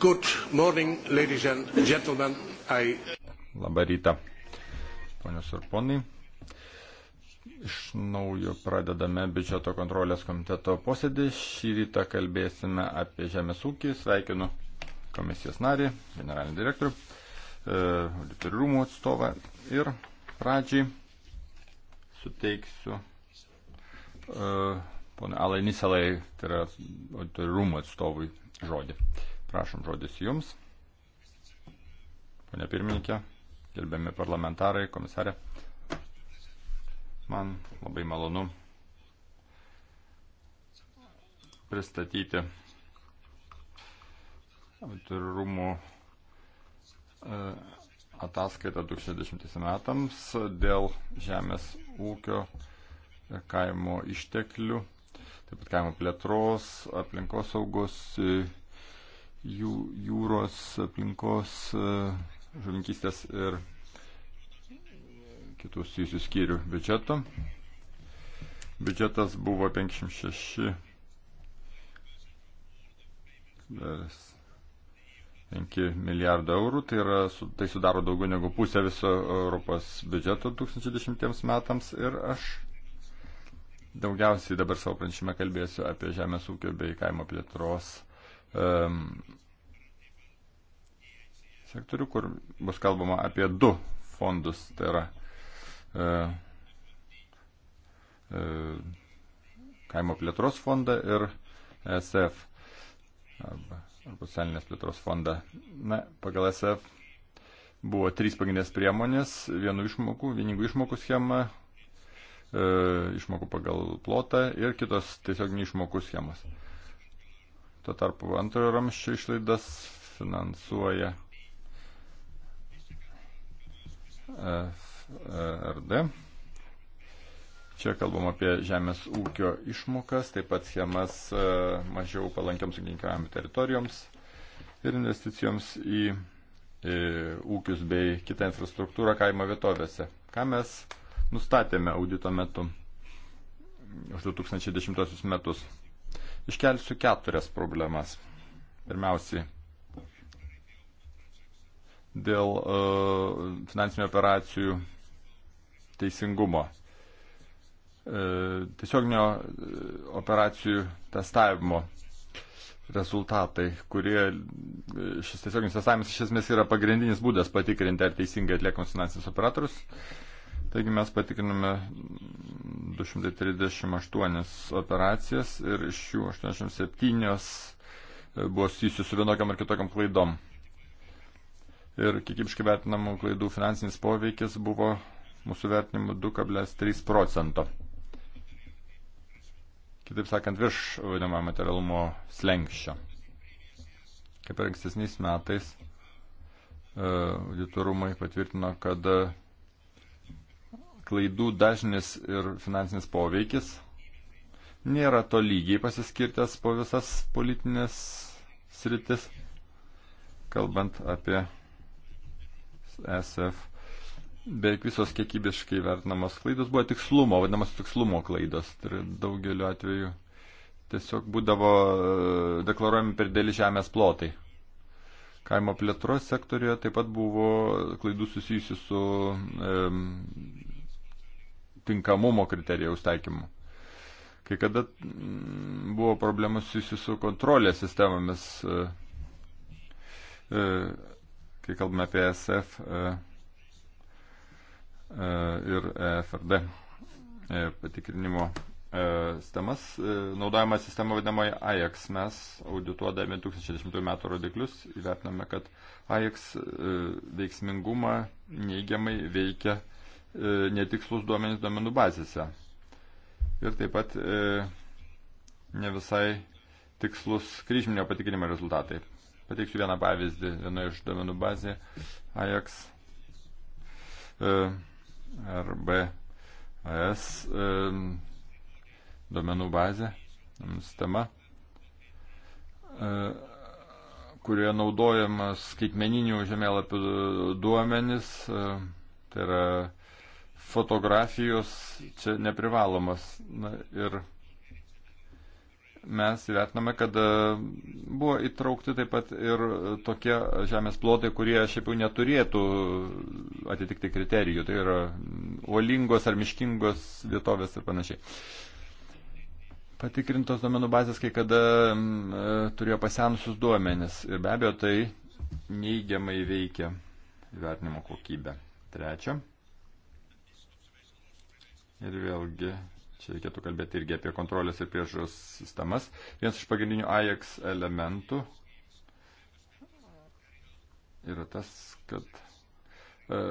Good morning, ladies and gentlemen. I... Labą rytą, ponios ir ponai. Iš naujo pradedame biudžeto kontrolės komiteto posėdį. Šį rytą kalbėsime apie žemės ūkį. Sveikinu komisijos narį, generalinį direktorių, e, auditorių rūmų atstovą. Ir pradžiai suteiksiu e, ponui Alai Nisalai, tai yra auditorių rūmų atstovui, žodį. Uh, Prašom žodis jums. Pone pirmininkė, gerbiami parlamentarai, komisarė. Man labai malonu pristatyti auditorumų e, ataskaitą 2010 metams dėl žemės ūkio kaimo išteklių, taip pat kaimo plėtros, aplinkosaugos jų, jūros aplinkos e, žuvinkystės ir kitų susijusių skyrių biudžeto. Biudžetas buvo 56. 5 milijardų eurų, tai, yra, tai sudaro daugiau negu pusę viso Europos biudžeto 2010 metams ir aš daugiausiai dabar savo pranešime kalbėsiu apie žemės ūkio bei kaimo plėtros um, sektorių, kur bus kalbama apie du fondus. Tai yra uh, uh, kaimo plėtros fondą ir e SF arba, arba socialinės plėtros fondą. Na, pagal SF buvo trys pagrindinės priemonės, vienų išmokų, vieningų išmokų schema, e, išmokų pagal plotą ir kitos tiesiog neišmokų schemos. E, Tuo tarpu antrojo ramščio išlaidas finansuoja e RD. Čia kalbam apie žemės ūkio išmokas, taip pat schemas e, mažiau palankiams ūkininkavimo teritorijoms ir investicijoms į, į ūkius bei kitą infrastruktūrą kaimo vietovėse. Ką mes nustatėme audito metu už 2010 metus? Iškelsiu keturias problemas. Pirmiausiai, dėl uh, finansinių operacijų teisingumo. Uh, tiesioginio e, operacijų testavimo rezultatai, kurie šis tiesioginis testavimas iš esmės yra pagrindinis būdas patikrinti, ar teisingai atliekamas finansinis operatorius. Uh, Taigi mes patikrinome 238 operacijas ir iš jų 87 e, buvo susijusios su vienokiam ar kitokiam klaidom. Ir kiekybiškai vertinamų klaidų finansinis poveikis buvo mūsų vertinimu 2,3 procento. Kitaip sakant, virš vadinamo materialumo slengščio. Kaip ir ankstesniais metais, e, auditorumai patvirtino, kad klaidų dažnis ir finansinis poveikis nėra to lygiai pasiskirtęs po visas politinės sritis, kalbant apie SF. Beveik visos kiekybiškai vertinamos klaidos buvo tikslumo, vadinamos tikslumo klaidos. Tai daugeliu atveju tiesiog būdavo e, deklaruojami per dėlį žemės plotai. Kaimo plėtros sektorijoje taip pat buvo klaidų susijusių su e, tinkamumo kriterijaus taikymu. Kai kada mm, buvo problemų susijusių su kontrolės sistemomis, e, e, kai kalbame apie SF e, ir FRD patikrinimo sistemas. Naudojama sistema vadinamoji AJAX. Mes audituodami 2010 metų rodiklius įvertiname, kad AJAX veiksmingumą neigiamai veikia E, netikslus duomenys duomenų bazėse. Ir taip pat e, ne visai tikslus kryžminio patikrinimo rezultatai. Pateiksiu vieną pavyzdį, viena iš duomenų bazė AX ar e, BAS duomenų bazė, sistema, kurioje naudojamas skaitmeninių žemėlapių duomenis, tai yra fotografijos čia neprivalomas. Na, ir mes įvertiname, kad e, buvo įtraukti taip pat ir tokie žemės plotai, kurie šiaip jau neturėtų atitikti kriterijų. Tai yra uolingos ar miškingos vietovės ir panašiai. Patikrintos domenų bazės kai kada m, e, turėjo pasenusius duomenis ir be abejo tai neigiamai veikia vertinimo kokybę. Trečia. Ir vėlgi, čia reikėtų kalbėti irgi apie kontrolės ir priežiūros sistemas. Vienas iš pagrindinių AJAX elementų yra tas, kad e,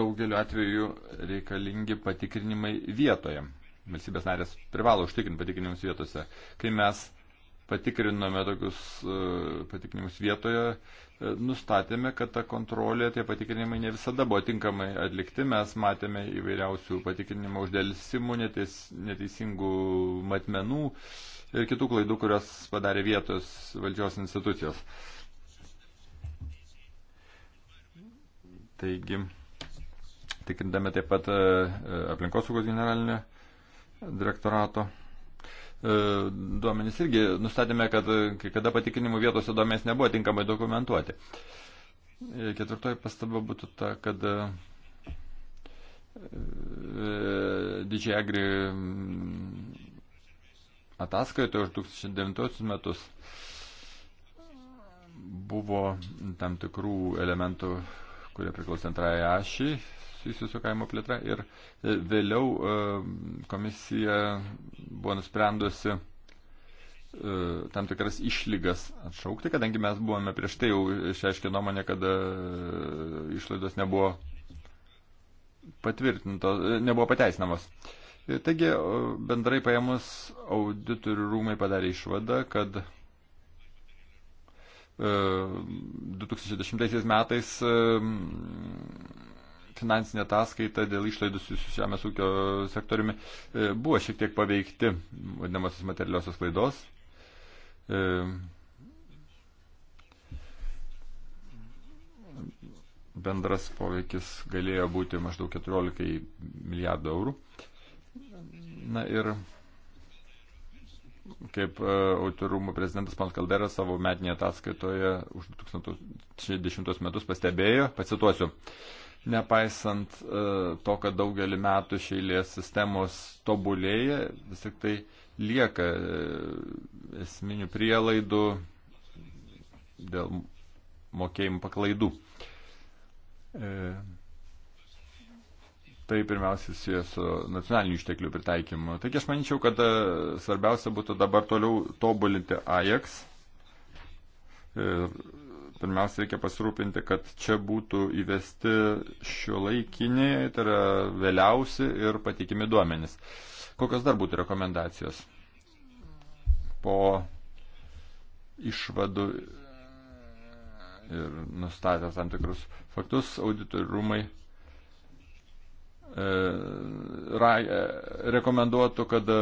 daugeliu atveju reikalingi patikrinimai vietoje. Valstybės narės privalo užtikrinti patikrinimus vietose. Kai mes patikrinome tokius e, patikrinimus vietoje, nustatėme, kad ta kontrolė, tie patikrinimai ne visada buvo tinkamai atlikti. Mes matėme įvairiausių patikrinimų uždėlisimų, neteis, neteisingų matmenų ir kitų klaidų, kurios padarė vietos valdžios institucijos. Taigi, tikrindami taip pat e, e, aplinkosaugos generalinio direktorato E, duomenys irgi nustatėme, kad kai kada patikrinimų vietose duomenys nebuvo tinkamai dokumentuoti. E, ketvirtoji pastaba būtų ta, kad e, Didžiai Agri mm, ataskaitoje už 2009 metus buvo tam tikrų elementų kurie priklausė antrajai ašiai susijusiu su kaimo plėtra. Ir e, vėliau e, komisija buvo nusprendusi e, tam tikras išlygas atšaukti, kadangi mes buvome prieš tai jau išreiškę nuomonę, kad išlaidos nebuvo patvirtintos, nebuvo pateisinamos. Taigi bendrai paėmus auditorių rūmai padarė išvadą, kad 2010 e, metais e, finansinė ataskaita dėl išlaidų su žemės ūkio sektoriumi e, buvo šiek tiek paveikti vadinamosios materialiosios klaidos. Bendras poveikis galėjo būti maždaug 14 milijardų eurų. Na ir kaip e, autorumų prezidentas Pons Kalderas savo metinėje ataskaitoje už 2010 metus pastebėjo, pacituosiu, nepaisant e, to, kad daugelį metų šeilės sistemos tobulėja, vis tik tai lieka e, esminių prielaidų dėl mokėjimų paklaidų. E, tai pirmiausia susijęs su nacionaliniu išteklių pritaikymu. Taigi aš manyčiau, kad e, svarbiausia būtų dabar toliau tobulinti AJAX. Ir pirmiausia, reikia pasirūpinti, kad čia būtų įvesti šio laikiniai, tai yra vėliausi ir patikimi duomenys. Kokios dar būtų rekomendacijos? Po išvadų ir nustatęs tam tikrus faktus, auditorių rūmai E, e, rekomenduotų, kad e,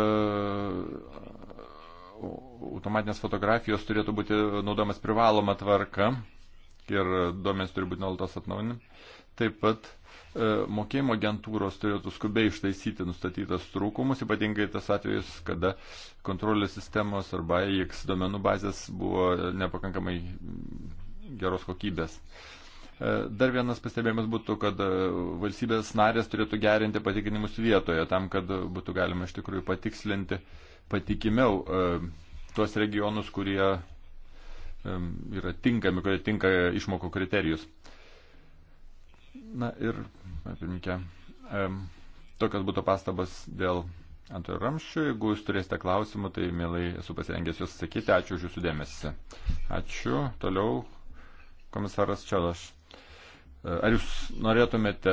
automatinės fotografijos turėtų būti naudojamas privaloma tvarka ir duomenys turi būti nuolatos atnaujinami. Taip pat mokėjimo agentūros turėtų skubiai ištaisyti nustatytas trūkumus, ypatingai tas atvejus, kada kontrolės sistemos arba AIX duomenų bazės buvo nepakankamai geros kokybės. Uh, E, dar vienas pastebėjimas būtų, kad e, valstybės narės turėtų gerinti patikinimus vietoje, tam, kad būtų galima iš tikrųjų patikslinti patikimiau e, tuos regionus, kurie yra tinkami, kurie tinka išmokų kriterijus. Na ir, pirminkė, tokios būtų pastabas dėl antrojo ramščio. Jeigu jūs turėsite klausimų, tai mielai esu pasirengęs jūs sakyti. Ačiū už jūsų dėmesį. Ačiū. Toliau komisaras Čelaš. E, ar jūs norėtumėte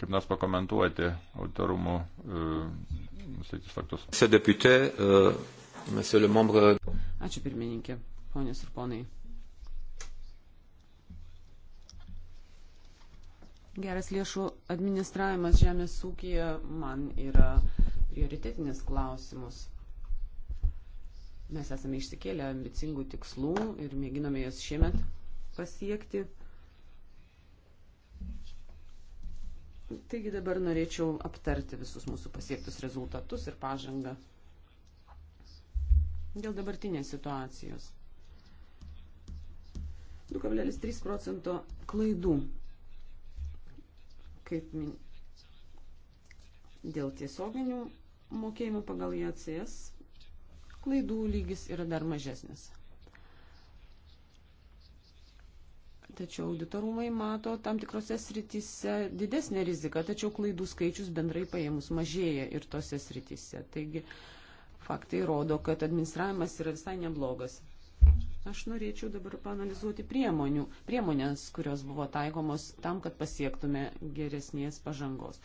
kaip nors pakomentuoti autorumų e, nustatytus faktus? E, Ačiū pirmininkė, ponės ir ponai. Geras lėšų administravimas žemės ūkija man yra prioritetinis klausimus. Mes esame išsikėlę ambicingų tikslų ir mėginame jas šiemet pasiekti. Taigi dabar norėčiau aptarti visus mūsų pasiektus rezultatus ir pažangą dėl dabartinės situacijos. 2,3 procento klaidų. Kaip min... dėl tiesioginių mokėjimų pagal JACS klaidų lygis yra dar mažesnis. Tačiau auditorumai mato tam tikrose srityse didesnę riziką, tačiau klaidų skaičius bendrai paėmus mažėja ir tose srityse. Taigi faktai rodo, kad administravimas yra visai neblogas. Aš norėčiau dabar panalizuoti priemonių, priemonės, kurios buvo taikomos tam, kad pasiektume geresnės pažangos.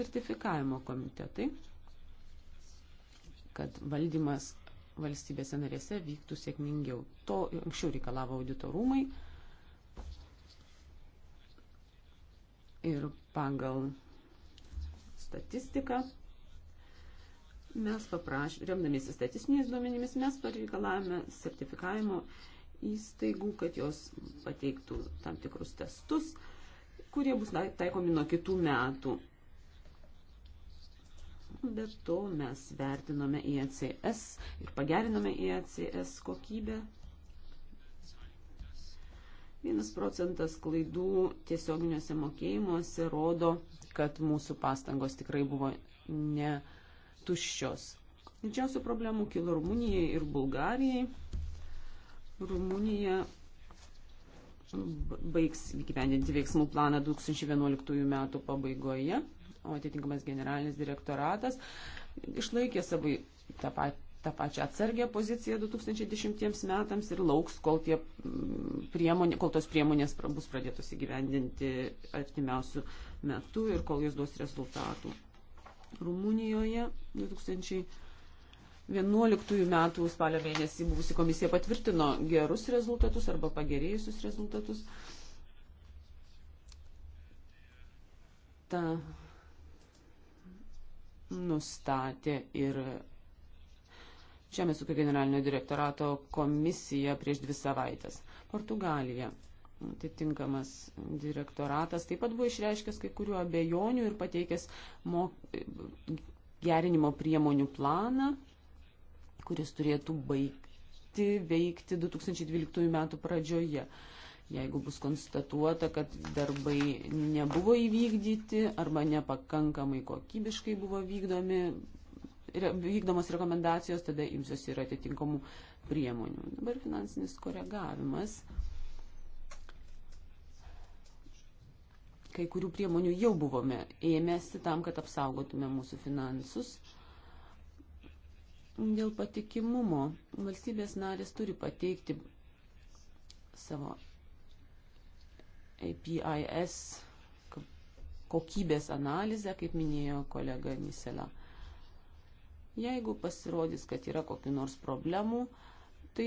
Sertifikavimo komitetai, kad valdymas valstybėse narėse vyktų sėkmingiau. To anksčiau reikalavo auditorumai. rūmai ir pagal statistiką mes paprašėme, remdamiesi statistiniais duomenimis, mes pareikalavome sertifikavimo įstaigų, kad jos pateiktų tam tikrus testus, kurie bus taikomi nuo kitų metų. Be to mes vertinome IACS ir pagerinome IACS kokybę 1 procentas klaidų tiesioginiuose mokėjimuose rodo, kad mūsų pastangos tikrai buvo ne tuščios. Didžiausių problemų kilo Rumunijai ir Bulgarijai. Rumunija baigs įgyvendinti veiksmų planą 2011 metų pabaigoje, o atitinkamas generalinis direktoratas išlaikė savo tą patį tą pačią atsargę poziciją 2010 metams ir lauks, kol, mm, priemonė, kol tos priemonės bus pradėtos įgyvendinti artimiausių metų ir kol jis duos rezultatų. Rumunijoje 2011 metų spalio mėnesį buvusi komisija patvirtino gerus rezultatus arba pagerėjusius rezultatus. Ta nustatė ir Žemės ūkio generalinio direktorato komisija prieš dvi savaitės. Portugalija. Atitinkamas direktoratas taip pat buvo išreiškęs kai kurių abejonių ir pateikęs mo, gerinimo priemonių planą, kuris turėtų baigti veikti 2012 metų pradžioje. Jeigu bus konstatuota, kad darbai nebuvo įvykdyti arba nepakankamai kokybiškai buvo vykdomi, vykdomos rekomendacijos, tada imsiuosi ir atitinkamų priemonių. Dabar finansinis koregavimas. Kai kurių priemonių jau buvome ėmėsi tam, kad apsaugotume mūsų finansus. Dėl patikimumo valstybės narės turi pateikti savo APIS kokybės analizę, kaip minėjo kolega Misela. Jeigu pasirodys, kad yra kokiu nors problemų, tai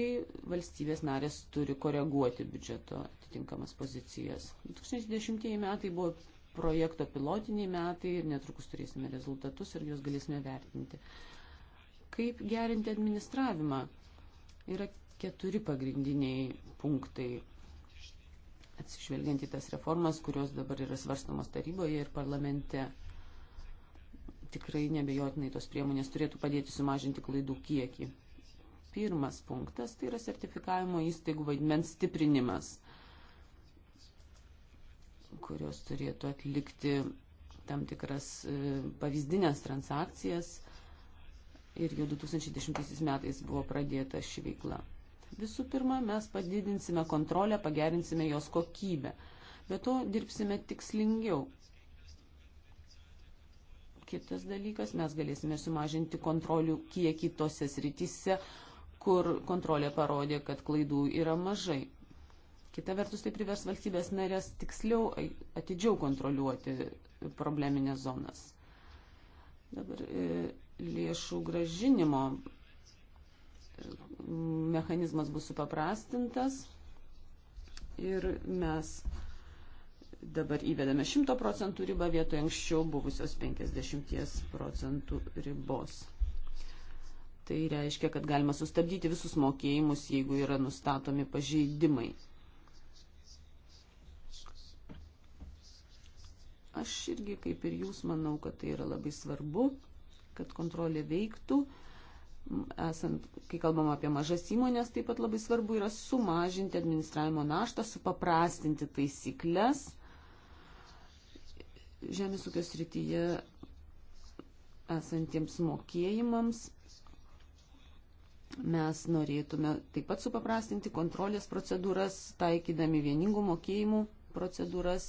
valstybės narės turi koreguoti biudžeto atitinkamas pozicijas. 2010 metai buvo projekto pilotiniai metai ir netrukus turėsime rezultatus ir juos galėsime vertinti. Kaip gerinti administravimą? Yra keturi pagrindiniai punktai atsižvelgiant į tas reformas, kurios dabar yra svarstamos taryboje ir parlamente tikrai nebejotinai tos priemonės turėtų padėti sumažinti klaidų kiekį. Pirmas punktas tai yra sertifikavimo įstaigų vaidmens stiprinimas, kurios turėtų atlikti tam tikras e, pavyzdinės transakcijas ir jau 2010 metais buvo pradėta ši veikla. Visų pirma, mes padidinsime kontrolę, pagerinsime jos kokybę, bet to dirbsime tikslingiau Kitas dalykas, mes galėsime sumažinti kontrolių kiekį tose srityse, kur kontrolė parodė, kad klaidų yra mažai. Kita vertus, tai privers valstybės narės tiksliau, atidžiau kontroliuoti probleminės zonas. Dabar e, lėšų gražinimo mechanizmas bus supaprastintas ir mes dabar įvedame 100 procentų ribą vietoje anksčiau buvusios 50 procentų ribos. Tai reiškia, kad galima sustabdyti visus mokėjimus, jeigu yra nustatomi pažeidimai. Aš irgi, kaip ir jūs, manau, kad tai yra labai svarbu, kad kontrolė veiktų. Esant, kai kalbam apie mažas įmonės, taip pat labai svarbu yra sumažinti administravimo naštą, supaprastinti taisyklės žemės ūkio srityje esantiems mokėjimams. Mes norėtume taip pat supaprastinti kontrolės procedūras, taikydami vieningų mokėjimų procedūras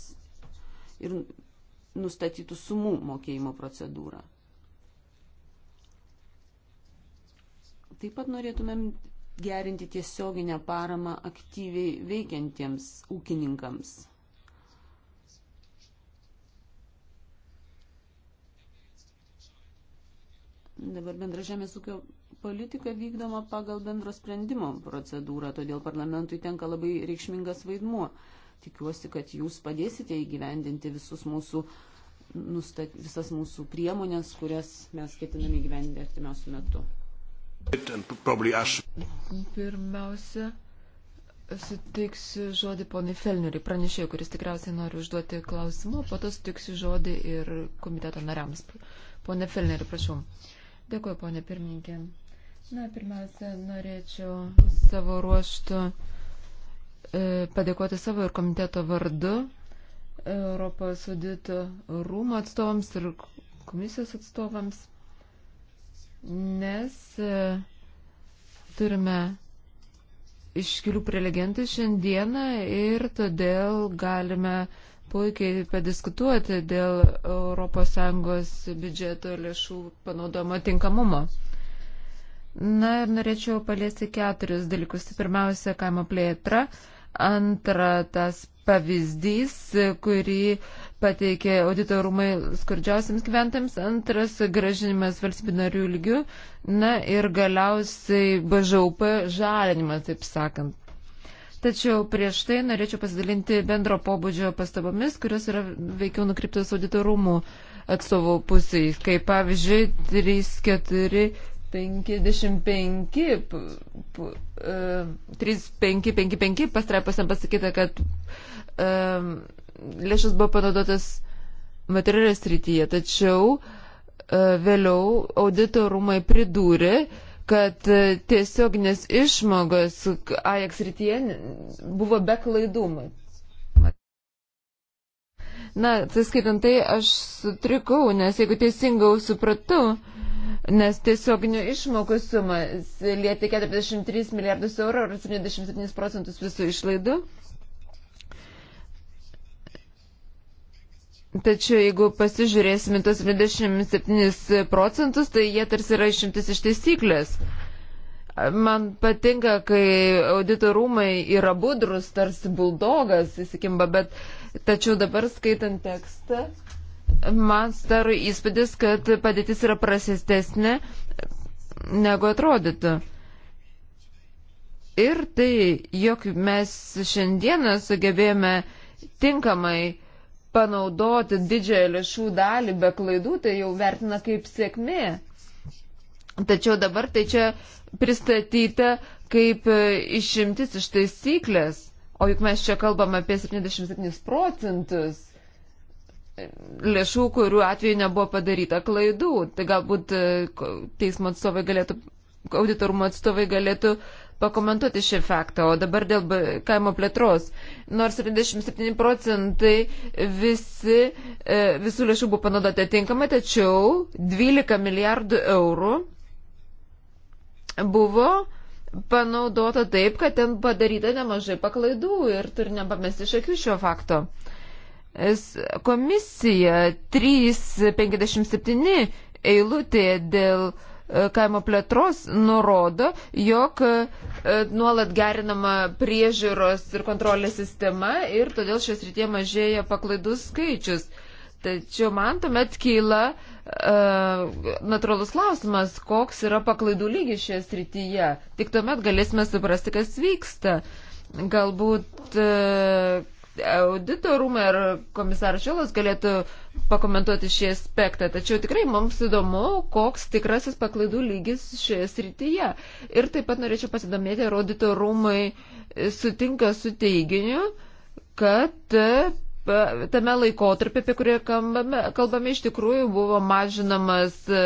ir nustatytų sumų mokėjimo procedūrą. Taip pat norėtumėm gerinti tiesioginę paramą aktyviai veikiantiems ūkininkams Dabar bendra žemės ūkio politika vykdoma pagal bendro sprendimo procedūrą, todėl parlamentui tenka labai reikšmingas vaidmuo. Tikiuosi, kad jūs padėsite įgyvendinti visus mūsų, nustat, visas mūsų priemonės, kurias mes ketiname įgyvendinti artimiausių metų. Pirmiausia, sutiksiu žodį ponui Felneriui, pranešėjui, kuris tikriausiai nori užduoti klausimų, po to sutiksiu žodį ir komiteto nariams. Pone Felneriui, prašau. Uh, Dėkuoju, ponė pirmininkė. Na, pirmiausia, norėčiau savo ruoštų e, padėkoti savo ir komiteto vardu Europos audito rūmų atstovams ir komisijos atstovams, nes e, turime iškilių prelegentų šiandieną ir todėl galime uh, puikiai padiskutuoti dėl ES biudžeto lėšų panaudomo tinkamumo. Na ir norėčiau paliesti keturis dalykus. Pirmiausia, kaimo plėtra. Antra, tas pavyzdys, kurį pateikė auditorumai skurdžiausiams gyventams, antras gražinimas valstybinarių lygių, na ir galiausiai BŽUP žalinimas, taip sakant. Tačiau prieš tai norėčiau pasidalinti bendro pobūdžio pastabomis, kurios yra veikiau nukreiptos auditorumų atstovų pusiai, kaip pavyzdžiui 3, 4, 55, 3555 pastraipose pasakyta, kad um, e, lėšas buvo panaudotas materialės rytyje, tačiau uh, vėliau audito rūmai pridūrė, uh, kad e, tiesioginės išmogos Ajax rytyje buvo be klaidų. Na, tai skaitant tai, aš sutrikau, nes jeigu teisingai supratau, nes tiesioginių išmokų suma lieti 43 milijardus eurų ar 77 procentus visų išlaidų. Tačiau jeigu pasižiūrėsime tos 27 procentus, tai jie tarsi yra išimtis iš taisyklės. Man patinka, kai audito rūmai yra budrus, tarsi buldogas įsikimba, bet tačiau dabar skaitant tekstą, man staro įspūdis, kad padėtis yra prasistesnė negu atrodytų. Ir tai, jog mes šiandieną sugebėjome tinkamai panaudoti didžiąją lėšų dalį be klaidų, tai jau vertina kaip sėkmė. Tačiau dabar tai čia pristatyta kaip išimtis iš taisyklės, o juk mes čia kalbam apie 77 procentus lėšų, kurių atveju nebuvo padaryta klaidų. Tai galbūt e, teismo atstovai galėtų, auditorumo atstovai galėtų uh, pakomentuoti šį faktą. O dabar dėl kaimo plėtros. Nors 37 procentai visi, e, visų lėšų buvo panaudota tinkamai, tačiau 12 milijardų eurų buvo panaudota taip, kad ten padaryta nemažai paklaidų ir turi nepamesti iš akių šio fakto. Komisija 357 eilutė dėl uh, kaimo plėtros nurodo, jog e, nuolat gerinama priežiūros ir kontrolės sistema ir todėl šios rytie mažėja paklaidų skaičius. Tačiau man tuomet kyla uh, natūralus klausimas, koks yra paklaidų lygis šioje srityje. Tik tuomet galėsime suprasti, kas vyksta. Galbūt uh, auditorumai ar komisaras Šiolas galėtų pakomentuoti šį aspektą, tačiau tikrai mums įdomu, koks tikrasis paklaidų lygis šioje srityje. Ir taip pat norėčiau pasidomėti, ar auditorumai sutinka su teiginiu, kad e, tame laikotarpį, apie kurį kalbame, kalbame, iš tikrųjų buvo mažinamas e,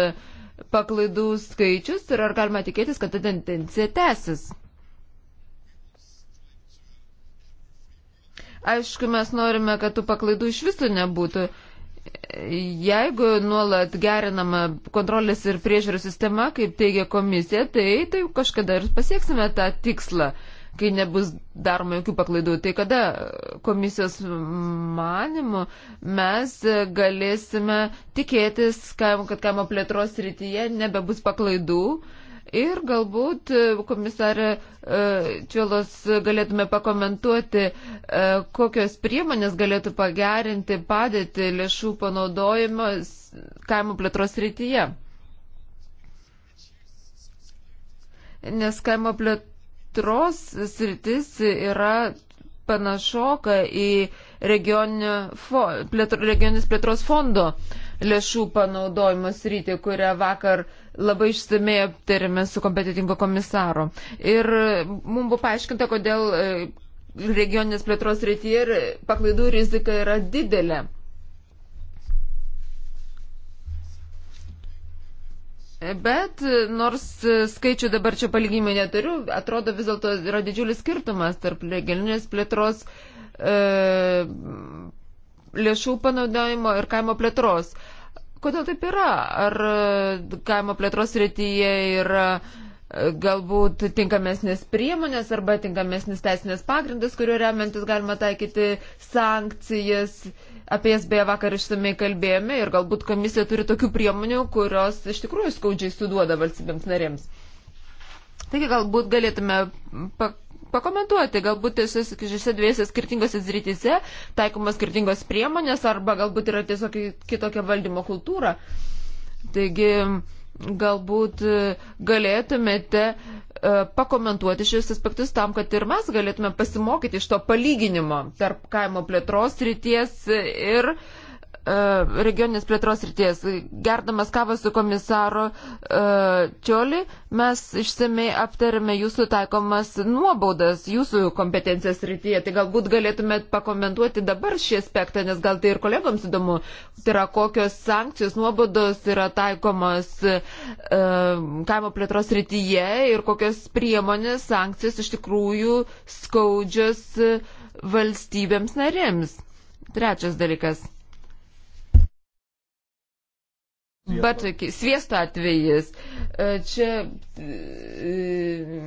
paklaidų skaičius ir ar galima tikėtis, kad ta tendencija tęsis. Aišku, mes norime, kad tų paklaidų iš viso nebūtų. Jeigu nuolat gerinama kontrolės ir priežiūros sistema, kaip teigia komisija, tai, tai kažkada ir pasieksime tą tikslą, kai nebus daroma jokių paklaidų. Tai kada komisijos manimu mes galėsime tikėtis, kad kaimo plėtros rytyje nebebus paklaidų. Uh, Ir galbūt e, komisarė e, Čiolos galėtume pakomentuoti, e, kokios priemonės galėtų pagerinti padėti lėšų panaudojimo kaimo plėtros rytyje. Nes kaimo plėtros sritis yra panašoka į regioninis plėtros fondo lėšų panaudojimo sritį, kurią vakar uh, labai išsamei aptarėme su kompetitingo komisaro. Ir mums buvo paaiškinta, kodėl e, regioninės plėtros rytyje ir paklaidų rizika yra didelė. Bet e, nors e, skaičių dabar čia palyginimai neturiu, atrodo vis dėlto yra didžiulis skirtumas tarp regioninės plėtros e, lėšų panaudojimo ir kaimo plėtros. E, Kodėl taip yra? Ar e, kaimo plėtros rytyje yra e, galbūt tinkamesnės priemonės arba tinkamesnis teisinės pagrindas, kuriuo remiantis galima taikyti sankcijas. Apie jas beje vakar išsamei kalbėjome ir galbūt komisija turi tokių priemonių, kurios iš tikrųjų skaudžiai suduoda valstybėms narėms. Taigi galbūt galėtume pak pakomentuoti, galbūt šiose dviejose skirtingose zrytise taikomas skirtingos priemonės arba galbūt yra tiesiog kitokia valdymo kultūra. Taigi galbūt e, galėtumėte e, pakomentuoti šios aspektus tam, kad ir mes galėtume pasimokyti iš to palyginimo tarp kaimo plėtros ryties ir uh, E, regioninės plėtros ryties. Gerdamas kavą su komisaro e, Čioli, mes išsamei aptarėme jūsų taikomas nuobaudas jūsų kompetencijos rytyje. Tai galbūt galėtumėt pakomentuoti dabar šį aspektą, nes gal tai ir kolegoms įdomu. Tai yra kokios sankcijos nuobaudos yra taikomos e, kaimo plėtros rytyje ir kokios priemonės sankcijos iš tikrųjų skaudžios valstybėms narėms. Trečias dalykas Bet sviesto atvejis. E, čia. E,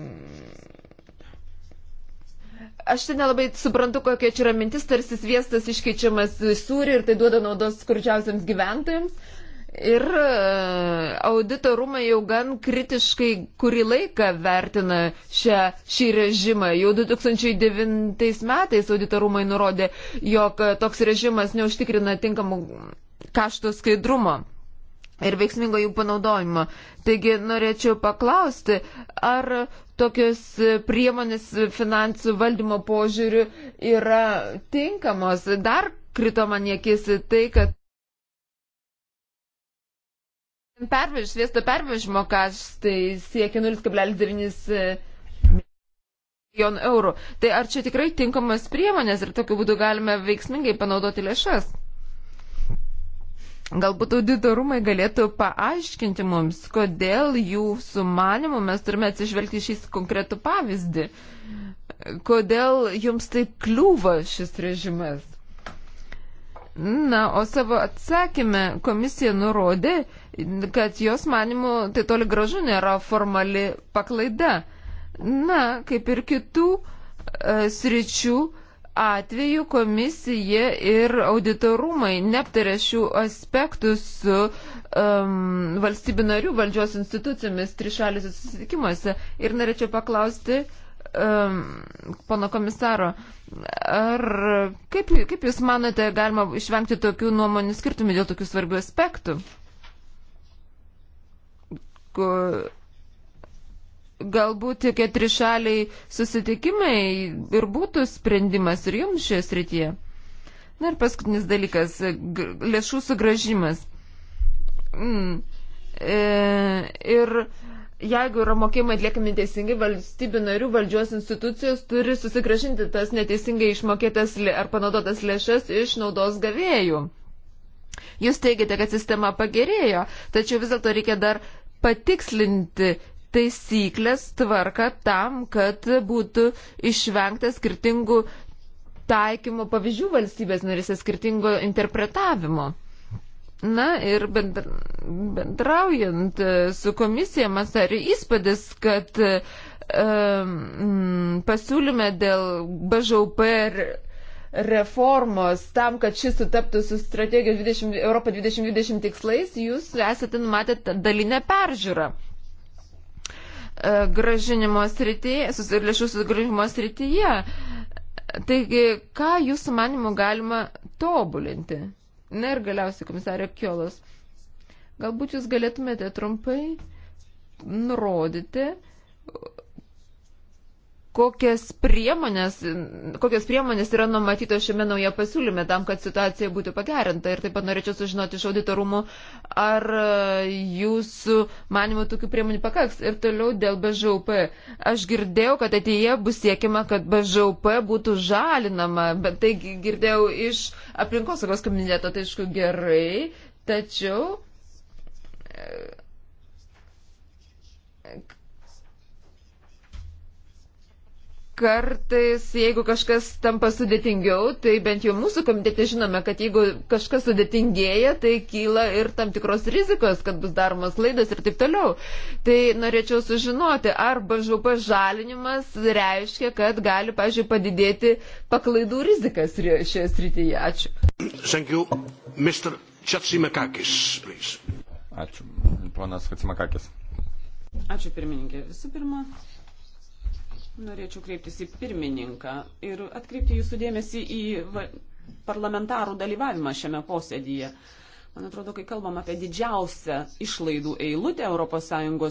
aš čia nelabai suprantu, kokia čia yra mintis, tarsi sviestas iškeičiamas sūrį ir tai duoda naudos skurdžiausiams gyventojams. Ir e, audito rūmai jau gan kritiškai kurį laiką vertina šią, šį režimą. Jau 2009 metais audito rūmai nurodė, jog toks režimas neužtikrina tinkamų kaštų skaidrumo ir veiksmingo jų panaudojimo. Taigi norėčiau paklausti, ar tokios priemonės finansų valdymo požiūrių yra tinkamos. Dar krito man jėkisi tai, kad pervež, sviesto pervežimo kaštai siekia 0,9 milijonų eurų. Tai ar čia tikrai tinkamas priemonės ir tokiu būdu galime veiksmingai panaudoti lėšas? Galbūt auditorumai galėtų paaiškinti mums, kodėl jų sumanimu mes turime atsižvelgti šį konkretų pavyzdį. Kodėl jums taip kliūva šis režimas? Na, o savo atsakymę komisija nurodė, kad jos manimu tai toli gražu nėra formali paklaida. Na, kaip ir kitų e, sričių, atveju komisija ir auditorumai neaptarė šių aspektų su um, valstybių narių valdžios institucijomis trišalėse susitikimuose. Ir norėčiau paklausti um, pono komisaro, ar kaip, kaip Jūs manote, galima išvengti tokių nuomonių skirtumų dėl tokių svarbių aspektų? Ko, galbūt tie trišaliai susitikimai ir būtų sprendimas ir jums šioje srityje. Na ir paskutinis dalykas - lėšų sugražimas. Mm. E, ir jeigu yra mokėjimai atliekami teisingai, valstybių narių valdžios institucijos turi susigražinti tas neteisingai išmokėtas ar panaudotas lėšas iš naudos gavėjų. Jūs teigiate, kad sistema pagerėjo, tačiau vis dėlto reikia dar patikslinti taisyklės tvarka tam, kad būtų išvengta skirtingų taikymo pavyzdžių valstybės narėse, skirtingo interpretavimo. Na ir bendraujant e, su komisija, man darė įspūdis, kad um, pasiūlyme dėl BŽUP ir reformos tam, kad šis sutaptų su strategijos 20, Europo 2020 tikslais, jūs esate numatę dalinę peržiūrą. E, gražinimo srityje, lėšų sugražinimo srityje. Taigi, ką jūsų manimų galima tobulinti? Na ir galiausiai, komisario Kiolos, galbūt jūs galėtumėte trumpai nurodyti, kokias priemonės, kokias priemonės yra numatytos šiame nauja pasiūlyme tam, kad situacija būtų pagerinta. Ir taip pat norėčiau sužinoti iš auditorumų, ar jūsų manimo tokių priemonių pakaks. Ir toliau dėl BŽUP. Aš girdėjau, kad ateityje bus siekima, kad BŽUP būtų žalinama, bet tai girdėjau iš aplinkosaugos komiteto, tai aišku gerai, tačiau kartais, jeigu kažkas tampa sudėtingiau, tai bent jau mūsų komitete žinome, kad jeigu kažkas sudėtingėja, tai kyla ir tam tikros rizikos, kad bus daromas klaidas ir taip toliau. Tai norėčiau sužinoti, ar BŽP žalinimas reiškia, kad gali, pažiūrėjau, padidėti paklaidų rizikas šioje srityje. Ačiū. Ačiū. Ponas Hatsimakakis. Ačiū pirmininkė. Visų pirma, Norėčiau kreiptis į pirmininką ir atkreipti jūsų dėmesį į parlamentarų dalyvavimą šiame posėdyje. Man atrodo, kai kalbam apie didžiausią išlaidų eilutę ES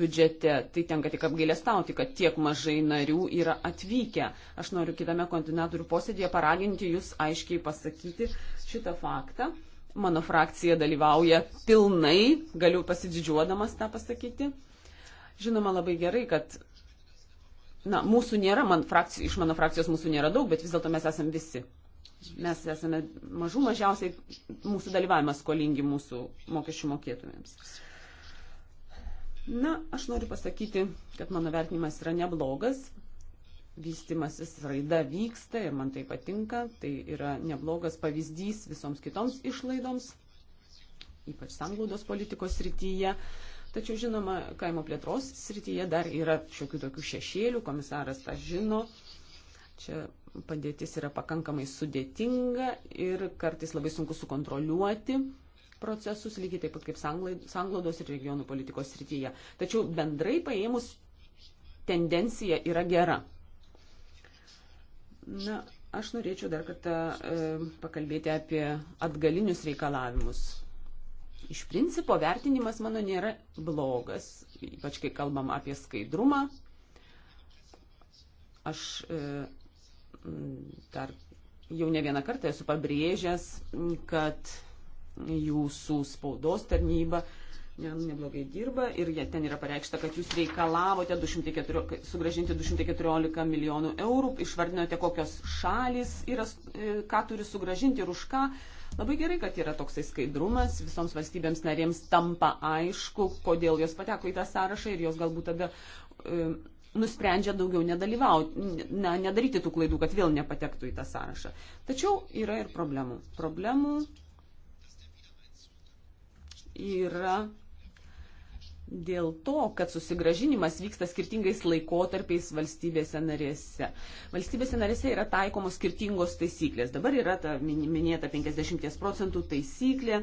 biudžete, tai tenka tik apgailestauti, kad tiek mažai narių yra atvykę. Aš noriu kitame koordinatorių posėdėje paraginti jūs aiškiai pasakyti šitą faktą. Mano frakcija dalyvauja pilnai, galiu pasididžiuodamas tą pasakyti. Žinoma, labai gerai, kad na, mūsų nėra, man frakcijų, iš mano frakcijos mūsų nėra daug, bet vis dėlto mes esame visi. Mes esame mažų mažiausiai mūsų dalyvavimas skolingi mūsų mokesčių mokėtumėms. Na, aš noriu pasakyti, kad mano vertinimas yra neblogas, vystimasis raida vyksta ir man tai patinka, tai yra neblogas pavyzdys visoms kitoms išlaidoms, ypač sanglaudos politikos rytyje. Uh, Tačiau, žinoma, kaimo plėtros srityje dar yra šiokių tokių šešėlių, komisaras tą žino. Čia padėtis yra pakankamai sudėtinga ir kartais labai sunku sukontroliuoti procesus, lygiai taip pat kaip sanglodos ir regionų politikos srityje. Tačiau bendrai paėmus tendencija yra gera. Na, aš norėčiau dar kartą e, pakalbėti apie atgalinius reikalavimus iš principo vertinimas mano nėra blogas, ypač kai kalbam apie skaidrumą. Aš e, dar jau ne vieną kartą esu pabrėžęs, kad jūsų spaudos tarnyba neblogai dirba ir jie, ten yra pareikšta, kad jūs reikalavote 204, sugražinti 214 milijonų eurų, išvardinote, kokios šalis yra, e, ką turi sugražinti ir už ką. E, Labai gerai, kad yra toksai skaidrumas, visoms valstybėms narėms tampa aišku, kodėl jos pateko į tą sąrašą ir jos galbūt tada e, nusprendžia daugiau nedalyvauti, na, nedaryti tų klaidų, kad vėl nepatektų į tą sąrašą. Tačiau yra ir problemų. Problemų yra dėl to, kad susigražinimas vyksta skirtingais laikotarpiais valstybėse narėse. Valstybėse narėse yra taikomos skirtingos taisyklės. Dabar yra ta minėta 50 procentų taisyklė.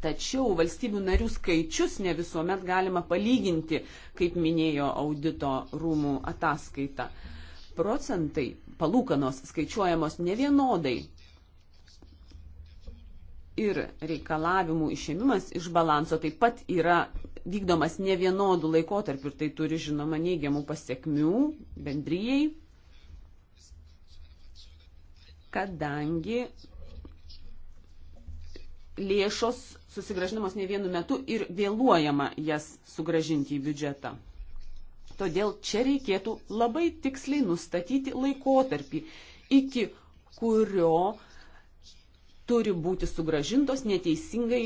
Tačiau valstybių narių skaičius ne visuomet galima palyginti, kaip minėjo audito rūmų ataskaita. Procentai palūkanos skaičiuojamos nevienodai, ir reikalavimų išėmimas iš balanso taip pat yra vykdomas ne vienodų laikotarpių ir tai turi, žinoma, neigiamų pasiekmių bendryjei, kadangi lėšos susigražinamos ne vienu metu ir vėluojama jas sugražinti į biudžetą. Todėl čia reikėtų labai tiksliai nustatyti laikotarpį, iki kurio turi būti sugražintos neteisingai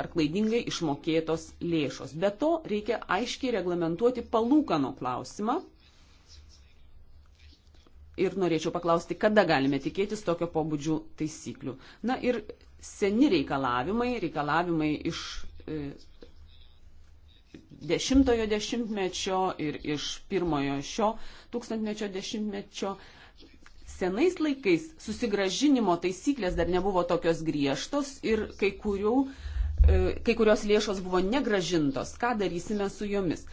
ar klaidingai išmokėtos lėšos. Be to reikia aiškiai reglamentuoti palūkano klausimą. Ir norėčiau paklausti, kada galime tikėtis tokio pobūdžių taisyklių. Na ir seni reikalavimai, reikalavimai iš e, dešimtojo dešimtmečio ir iš pirmojo šio tūkstantmečio dešimtmečio senais laikais susigražinimo taisyklės dar nebuvo tokios griežtos ir kai kurių E, kai kurios lėšos buvo negražintos. Ką darysime su jomis?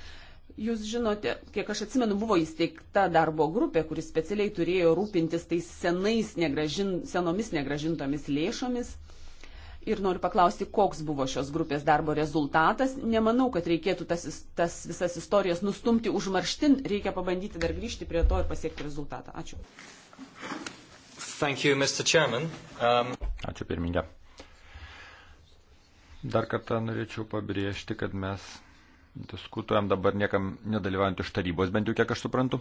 Jūs žinote, kiek aš atsimenu, buvo įsteigta darbo grupė, kuris specialiai turėjo rūpintis tais senais negražin, senomis negražintomis lėšomis. Ir noriu paklausti, koks buvo šios grupės darbo rezultatas. Nemanau, kad reikėtų tas, tas visas istorijas nustumti užmarštin, reikia pabandyti dar grįžti prie to ir pasiekti rezultatą. Ačiū. Thank you, Mr. Chairman. Um... Ačiū pirmininkė. Dar kartą norėčiau pabrėžti, kad mes diskutuojam dabar niekam nedalyvaujant iš tarybos, bent jau kiek aš suprantu.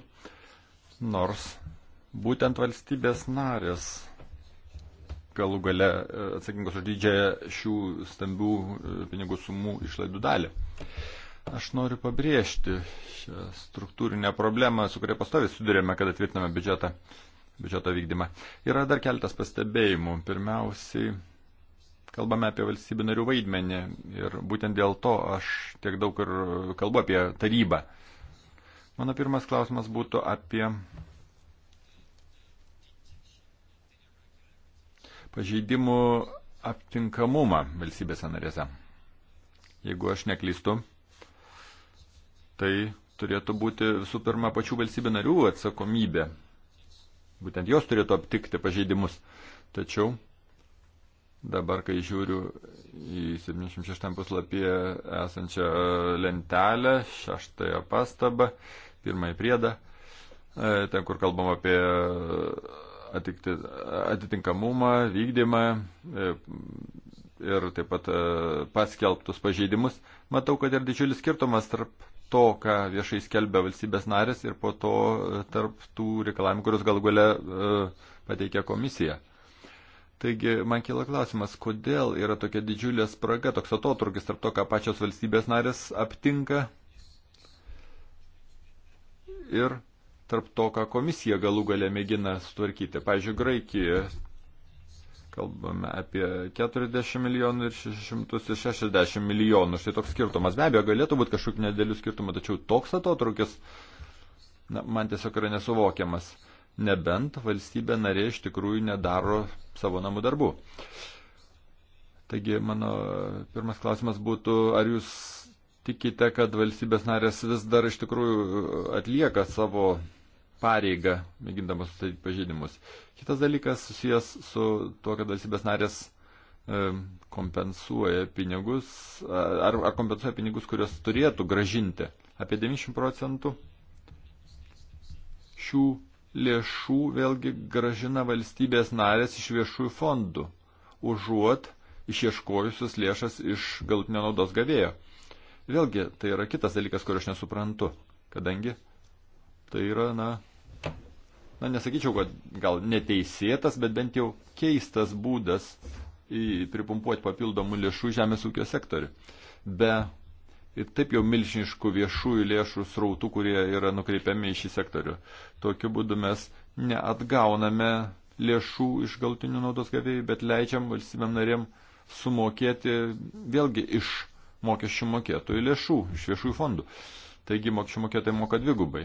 Nors būtent valstybės narės galų gale e, atsakingos už didžiąją šių stambių e, pinigų sumų išlaidų dalį. Aš noriu pabrėžti šią struktūrinę problemą, su kuria pastoviai sudurėme, kada tvirtiname biudžetą, biudžeto vykdymą. Yra dar keltas pastebėjimų. Pirmiausiai, kalbame apie valstybių narių vaidmenį ir būtent dėl to aš tiek daug ir kalbu apie tarybą. Mano pirmas klausimas būtų apie pažeidimų aptinkamumą valstybėse narėse. Jeigu aš neklystu, tai turėtų būti visų pirma pačių valstybių narių atsakomybė. Būtent jos turėtų aptikti pažeidimus. Tačiau Dabar, kai žiūriu į 76 puslapį esančią lentelę, šeštąją pastabą, pirmąjį priedą, e, ten, kur kalbam apie atikti, atitinkamumą, vykdymą e, ir taip pat e, paskelbtus pažeidimus, matau, kad ir didžiulis skirtumas tarp to, ką viešai skelbia valstybės narės ir po to tarp tų reikalavimų, kuriuos gal gale pateikia komisija. Taigi man kyla klausimas, kodėl yra tokia didžiulė spraga, toks atotrukis tarp to, ką pačios valstybės narės aptinka ir tarp to, ką komisija galų galę mėgina sutvarkyti. Pavyzdžiui, Graikijoje kalbame apie 40 milijonų ir 660 milijonų. Štai toks skirtumas. Be abejo, galėtų būti kažkokių nedėlių skirtumų, tačiau toks atotrukis na, man tiesiog yra nesuvokiamas nebent valstybė narė iš tikrųjų nedaro savo namų darbų. Taigi mano pirmas klausimas būtų, ar jūs tikite, kad valstybės narės vis dar iš tikrųjų atlieka savo pareigą, mėgindamas sustatyti pažeidimus. Kitas dalykas susijęs su tuo, kad valstybės narės e, kompensuoja pinigus, ar, ar kompensuoja pinigus, kuriuos turėtų gražinti. Apie 90 procentų šių lėšų vėlgi gražina valstybės narės iš viešųjų fondų, užuot išieškojusius lėšas iš galutinio naudos gavėjo. Vėlgi, tai yra kitas dalykas, kurio aš nesuprantu, kadangi tai yra, na, na nesakyčiau, kad gal neteisėtas, bet bent jau keistas būdas į pripumpuoti papildomų lėšų žemės ūkio sektorių. Be ir taip jau milžiniškų viešųjų lėšų srautų, kurie yra nukreipiami į šį sektorių. Tokiu būdu mes neatgauname lėšų iš galtinių naudos gavėjų, bet leidžiam valstybėm narėm sumokėti vėlgi iš mokesčių mokėtojų lėšų, iš viešųjų fondų. Uh, Taigi mokesčių mokėtojai moka dvigubai.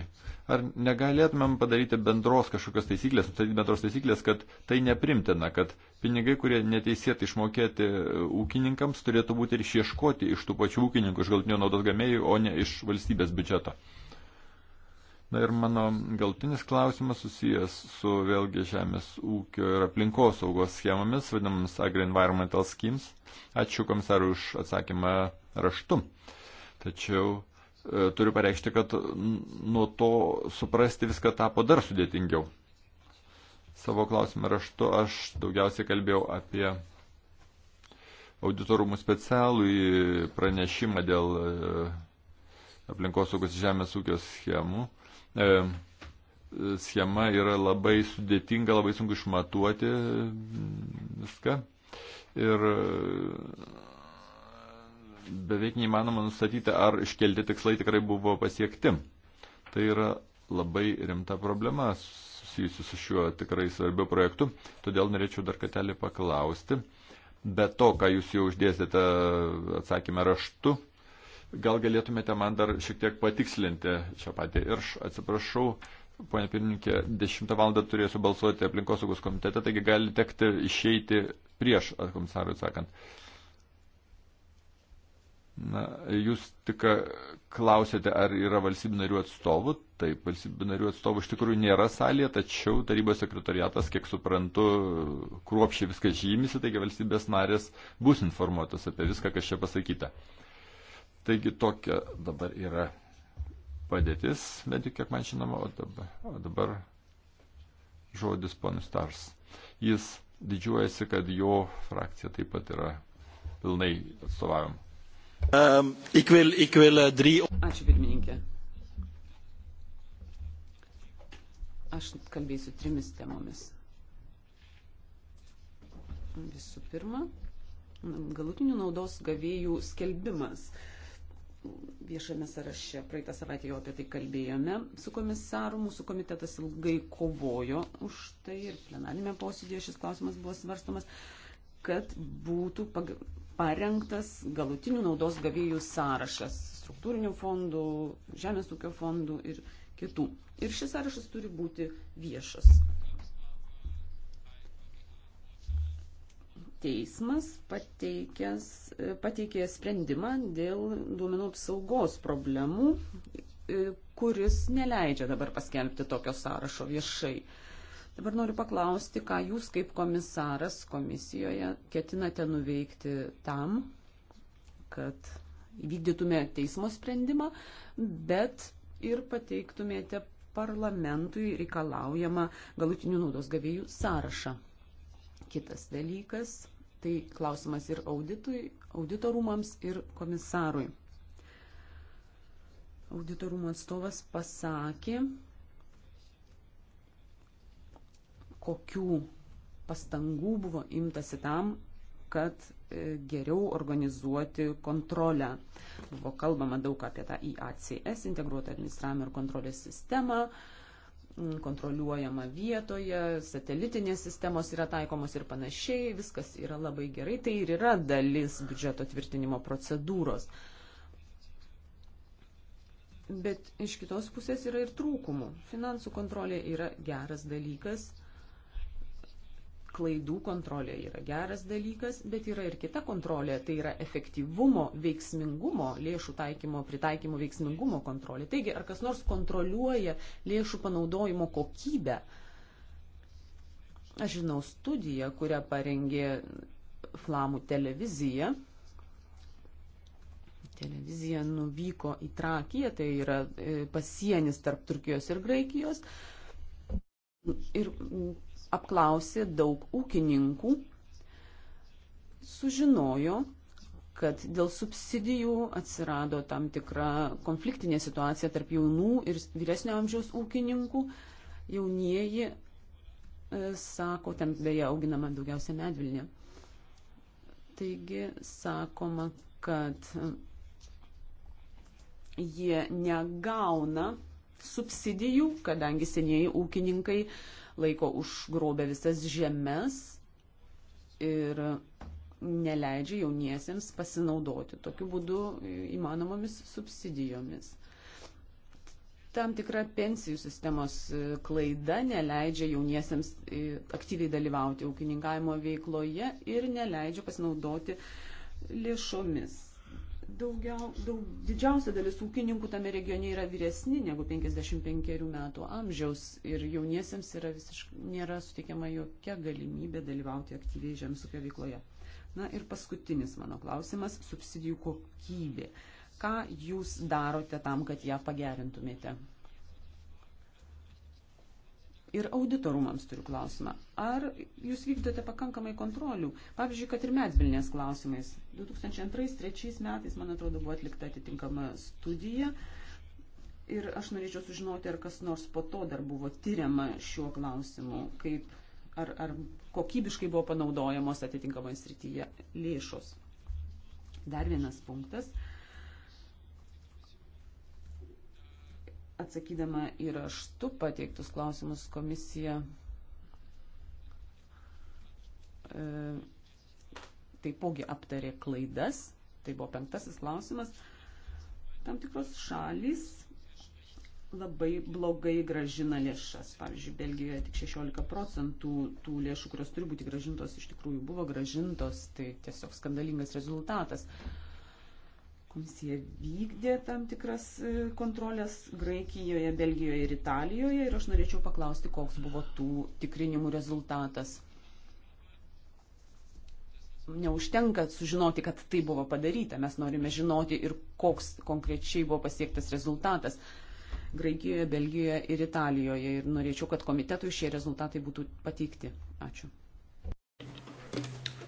Ar negalėtumėm padaryti bendros kažkokios taisyklės, nustatyti bendros taisyklės, kad tai neprimtina, kad pinigai, kurie neteisėtai išmokėti e, ūkininkams, turėtų būti ir išieškoti iš tų pačių ūkininkų, iš galtinio naudos gamėjų, o ne iš valstybės biudžeto. Na ir mano galtinis klausimas susijęs su vėlgi žemės ūkio ir aplinkos saugos schemomis, vadinamams agri-environmental schemes. Ačiū komisarui už atsakymą raštu. Tačiau E, turiu pareikšti, kad nuo to suprasti viską tapo dar sudėtingiau. Savo klausimą raštu aš daugiausiai kalbėjau apie auditorumų specialų į pranešimą dėl e, aplinkosaugos žemės ūkio schemų. E, schema yra labai sudėtinga, labai sunku išmatuoti viską. Ir beveik neįmanoma nustatyti, ar iškelti tikslai tikrai buvo pasiekti. Tai yra labai rimta problema susijusi su šiuo tikrai svarbiu projektu, todėl norėčiau dar katelį paklausti. Be to, ką jūs jau uždėsite atsakymę raštu, gal galėtumėte man dar šiek tiek patikslinti šią patį. Ir aš atsiprašau, Pone pirmininkė, 10 val. turėsiu balsuoti aplinkosaugos komitete, taigi gali tekti išeiti prieš komisarui sakant. Na, jūs tik klausėte, ar yra valstybių narių atstovų. Taip, valstybių narių atstovų iš tikrųjų nėra salėje, tačiau tarybos sekretariatas, kiek suprantu, kruopšiai viską žymisi, taigi valstybės narės bus informuotas apie viską, kas čia pasakyta. Taigi tokia dabar yra padėtis, bent jau kiek man žinoma, o dabar, o dabar žodis ponus Tars. Jis didžiuojasi, kad jo frakcija taip pat yra pilnai atstovaujama. Um, ik wil, ik wil, uh, drie... Ačiū pirmininkė. Aš kalbėsiu trimis temomis. Visų pirma, galutinių naudos gavėjų skelbimas. Viešame sąraše praeitą savaitę jau apie tai kalbėjome su komisaru, mūsų komitetas ilgai kovojo už tai ir plenarinėme posėdėje šis klausimas buvo svarstomas, kad būtų pag parengtas galutinių naudos gavėjų sąrašas struktūrinių fondų, žemės ūkio fondų ir kitų. Ir šis sąrašas turi būti viešas. Teismas pateikęs, pateikė sprendimą dėl duomenų apsaugos problemų, kuris neleidžia dabar paskelbti tokio sąrašo viešai. Dabar noriu paklausti, ką jūs kaip komisaras komisijoje ketinate nuveikti tam, kad įvykdytume teismo sprendimą, bet ir pateiktumėte parlamentui reikalaujamą galutinių naudos gavėjų sąrašą. Kitas dalykas - tai klausimas ir auditui, auditorumams ir komisarui. Auditorumų atstovas pasakė, kokių pastangų buvo imtasi tam, kad e, geriau organizuoti kontrolę. Buvo kalbama daug apie tą IACS, integruotą administravimą ir kontrolės sistemą, mm, kontroliuojama vietoje, satelitinės sistemos yra taikomos ir panašiai, viskas yra labai gerai, tai ir yra dalis biudžeto tvirtinimo procedūros. Bet iš kitos pusės yra ir trūkumų. Finansų kontrolė yra geras dalykas, klaidų kontrolė yra geras dalykas, bet yra ir kita kontrolė, tai yra efektyvumo, veiksmingumo, lėšų taikymo, pritaikymo veiksmingumo kontrolė. Taigi, ar kas nors kontroliuoja lėšų panaudojimo kokybę? Aš žinau studiją, kurią parengė Flamų televizija. Televizija nuvyko į Trakiją, tai yra e, pasienis tarp Turkijos ir Graikijos. Ir apklausė daug ūkininkų, sužinojo, kad dėl subsidijų atsirado tam tikra konfliktinė situacija tarp jaunų ir vyresnio amžiaus ūkininkų. Jaunieji, e, sako, ten beje auginama daugiausia medvilnė. Taigi sakoma, kad e, jie negauna subsidijų, kadangi senieji ūkininkai uh, laiko užgrobę visas žemes ir neleidžia jauniesiems pasinaudoti tokiu būdu įmanomomis subsidijomis. Tam tikra pensijų sistemos e, klaida neleidžia jauniesiems e, aktyviai dalyvauti ūkininkavimo veikloje ir neleidžia pasinaudoti lėšomis daugiau, daug, didžiausia dalis ūkininkų tame regione yra vyresni negu 55 metų amžiaus ir jauniesiems yra visiškai, nėra suteikiama jokia galimybė dalyvauti aktyviai žemės ūkio veikloje. Na ir paskutinis mano klausimas - subsidijų kokybė. Ką jūs darote tam, kad ją pagerintumėte? ir auditorumams turiu klausimą. Ar jūs vykdote pakankamai kontrolių? Pavyzdžiui, kad ir medvilnės klausimais. 2002-2003 metais, man atrodo, buvo atlikta atitinkama studija. Ir aš norėčiau sužinoti, ar kas nors po to dar buvo tyriama šiuo klausimu, kaip, ar, ar kokybiškai buvo panaudojamos atitinkamoje srityje lėšos. Dar vienas punktas Atsakydama į raštu pateiktus klausimus komisija e, taipogi aptarė klaidas, tai buvo penktasis klausimas. Tam tikros šalys labai blogai gražina lėšas. Pavyzdžiui, Belgijoje tik 16 procentų tų lėšų, kurios turi būti gražintos, iš tikrųjų buvo gražintos. Tai tiesiog skandalingas rezultatas. E, Komisija vykdė tam tikras e, kontrolės Graikijoje, Belgijoje ir Italijoje ir aš norėčiau paklausti, koks buvo tų tikrinimų rezultatas. Neužtenka sužinoti, kad tai buvo padaryta, mes norime žinoti ir koks konkrečiai buvo pasiektas rezultatas. Graikijoje, Belgijoje ir Italijoje. Ir norėčiau, kad komitetui šie rezultatai būtų pateikti. Ačiū.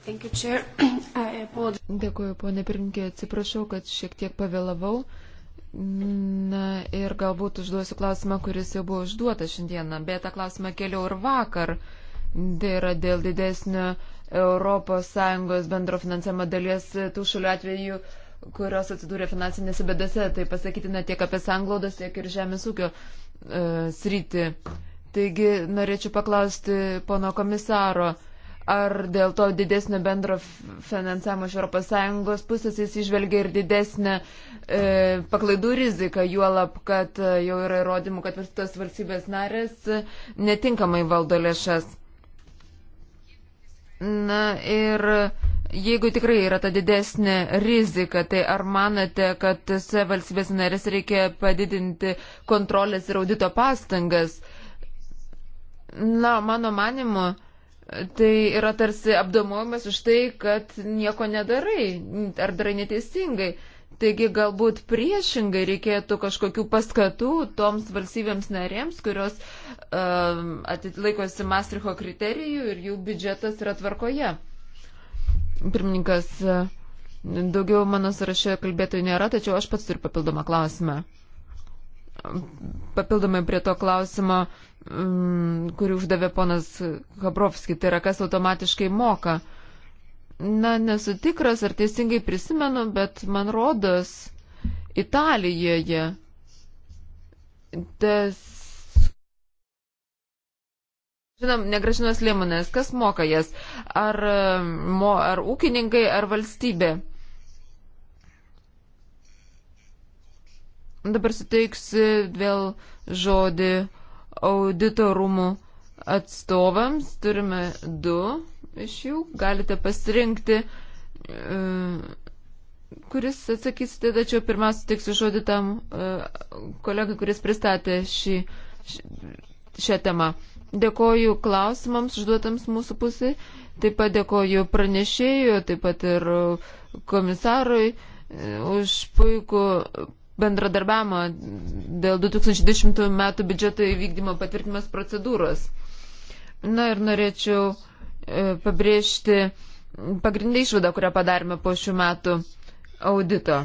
Dėkuoju, ponė pirmininkė, atsiprašau, kad šiek tiek pavėlavau. Na ir galbūt užduosiu klausimą, kuris jau buvo užduotas šiandieną, bet tą klausimą keliau ir vakar. Tai yra dėl didesnio ES bendro finansavimo dalies tų šalių atveju, kurios atsidūrė finansinėse bėdose. Tai pasakytina tiek apie sanglaudos, tiek ir žemės ūkio e, sritį. Taigi norėčiau paklausti pono komisaro. E, ar dėl to didesnio bendro finansavimo iš ES pusės jis išvelgia ir didesnę e, paklaidų riziką, juolab, kad e, jau yra įrodymų, kad tos valstybės narės e, netinkamai valdo lėšas. Na ir jeigu tikrai yra ta didesnė rizika, tai ar manote, kad tose valstybės narės reikia padidinti kontrolės ir audito pastangas? Na, mano manimu, Tai yra tarsi apdomojimas už tai, kad nieko nedarai ar darai neteisingai. Taigi galbūt priešingai reikėtų kažkokių paskatų toms valstybėms narėms, kurios um, atitlaikosi Mastricho kriterijų ir jų biudžetas yra tvarkoje. Pirmininkas, daugiau mano sąraše kalbėtojų nėra, tačiau aš pats turiu papildomą klausimą papildomai prie to klausimo, mm, kurį uždavė ponas Kabrovski, tai yra kas automatiškai moka. Na, nesu tikras, ar teisingai prisimenu, bet man rodos, Italijoje tas. Žinom, negražinos lėmonės, kas moka jas? Ar, mm, mo, ar ūkininkai, ar valstybė? Dabar suteiksiu vėl žodį auditorumų atstovams. Turime du iš jų. Galite pasirinkti, e, kuris atsakysite, tačiau pirmiausia suteiksiu žodį tam e, kolegai, kuris pristatė šį, šią temą. Dėkoju klausimams užduotams mūsų pusiai. Taip pat dėkoju pranešėjui, taip pat ir komisarui e, už puikų bendradarbiavimo dėl 2010 metų biudžeto įvykdymo patvirtinimas procedūros. Na ir norėčiau e, pabrėžti pagrindinę išvadą, kurią padarėme po šių metų audito.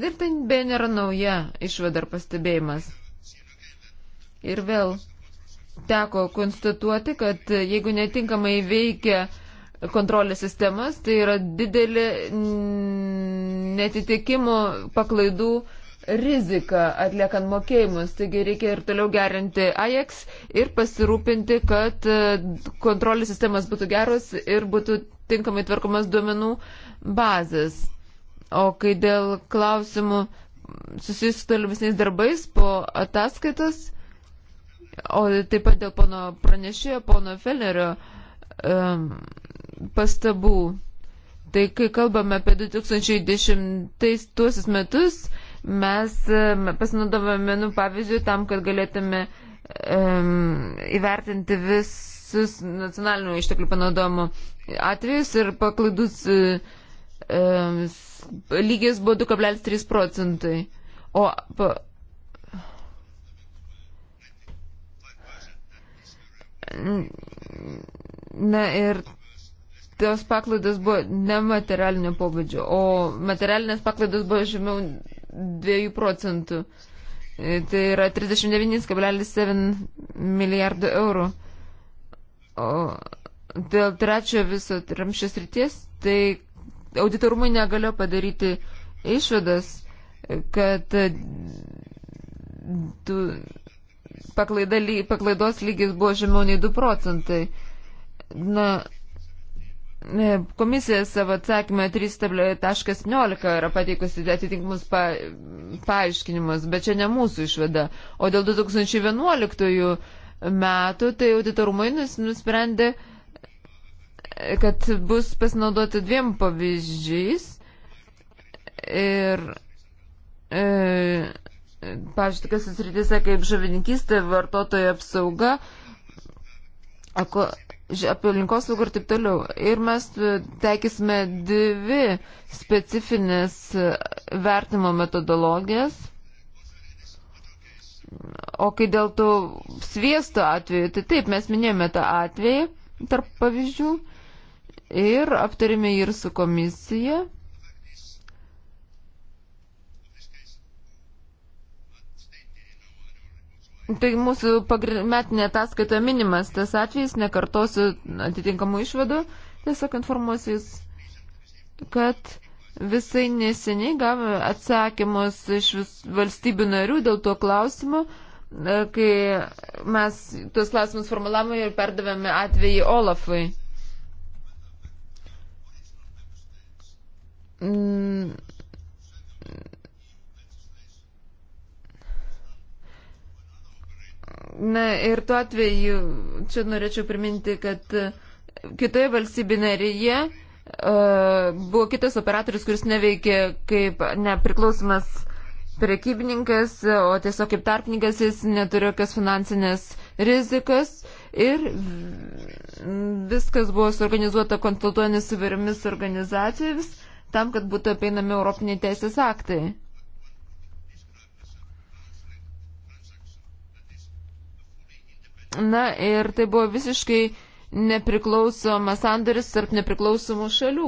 Ir tai beje nėra nauja išvada ar pastebėjimas. Ir vėl teko konstatuoti, kad jeigu netinkamai veikia kontrolės sistemas, tai yra didelė netitikimų paklaidų riziką atliekant mokėjimus. Taigi reikia ir toliau gerinti AJAX ir pasirūpinti, kad e, kontrolės sistemas būtų geros ir būtų tinkamai tvarkomas duomenų bazės. O kai dėl klausimų susijusiu tolimesniais darbais po ataskaitos, o taip pat dėl pono pranešėjo, pono Felnerio um, pastabų. Tai kai kalbame apie 2010 metus, Mes e, pasinaudojame menų pavyzdžių tam, kad galėtume um, įvertinti visus nacionalinių išteklių panaudojimo atvejus ir paklaidus um, lygis buvo 2,3 procentai. O pa, Na ir tos paklaidos buvo ne materialinio pobūdžio, o materialinės paklaidos buvo žemiau 2 procentų. E, tai yra 39,7 milijardų eurų. O dėl trečio viso ramšės ryties, tai auditorumai negalėjo padaryti išvadas, kad tu, paklaida, paklaidos lygis buvo žemiau nei 2 procentai. Na, E, komisija savo atsakymą 3.11 yra pateikusi atitinkamus pa, paaiškinimus, bet čia ne mūsų išvada. O dėl 2011 metų, tai auditorumai nusprendė, kad bus pasinaudoti dviem pavyzdžiais. Ir, e, pavyzdžiui, tokias sritise kaip žavininkystė, vartotojo apsauga, Ako, aplinkosaugą ir taip toliau. Ir mes e, teikysime dvi specifinės e, vertimo metodologijas. O kai dėl to sviesto atveju, tai taip, mes minėjome tą atvejį tarp pavyzdžių ir aptarėme ir su komisija. Tai mūsų metinė ataskaita minimas tas atvejis, nekartosiu atitinkamų išvadų, tiesiog informuosiu jūs, kad visai neseniai gavome atsakymus iš valstybių narių dėl to klausimu, e, kai mes tuos klausimus formulavome ir perdavėme atvejį Olafui. Na ir tuo atveju, čia norėčiau priminti, kad e, kitoje valstybinėje e, buvo kitas operatorius, kuris neveikė kaip nepriklausomas prekybininkas, o tiesiog kaip tarpininkas jis neturi jokios finansinės rizikas ir viskas buvo suorganizuota konsultuojant su įvairiomis organizacijomis tam, kad būtų apeinami Europiniai teisės aktai. Na ir tai buvo visiškai nepriklausomas sandaris tarp nepriklausomų šalių.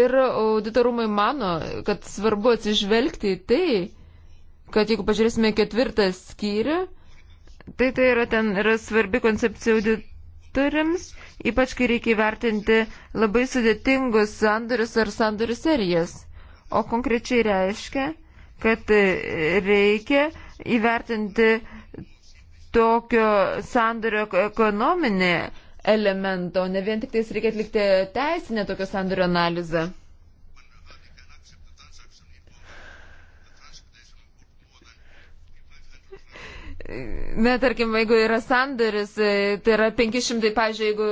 Ir auditorumai mano, kad svarbu atsižvelgti į tai, kad jeigu pažiūrėsime ketvirtą skyrių, tai tai yra ten yra svarbi koncepcija auditoriams, ypač kai reikia įvertinti labai sudėtingus sandorius ar sandorių serijas. O konkrečiai reiškia, kad reikia įvertinti tokio sandorio ekonominį elementą, o ne vien tik tais reikia atlikti teisinę tokio sandorio analizę. Na, tarkim, jeigu yra sandoris, e, tai yra 500, pažiūrėjau, jeigu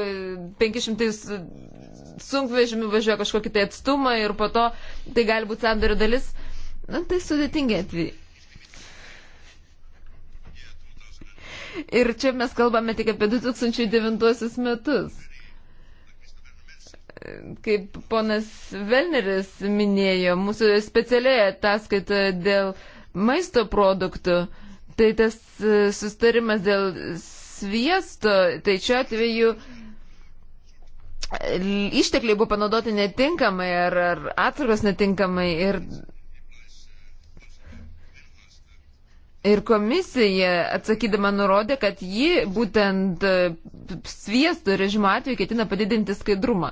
500 sunkvežimių važiuoja kažkokį tai atstumą ir po to tai gali būti sandorio dalis, na, tai sudėtingi atvejai. Ir čia mes kalbame tik apie 2009 metus. Kaip ponas Velneris minėjo, mūsų specialiai ataskaita dėl maisto produktų, tai tas e, sustarimas dėl sviesto, tai čia atveju e, ištekliai buvo panaudoti netinkamai ar, ar atsargos netinkamai ir Ir komisija atsakydama nurodė, kad ji būtent e, sviesto režimo atveju ketina padidinti skaidrumą.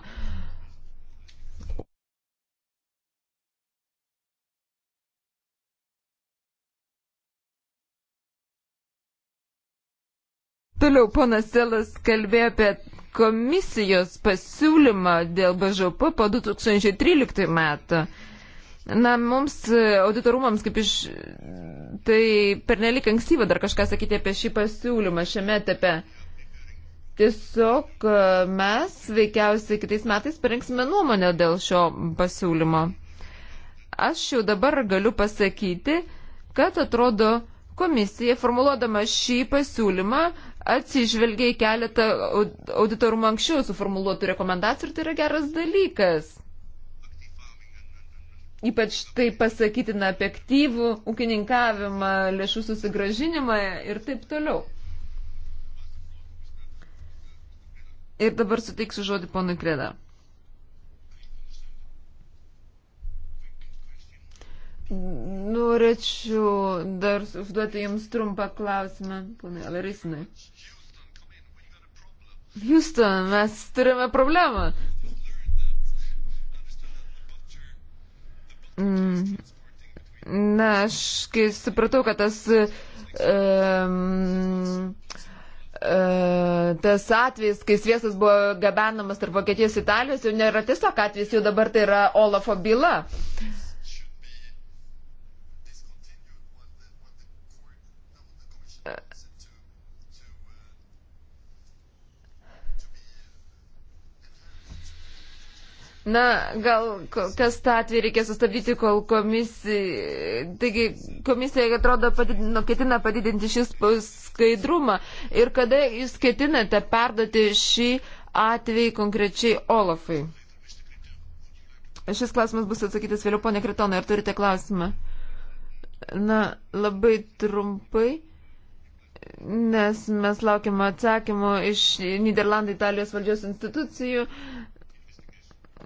Toliau ponas Selas kalbėjo apie komisijos pasiūlymą dėl BŽP po 2013 metų. Na, mums e, auditorumams kaip iš. Tai pernelik ankstyva dar kažką sakyti apie šį pasiūlymą šiame etape. Tiesiog e, mes veikiausiai kitais metais parengsime nuomonę dėl šio pasiūlymo. Aš jau dabar galiu pasakyti, kad atrodo komisija formuluodama šį pasiūlymą atsižvelgia į keletą auditorumo anksčiau suformuluotų rekomendacijų ir tai yra geras dalykas. Ypač tai pasakytina apie aktyvų ūkininkavimą, lėšų susigražinimą ir taip toliau. Ir dabar suteiksiu žodį ponui Kreda. Norėčiau dar užduoti Jums trumpą klausimą, ponai Alarisinai. Houston, mes turime problemą. Mm. Na, aš kai supratau, kad tas, um, tas atvejis, kai sviestas buvo gabenamas tarp Vokietijos ir Italijos, jau nėra tiesiog atvejis, jau dabar tai yra Olafo byla. Na, gal kas tą atvejį reikia sustabdyti, kol komisija, taigi komisija, atrodo, padidino, nu, ketina padidinti šį skaidrumą. Ir kada jūs ketinate perduoti šį atvejį konkrečiai Olafui? Šis klausimas bus atsakytas vėliau, ponė Kretona, ar turite klausimą? Na, labai trumpai nes mes laukime atsakymų iš Niderlandų Italijos valdžios institucijų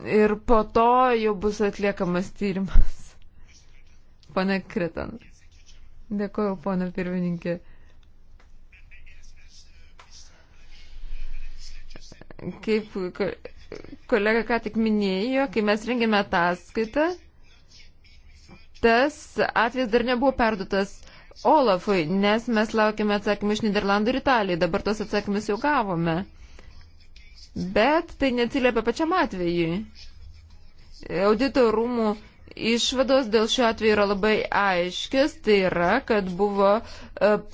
ir po to jau bus atliekamas tyrimas. Pane Kretan. Dėkuoju, pana pirmininkė. Kaip kolega ką tik minėjo, kai mes rengėme ataskaitą, tas atvejs dar nebuvo perdutas Olafui, nes mes laukime atsakymą iš Niderlandų ir Italijai. Dabar tos atsakymus jau gavome bet tai neatsiliepia pačiam atvejui. Audito rūmų išvados dėl šio atveju yra labai aiškis, tai yra, kad buvo e,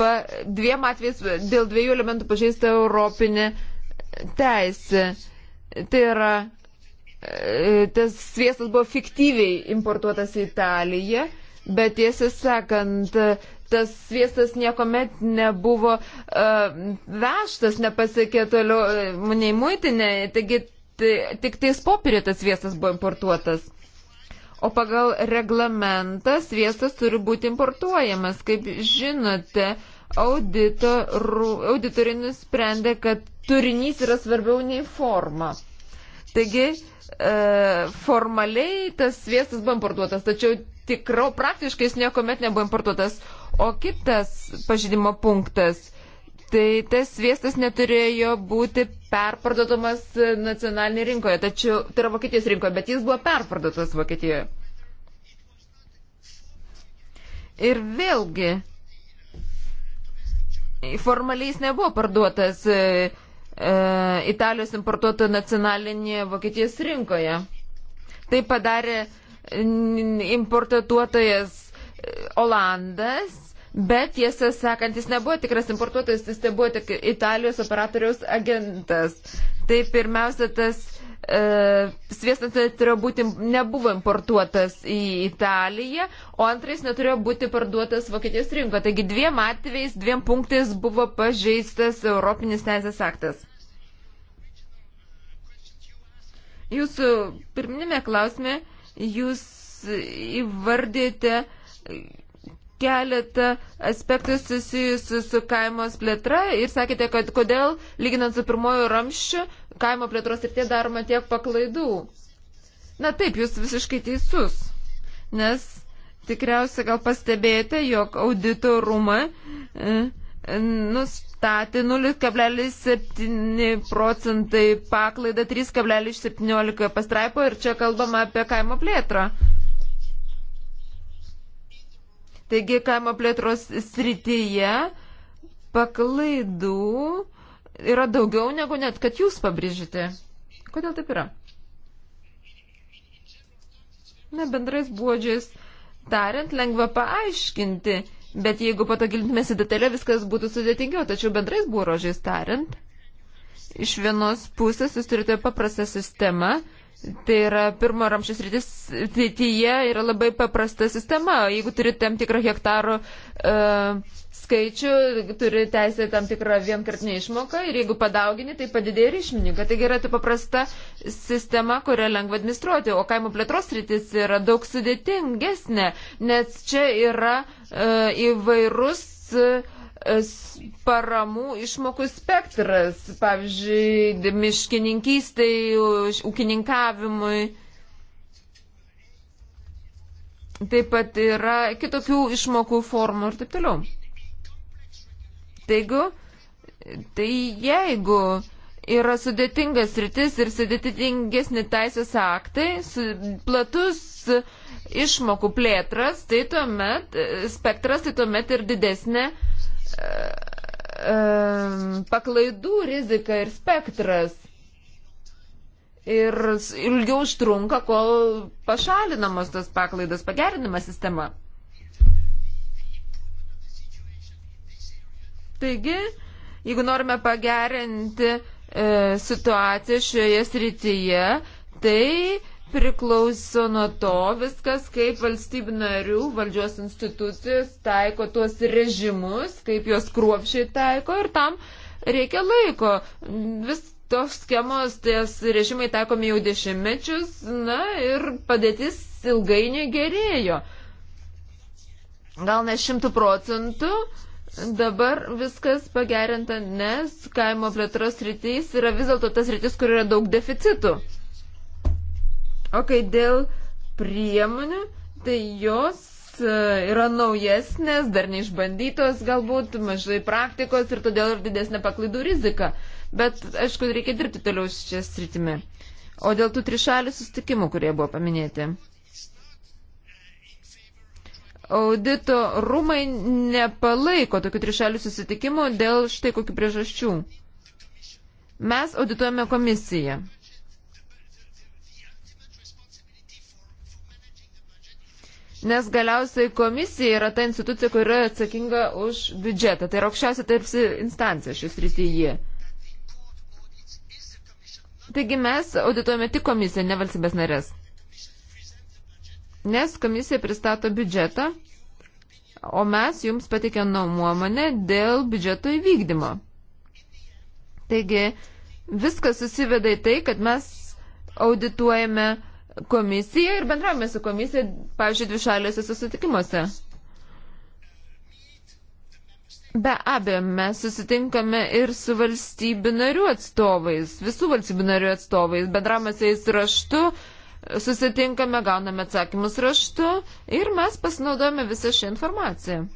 pa, dviem atvejais dėl dviejų elementų pažeista europinė teisė. Tai yra, e, tas sviestas buvo fiktyviai importuotas į Italiją, bet tiesą sakant, tas sviestas niekuomet nebuvo uh, vežtas, nepasiekė toliau e, nei muitinė, taigi tik tais popierė tas sviestas buvo importuotas. O pagal reglamentą sviestas turi būti importuojamas. Kaip žinote, audito, auditoriai nusprendė, kad turinys yra svarbiau nei forma. Taigi, e, formaliai tas sviestas buvo importuotas, tačiau tikro, praktiškai jis niekuomet nebuvo importuotas. O kitas pažydimo punktas, tai tas sviestas neturėjo būti perparduotamas nacionalinėje rinkoje, tačiau tai yra Vokietijos rinkoje, bet jis buvo perparduotas Vokietijoje. Ir vėlgi, formaliai jis nebuvo parduotas e, e Italijos importuoto nacionalinėje Vokietijos rinkoje. Tai padarė importatuotojas e, Olandas, bet tiesą sakant, jis nebuvo tikras importuotojas, jis tai buvo tik Italijos operatoriaus agentas. Tai pirmiausia, tas e, sviestas neturėjo būti, nebuvo importuotas į Italiją, o antrais neturėjo būti parduotas Vokietijos rinkoje. Taigi dviem atvejais, dviem punktais buvo pažeistas Europinis teisės aktas. Jūsų pirminėme klausime Jūs įvardėte keletą aspektų susijusių su kaimo plėtra ir sakėte, kad kodėl, lyginant su pirmojo ramščiu, kaimo plėtros ir tie daroma tiek paklaidų. Na taip, jūs visiškai teisus, nes tikriausiai gal pastebėjote, jog auditorumą e, e nus, nustatė 0,7 procentai paklaidą 3,17 pastraipo ir čia kalbama apie kaimo plėtrą. Taigi kaimo plėtros srityje paklaidų yra daugiau negu net, kad jūs pabrėžite. Kodėl taip yra? Na, bendrais buodžiais tariant, lengva paaiškinti Bet jeigu patogilintumės į detalę, viskas būtų sudėtingiau. Tačiau bendrais būrožiais tariant, iš vienos pusės jūs turite paprastą sistemą. Tai yra pirmo ramšės rytis, tai jie yra labai paprasta sistema. Jeigu turite tam tikrą hektarų uh, skaičių, turi teisę tam tikrą vienkartinę išmoką ir jeigu padaugini, tai padidėja ir išmininką. Taigi yra tai paprasta sistema, kurią lengva administruoti, o kaimo plėtros rytis yra daug sudėtingesnė, nes čia yra e, įvairus. E, paramų išmokų spektras, pavyzdžiui, miškininkystai, ūkininkavimui. Taip pat yra kitokių išmokų formų ir taip toliau įstaigų, tai jeigu yra sudėtingas rytis ir sudėtingesni teisės aktai, su, platus išmokų plėtras, tai tuomet, spektras, tai tuomet ir didesnė e, e, paklaidų rizika ir spektras. Ir ilgiau užtrunka, kol pašalinamos tos paklaidos, pagerinama sistema. Taigi, jeigu norime pagerinti e, situaciją šioje srityje, tai priklauso nuo to viskas, kaip valstybių narių valdžios institucijos taiko tuos režimus, kaip juos kruopšiai taiko ir tam reikia laiko. Vis tos schemos, ties režimai taikomi jau dešimtmečius, na ir padėtis ilgainiui gerėjo. Gal ne šimtų procentų, Dabar viskas pagerinta, nes kaimo plėtros rytis yra vis dėlto tas rytis, kur yra daug deficitų. O kai dėl priemonių, tai jos e, yra naujesnės, dar neišbandytos galbūt, mažai praktikos ir todėl ir didesnė paklaidų rizika. Bet, aišku, reikia dirbti toliau šią sritimį. O dėl tų trišalių sustikimų, kurie buvo paminėti audito rūmai nepalaiko tokių trišalių susitikimų dėl štai kokių priežasčių. Mes audituojame komisiją. Nes galiausiai komisija yra ta institucija, kuri yra atsakinga už biudžetą. Tai yra aukščiausia tarpsi instancija šis rytyje. Taigi mes audituojame tik komisiją, ne valstybės narės nes komisija pristato biudžetą, o mes jums patikėme nuomonę dėl biudžeto įvykdymo. Taigi, viskas susiveda į tai, kad mes audituojame komisiją ir bendravome su komisija, pavyzdžiui, dvišalėse susitikimuose. Be abejo, mes susitinkame ir su valstybių narių atstovais, visų valstybių narių atstovais, bendravome su jais raštu, susitinkame, gauname atsakymus raštu ir mes pasinaudojame visą šią informaciją.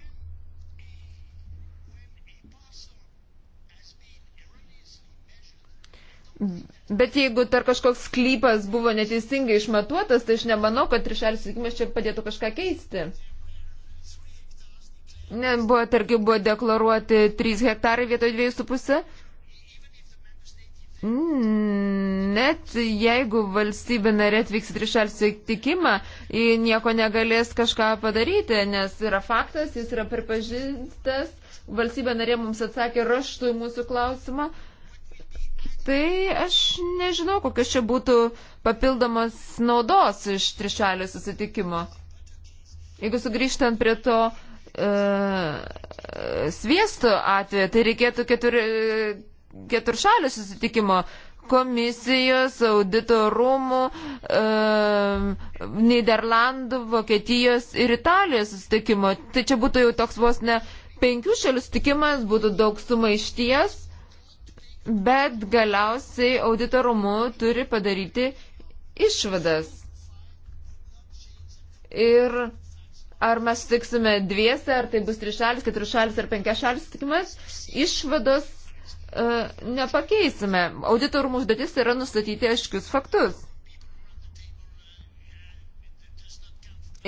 Bet jeigu dar kažkoks sklypas buvo neteisingai išmatuotas, tai aš nemanau, kad trišalis sutikimas čia padėtų kažką keisti. Ne, buvo, tarkim, buvo deklaruoti 3 hektarai vietoj 2,5 Mm, net jeigu valstybė narė atvyks į trišalį sutikimą, ji nieko negalės kažką padaryti, nes yra faktas, jis yra pripažintas, valstybė narė mums atsakė raštų į mūsų klausimą. Tai aš nežinau, kokios čia būtų papildomas naudos iš trišalio susitikimo. Jeigu sugrįžtant prie to, uh, sviesto atveju, tai reikėtų keturi, keturšalių susitikimo komisijos, auditorumų, e, Niderlandų, Vokietijos ir Italijos sustikimo. Tai čia būtų jau toks vos ne penkių šalių sustikimas, būtų daug sumaišties, bet galiausiai auditorumų turi padaryti išvadas. Ir ar mes sutiksime dviese, ar tai bus trišalis, keturišalis ar penkiašalis sutikimas, išvados E, nepakeisime. Auditorų užduotis yra nustatyti aiškius faktus.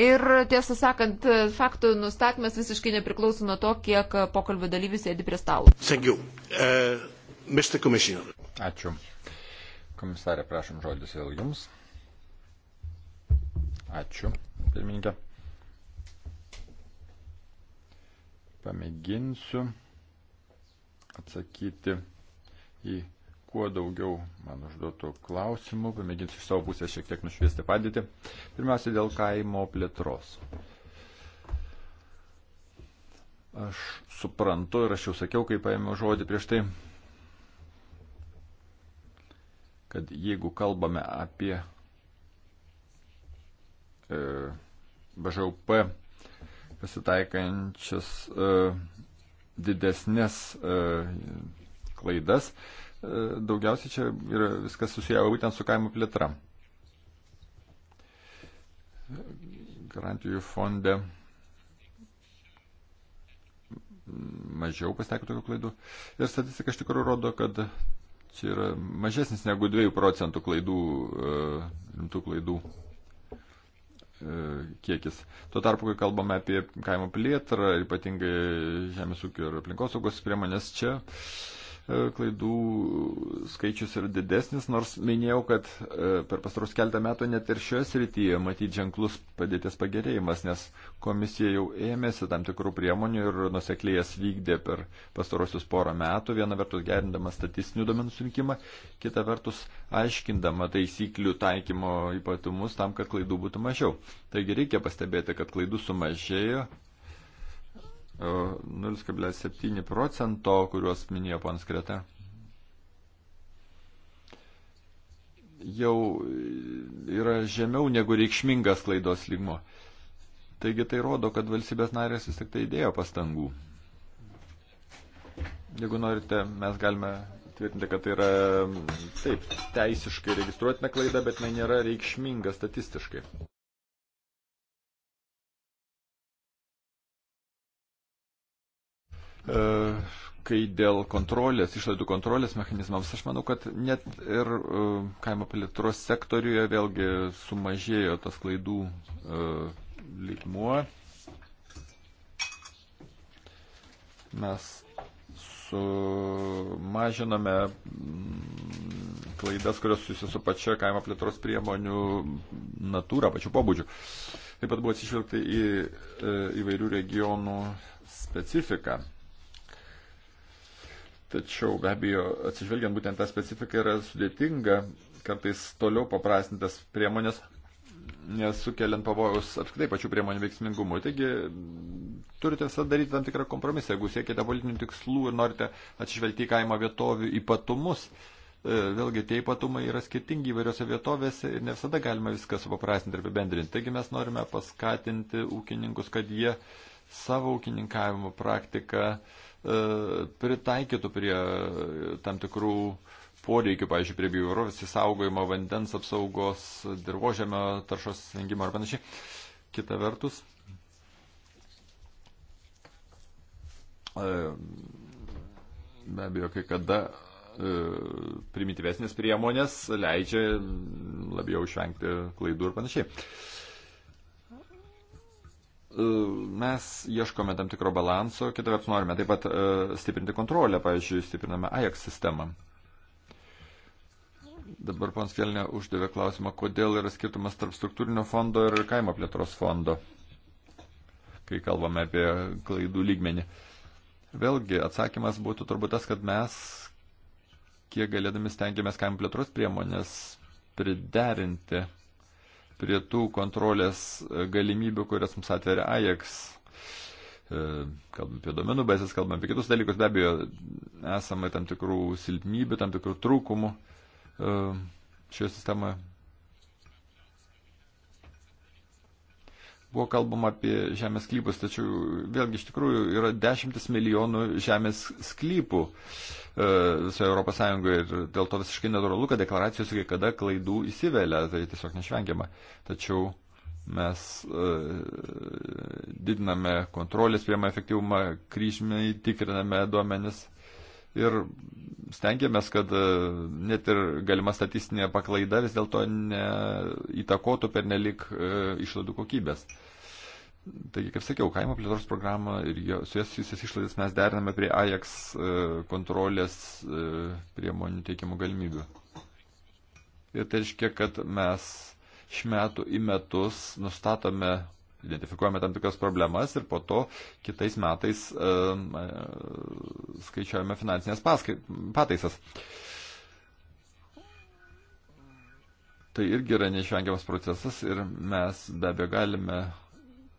Ir tiesą sakant, faktų nustatymas visiškai nepriklauso nuo to, kiek pokalbio dalyvių sėdi prie stalo. Uh, Ačiū. Komisarė, prašom žodis vėl jums. Ačiū, pirmininkė. Pamėginsiu atsakyti į kuo daugiau man užduotų klausimų, pamėginsiu iš savo pusės šiek tiek nušviesti padėtį. Pirmiausia, dėl kaimo plėtros. Aš suprantu ir aš jau sakiau, kai paėmiau žodį prieš tai, kad jeigu kalbame apie e, BŽUP pasitaikančias e, didesnės e, klaidas, e, daugiausiai čia yra viskas susiję būtent su kaimo plėtra. Garantijų fonde mažiau pasitaiko tokių klaidų. Ir statistika iš tikrųjų rodo, kad čia yra mažesnis negu 2 procentų klaidų, e, rimtų klaidų E, kiekis. Tuo tarpu, kai kalbame apie kaimo plėtrą, ypatingai žemės ūkio ir aplinkosaugos priemonės, čia uh, E, klaidų skaičius yra didesnis, nors minėjau, kad e, per pastarus keltą metų net ir šioje srityje matyti ženklus padėties pagerėjimas, nes komisija jau ėmėsi tam tikrų priemonių ir nuseklėjas vykdė per pastarosius porą metų, viena vertus gerindama statistinių domenų surinkimą, kita vertus aiškindama taisyklių taikymo ypatumus tam, kad klaidų būtų mažiau. Taigi reikia pastebėti, kad klaidų sumažėjo 0,7 e, procento, kuriuos minėjo pans Kreta, jau yra žemiau negu reikšmingas klaidos lygmo. Taigi tai rodo, kad valstybės narės vis tik tai įdėjo pastangų. Jeigu norite, mes galime tvirtinti, kad tai yra taip teisiškai registruotina klaida, bet tai nėra reikšminga statistiškai. E, kai dėl kontrolės, išlaidų kontrolės mechanizmams, aš manau, kad net ir e, kaimo plėtros sektoriuje vėlgi sumažėjo tas klaidų e, lygmuo. Mes sumažiname mm, klaidas, kurios susijusios su pačia kaimo plėtros priemonių natūra, pačiu pobūdžiu. Taip pat buvo atsižvelgta į įvairių regionų specifiką. Tačiau be abejo, atsižvelgiant būtent tą specifiką, yra sudėtinga kartais toliau paprastintas priemonės, nesukeliant pavojus apskritai pačių priemonių veiksmingumui. Taigi turite visada daryti tam tikrą kompromisą, jeigu siekite politinių tikslų ir norite atsižvelgti į kaimo vietovių ypatumus. E, vėlgi tie ypatumai yra skirtingi įvairiose vietovėse ir ne visada galima viską supaprastinti ir apibendrinti. Taigi mes norime paskatinti ūkininkus, kad jie savo ūkininkavimo praktiką uh, E, pritaikytų prie e, tam tikrų poreikių, pavyzdžiui, prie bioįvairovės įsaugojimo, vandens apsaugos, dirbožėmio taršos vengimo ar panašiai. Kita vertus, e, be abejo, kai kada primityvesnės priemonės leidžia labiau išvengti klaidų ir panašiai mes ieškome tam tikro balanso, kitą vertus norime taip pat e, stiprinti kontrolę, pavyzdžiui, stipriname AJAX sistemą. Dabar pons Kelnė uždavė klausimą, kodėl yra skirtumas tarp struktūrinio fondo ir kaimo plėtros fondo, kai kalbame apie klaidų lygmenį. Vėlgi, atsakymas būtų turbūt tas, kad mes, kiek galėdami, stengiamės kaimo plėtros priemonės priderinti prie tų kontrolės e, galimybių, kurias mums atveria AJAX. E, kalbam apie domenų bazės, kalbam apie kitus dalykus, be abejo, esame tam tikrų silpnybių, tam tikrų trūkumų e, šioje sistemoje. Buvo kalbama apie žemės sklypus, tačiau vėlgi iš tikrųjų yra dešimtis milijonų žemės sklypų e, visoje Europos Sąjungoje ir dėl to visiškai natūralu, kad deklaracijos kai kada klaidų įsivelia, tai tiesiog nešvengiama. Tačiau mes e, didiname kontrolės priemą efektyvumą, kryžmiai tikriname duomenis ir stengiamės, kad e, net ir galima statistinė paklaida vis dėlto neįtakotų per nelik e, išlaidų kokybės. Taigi, kaip sakiau, kaimo plėtros programą ir jo, su jas susijusias išlaidas mes deriname prie AJAX e, kontrolės priemonių teikimo galimybių. Ir tai reiškia, kad mes iš metų į metus nustatome identifikuojame tam tikras problemas ir po to kitais metais e, e, skaičiuojame finansinės paskai, pataisas. Tai irgi yra neišvengiamas procesas ir mes be abejo galime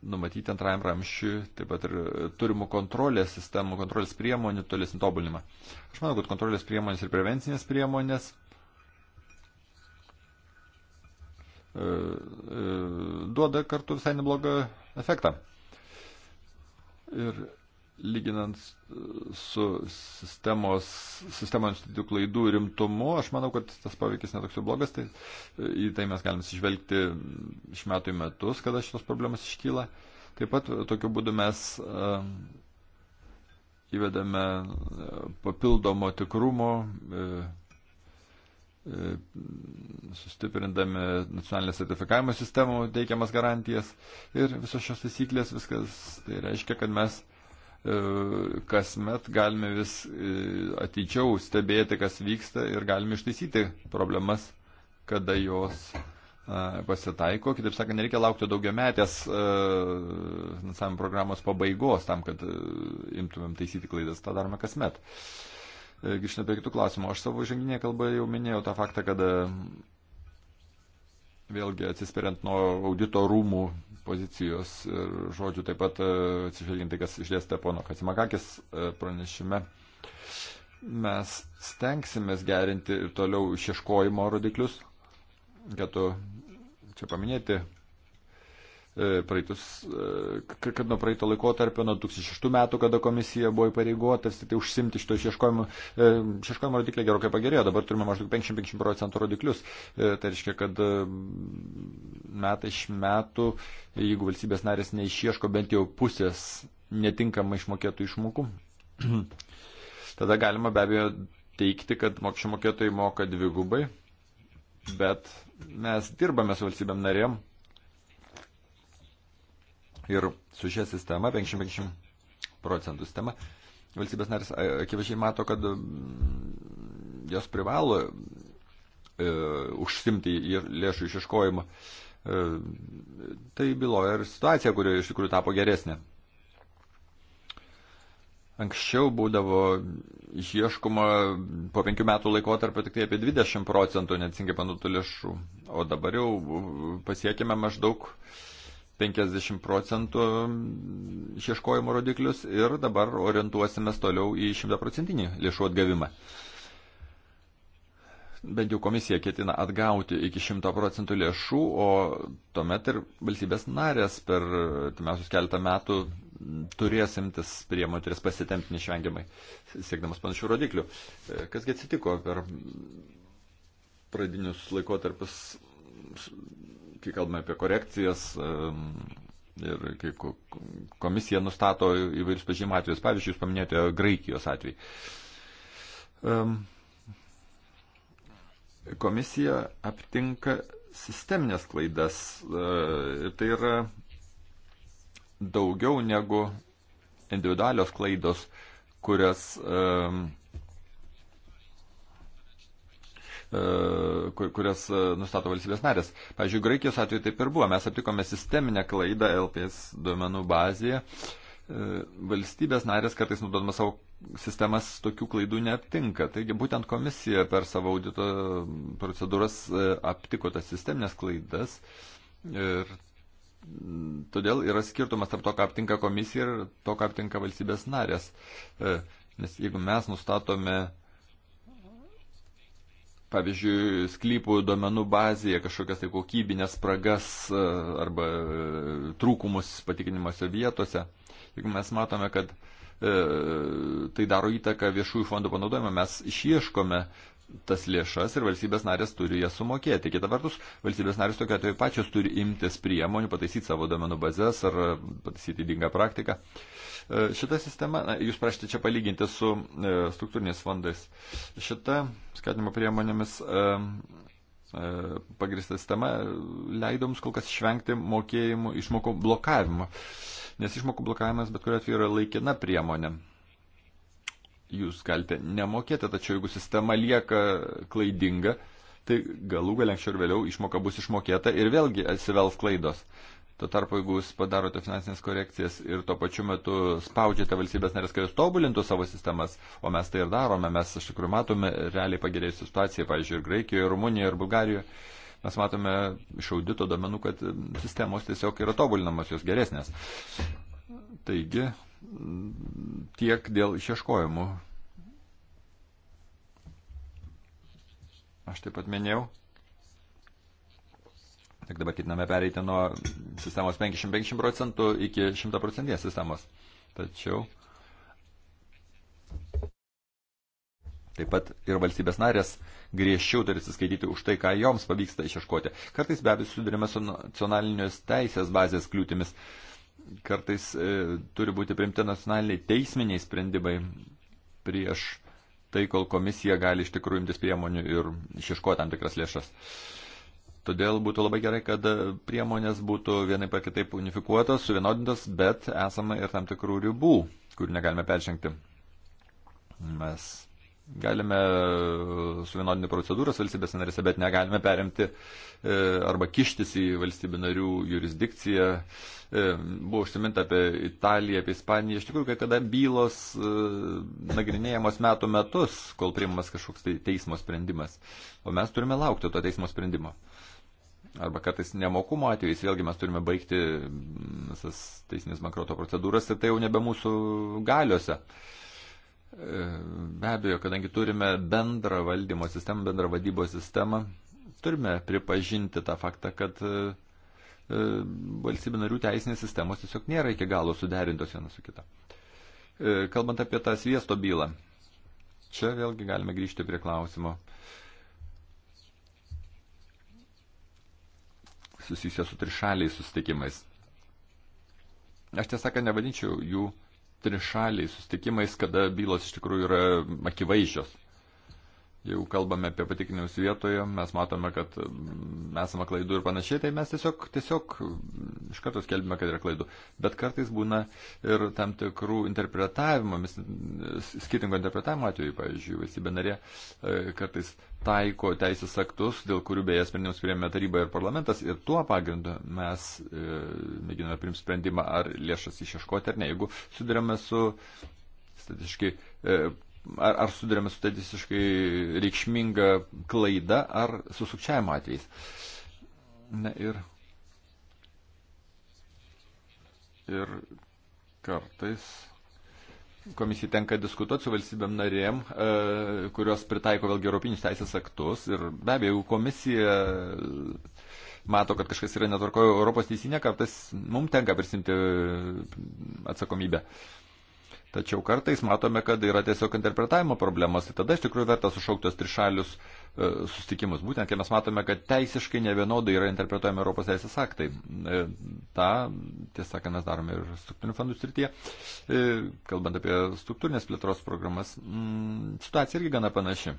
numatyti antrajam ramščiui, taip pat ir turimų kontrolės sistemų, kontrolės priemonių tolesnį tobulinimą. Aš manau, kad kontrolės priemonės ir prevencinės priemonės E, e, duoda kartu visai neblogą efektą. Ir lyginant su sistemos, sistemos institucijų klaidų rimtumu, aš manau, kad tas poveikis netoks jau blogas, tai e, į tai mes galime sižvelgti iš metų į metus, kada šitos problemos iškyla. Taip pat tokiu būdu mes įvedame papildomo tikrumo sustiprindami nacionalinės sertifikavimo sistemų teikiamas garantijas ir visos šios taisyklės, viskas tai reiškia, kad mes e, kasmet galime vis e, ateičiau stebėti, kas vyksta ir galime ištaisyti problemas, kada jos e, pasitaiko. Kitaip sakant, nereikia laukti daugiametės finansavimo programos pabaigos tam, kad imtumėm taisyti klaidas. Ta darome kasmet. Uh, E, grįžtume prie kitų klausimų. Aš savo žinginėje kalboje jau minėjau tą faktą, kad e, vėlgi atsispiriant nuo audito rūmų pozicijos ir žodžių, taip pat e, atsižvelgiant tai, kas išdėstė pono Kacimakakis pranešime, mes stengsimės gerinti ir toliau išieškojimo rodiklius, kad čia paminėti E, praeitus, e, kad nuo praeito laiko tarp nuo 2006 metų, kada komisija buvo įpareigotas tai užsimti šito išieškojimo, e, išieškojimo rodiklė gerokai pagerėjo, dabar turime maždaug 55 procentų rodiklius. Tai reiškia, kad metai iš metų, jeigu valstybės narės neišieško bent jau pusės netinkamai išmokėtų išmokų, tada galima be abejo teikti, kad mokesčių mokėtojai moka dvigubai, bet mes dirbame su valstybėm narėm Ir su šia sistema, 50-50 procentų sistema, valstybės narės akivaizdžiai mato, kad mm, jos privalo e, užsimti lėšų išieškojimą. E, tai byloja ir situacija, kurioje iš tikrųjų tapo geresnė. Anksčiau būdavo išieškoma po penkių metų laikotarpio tik tai apie 20 procentų neatsingai panaudotų lėšų, o dabar jau pasiekime maždaug uh, 50 procentų išieškojimo rodiklius ir dabar orientuosimės toliau į 100 procentinį lėšų atgavimą. Bent jau komisija ketina atgauti iki 100 procentų lėšų, o tuomet ir valstybės narės per timiausius keletą metų turės imtis priemonių, turės pasitemti neišvengiamai, siekdamas panašių rodiklių. Kasgi atsitiko per pradinius laikotarpius kai kalbame apie korekcijas ir kai komisija nustato įvairius pažymų atvejus, pavyzdžiui, jūs paminėjote Graikijos atvejį. Komisija aptinka sisteminės klaidas. E, tai yra daugiau negu individualios klaidos, kurias E, kurias e, nustato valstybės narės. Pavyzdžiui, Graikijos atveju taip ir buvo. Mes aptikome sisteminę klaidą LPS duomenų bazėje. E, valstybės narės kartais naudodamas savo sistemas tokių klaidų neaptinka. Taigi būtent komisija per savo audito procedūras aptiko tas sisteminės klaidas. Ir todėl yra skirtumas tarp to, ką aptinka komisija ir to, ką aptinka valstybės narės. Nes jeigu mes nustatome pavyzdžiui, sklypų duomenų bazėje kažkokias tai kokybinės spragas e, arba e, trūkumus patikinimuose vietose. Jeigu mes matome, kad e, tai daro įtaką viešųjų fondų panaudojimą, mes išieškome tas lėšas ir valstybės narės turi jas sumokėti. Kita vertus, valstybės narės tokiu atveju pačios turi imtis priemonių, pataisyti savo domenų bazės ar pataisyti dingą praktiką. E, E, šita sistema, na, jūs prašyti čia palyginti su e, struktūriniais fondais, šita skatinimo priemonėmis e, pagrįsta sistema leido mums kol kas išvengti mokėjimų išmokų blokavimo, nes išmokų blokavimas bet kuriuo atveju yra laikina priemonė jūs galite nemokėti, tačiau jeigu sistema lieka klaidinga, tai galų galia anksčiau ir vėliau išmoka bus išmokėta ir vėlgi atsivels klaidos. Tuo tarpu, jeigu jūs padarote finansinės korekcijas ir tuo pačiu metu spaudžiate valstybės narės, kad jos tobulintų savo sistemas, o mes tai ir darome, mes iš tikrųjų matome realiai pagerėjusią situaciją, pavyzdžiui, ir Graikijoje, ir Rumunijoje, ir Bulgarijoje, mes matome iš audito domenų, kad sistemos tiesiog yra tobulinamos, jos geresnės. Taigi, tiek dėl išieškojimų. Aš taip pat minėjau, Tik dabar ketiname pereiti nuo sistemos 50-50 procentų iki 100 procentinės sistemos. Tačiau Taip pat ir valstybės narės griežčiau turi atsiskaityti už tai, ką joms pavyksta išieškoti. Kartais be abejo susidurime su nacionalinės teisės bazės kliūtimis. Kartais e, turi būti primti nacionaliniai teisminiai sprendimai prieš tai, kol komisija gali iš tikrųjų imtis priemonių ir išieškoti tam tikras lėšas. E, Todėl būtų labai gerai, kad priemonės būtų vienaip ar kitaip unifikuotos, suvienodintos, bet esama ir tam tikrų ribų, kurių negalime peržengti. Mes galime suvienodinti procedūras valstybės narėse, bet negalime perimti e, arba kištis į valstybių narių jurisdikciją. E, buvo užsiminta apie Italiją, apie Ispaniją. Iš tikrųjų, kai kada bylos e, nagrinėjamos metų metus, kol priimamas kažkoks tai teismo sprendimas. O mes turime laukti to teismo sprendimo arba kartais nemokumo atvejais, vėlgi mes turime baigti mm, visas teisinės bankroto procedūras ir tai jau nebe mūsų galiuose. E, be abejo, kadangi turime bendrą valdymo sistemą, bendrą vadybos sistemą, turime pripažinti tą faktą, kad e, e, valstybių narių teisinės sistemos tiesiog nėra iki galo suderintos viena su kita. Kalbant apie tą sviesto bylą, čia vėlgi galime grįžti prie klausimo susijusios su trišaliais sustikimais. Aš tiesą sakant, nevadinčiau jų trišaliais sustikimais, kada bylos iš tikrųjų yra akivaizdžios. Jeigu kalbame apie patikinimus vietoje, mes matome, kad mm, esame klaidų ir panašiai, tai mes tiesiog, tiesiog mm, iš karto skelbime, kad yra klaidų. Bet kartais būna ir tam tikrų interpretavimų, skirtingo interpretavimo atveju, pavyzdžiui, valstybė narė e, kartais taiko teisės aktus, dėl kurių beje sprendimus priėmė taryba ir parlamentas, ir tuo pagrindu mes e, mėginame primti sprendimą, ar lėšas išieškoti ar ne. Jeigu sudarėme su statiškai e, ar, ar sudarėme su tai visiškai reikšminga klaida ar su sukčiavimo atvejais. Na ir, ir kartais komisijai tenka diskutuoti su valstybėm narėm, e, kurios pritaiko vėlgi europinius teisės aktus. Ir be abejo, jeigu komisija mato, kad kažkas yra netvarkojo Europos teisinė, kartais mums tenka prisimti atsakomybę. E, Tačiau kartais matome, kad yra tiesiog interpretavimo problemos, tai tada iš tikrųjų verta sušauktos trišalius e, sustikimus. Būtent, kai mes matome, kad teisiškai nevienodai yra interpretuojami Europos teisės aktai. E, tą, tiesą sakant, mes darome ir struktūrinių fondų srityje. E, kalbant apie struktūrinės plėtros programas, m, mm, situacija irgi gana panaši.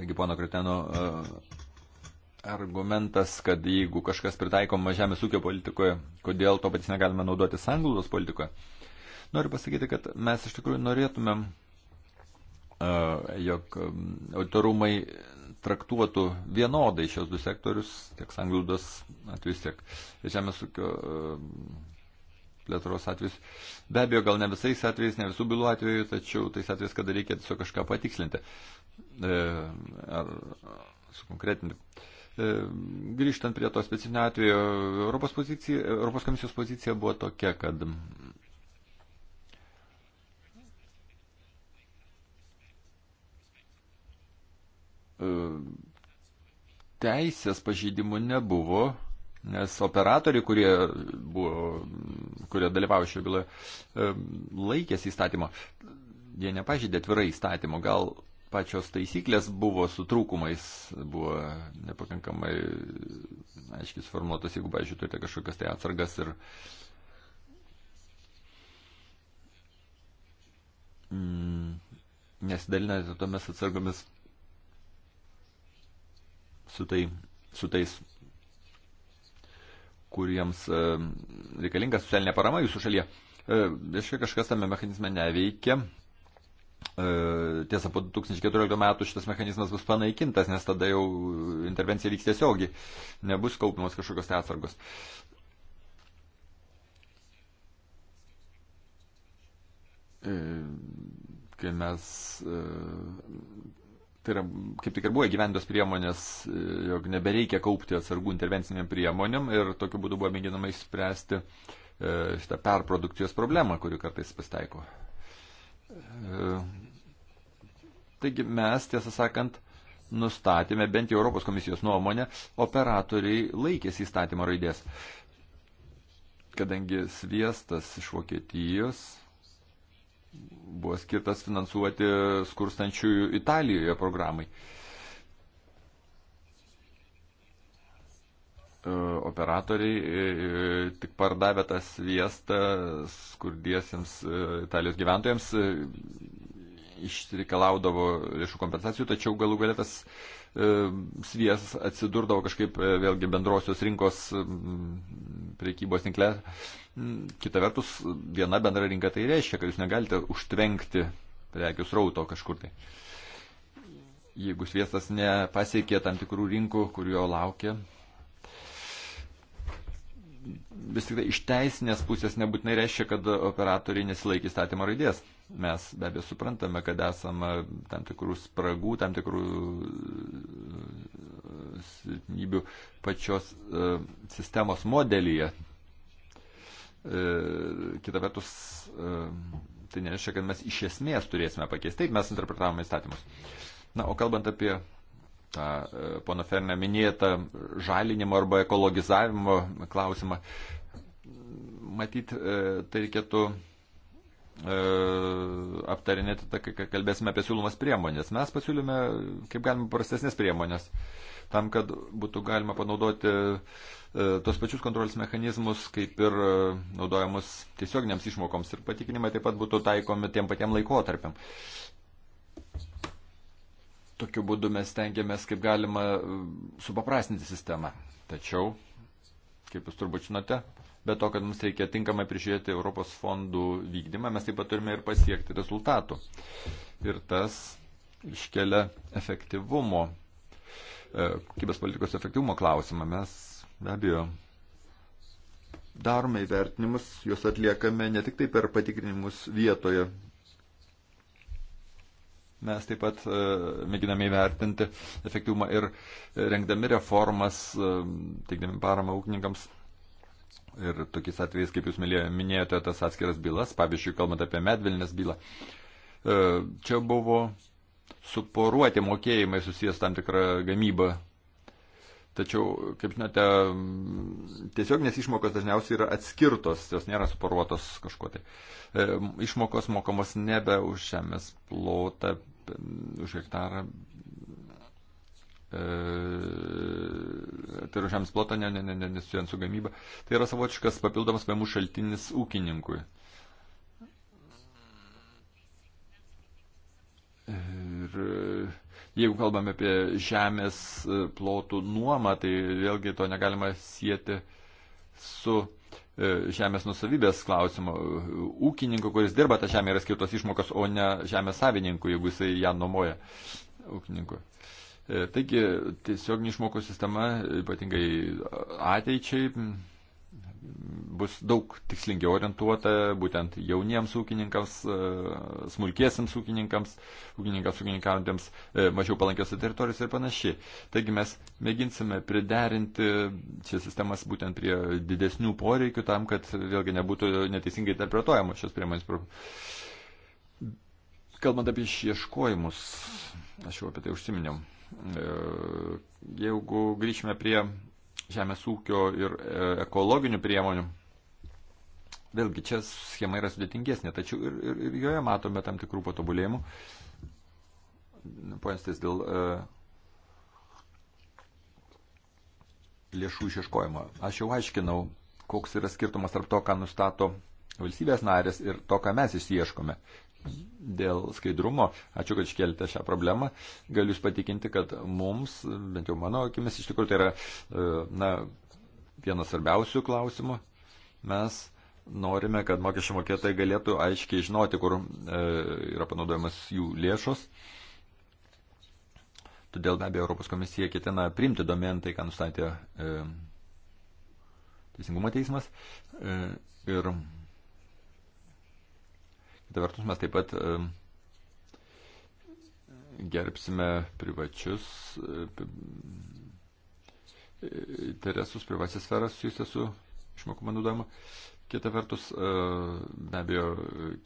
Taigi, pono Kreteno. E, argumentas, kad jeigu kažkas pritaikoma žemės ūkio politikoje, kodėl to patys negalime naudoti sanglaudos politikoje. Noriu pasakyti, kad mes iš tikrųjų norėtumėm, jog autorumai traktuotų vienodai šios du sektorius, tiek sanglaudos atvejus, tiek žemės ūkio plėtros atvejus. Be abejo, gal ne visais atvejais, ne visų bylų atveju, tačiau tais atvejais, kada reikia tiesiog kažką patikslinti e, ar sukonkretinti. E, grįžtant prie to specifinio atvejo, Europos, pozicija, Europos komisijos pozicija buvo tokia, kad e, teisės pažydimų nebuvo, nes operatoriai, kurie, buvo, kurie dalyvavo šioje byloje, e, laikėsi įstatymo. Jie nepažydė atvirai įstatymo, gal pačios taisyklės buvo su trūkumais, buvo nepakankamai aiškiai suformuotos, jeigu, pavyzdžiui, turite kažkokias tai atsargas ir mm, nesidalinate tomis atsargomis su, tai, su tais kuriems e, reikalinga socialinė parama jūsų šalyje. E, reiškia, kažkas tame mechanizme neveikia E, tiesa, po 2014 metų šitas mechanizmas bus panaikintas, nes tada jau intervencija vyks tiesiogiai, nebus kaupimas kažkokios tai atsargos. E, kai mes, e, tai yra, kaip tik ir buvo gyvendos priemonės, jog nebereikia kaupti atsargų intervenciniam priemonėm ir tokiu būdu buvo mėginama išspręsti šitą perprodukcijos problemą, kuri kartais pasitaiko. Taigi mes, tiesą sakant, nustatėme, bent jau Europos komisijos nuomonę, operatoriai laikėsi įstatymo raidės. Kadangi sviestas iš Vokietijos buvo skirtas finansuoti skurstančiųjų Italijoje programai. E, E, operatoriai e, e, tik pardavę tą sviestą skurdiesiems Italijos gyventojams išreikalaudavo lėšų kompensacijų, tačiau galų galia tas sviestas atsidurdavo kažkaip vėlgi bendrosios rinkos mm, priekybos tinkle. Mm, kita vertus, viena bendra rinka tai reiškia, kad jūs negalite užtvenkti prekių srauto kažkur tai jeigu sviestas nepasiekė tam tikrų rinkų, kurio laukia, vis tik tai iš teisinės pusės nebūtinai reiškia, kad operatoriai nesilaikė įstatymo raidės. Mes be abejo suprantame, kad esame tam tikrų spragų, tam tikrų e, silpnybių pačios e, sistemos modelyje. E, kita vertus, e, tai nereiškia, kad mes iš esmės turėsime pakeisti. Taip mes interpretavome įstatymus. Na, o kalbant apie tą e, pono Fernę minėtą žalinimo arba ekologizavimo klausimą. Matyt, e, tai reikėtų e, aptarinėti, tai, kai kalbėsime apie siūlomas priemonės. Mes pasiūlėme, kaip galima, prastesnės priemonės, tam, kad būtų galima panaudoti tos pačius kontrolės mechanizmus, kaip ir naudojamus tiesioginiams išmokoms ir patikinimai taip pat būtų taikomi tiem patiem laikotarpiam. Tokiu būdu mes tengiamės kaip galima e, supaprastinti sistemą. Tačiau, kaip jūs turbūt žinote, be to, kad mums reikia tinkamai prižiūrėti Europos fondų vykdymą, mes taip pat turime ir pasiekti rezultatų. Ir tas iškelia efektyvumo, e, kokybės politikos efektyvumo klausimą. Mes be abejo darome įvertinimus, juos atliekame ne tik tai per patikrinimus vietoje Mes taip pat e, mėginame įvertinti efektyvumą ir rengdami reformas, e, teikdami paramą ūkininkams. Ir tokiais atvejais, kaip jūs minėjote, tas atskiras bylas, pavyzdžiui, kalbant apie medvilnės bylą, e, čia buvo suporuoti mokėjimai susijęs tam tikrą gamybą. Tačiau, kaip žinote, tiesioginės išmokos dažniausiai yra atskirtos, jos nėra suporuotos kažkuo tai. Išmokos mokamos nebe už žemės plotą už hektarą. E, tai yra žemės plotą, ne, ne, ne, ne, nesujant su gamyba. Tai yra savotiškas papildomas pajamų šaltinis ūkininkui. Ir e, jeigu kalbame apie žemės e, plotų nuomą, tai vėlgi to negalima sieti su E, žemės nusavybės klausimo. E, ūkininko, kuris dirba tą žemę, yra skirtos išmokos, o ne žemės savininkų, jeigu jisai ją nuomoja ūkininkui. E, taigi tiesioginė išmokų sistema, ypatingai ateičiai, bus daug tikslingiau orientuota būtent jauniems ūkininkams, e, smulkiesiams ūkininkams, ūkininkams ūkininkavantiems e, mažiau palankiose teritorijose ir panašiai. Taigi mes mėginsime priderinti šias sistemas būtent prie didesnių poreikių tam, kad vėlgi nebūtų neteisingai interpretuojamos šios priemonės. Kalbant apie išieškojimus, aš jau apie tai užsiminiau. E, jeigu grįžtume prie žemės ūkio ir e, ekologinių priemonių. Vėlgi, čia schema yra sudėtingesnė, tačiau ir, ir, ir joje matome tam tikrų patobulėjimų. Pointis dėl e, lėšų išieškojimo. Aš jau aiškinau, koks yra skirtumas tarp to, ką nustato valstybės narės ir to, ką mes išieškome dėl skaidrumo, ačiū, kad iškelite šią problemą, galiu jūs patikinti, kad mums, bent jau mano akimis, iš tikrųjų tai yra e, na, vienas svarbiausių klausimų. Mes norime, kad mokesčių mokėtojai galėtų aiškiai žinoti, kur e, yra panaudojamas jų lėšos. Todėl be abejo Europos komisija ketina priimti domen tai, ką nustatė e, Teisingumo teismas. E, ir Kita vertus mes taip pat gerbsime privačius e, interesus, privačias sferas susijusias su išmokų panaudojimu. Kita vertus, e, be abejo,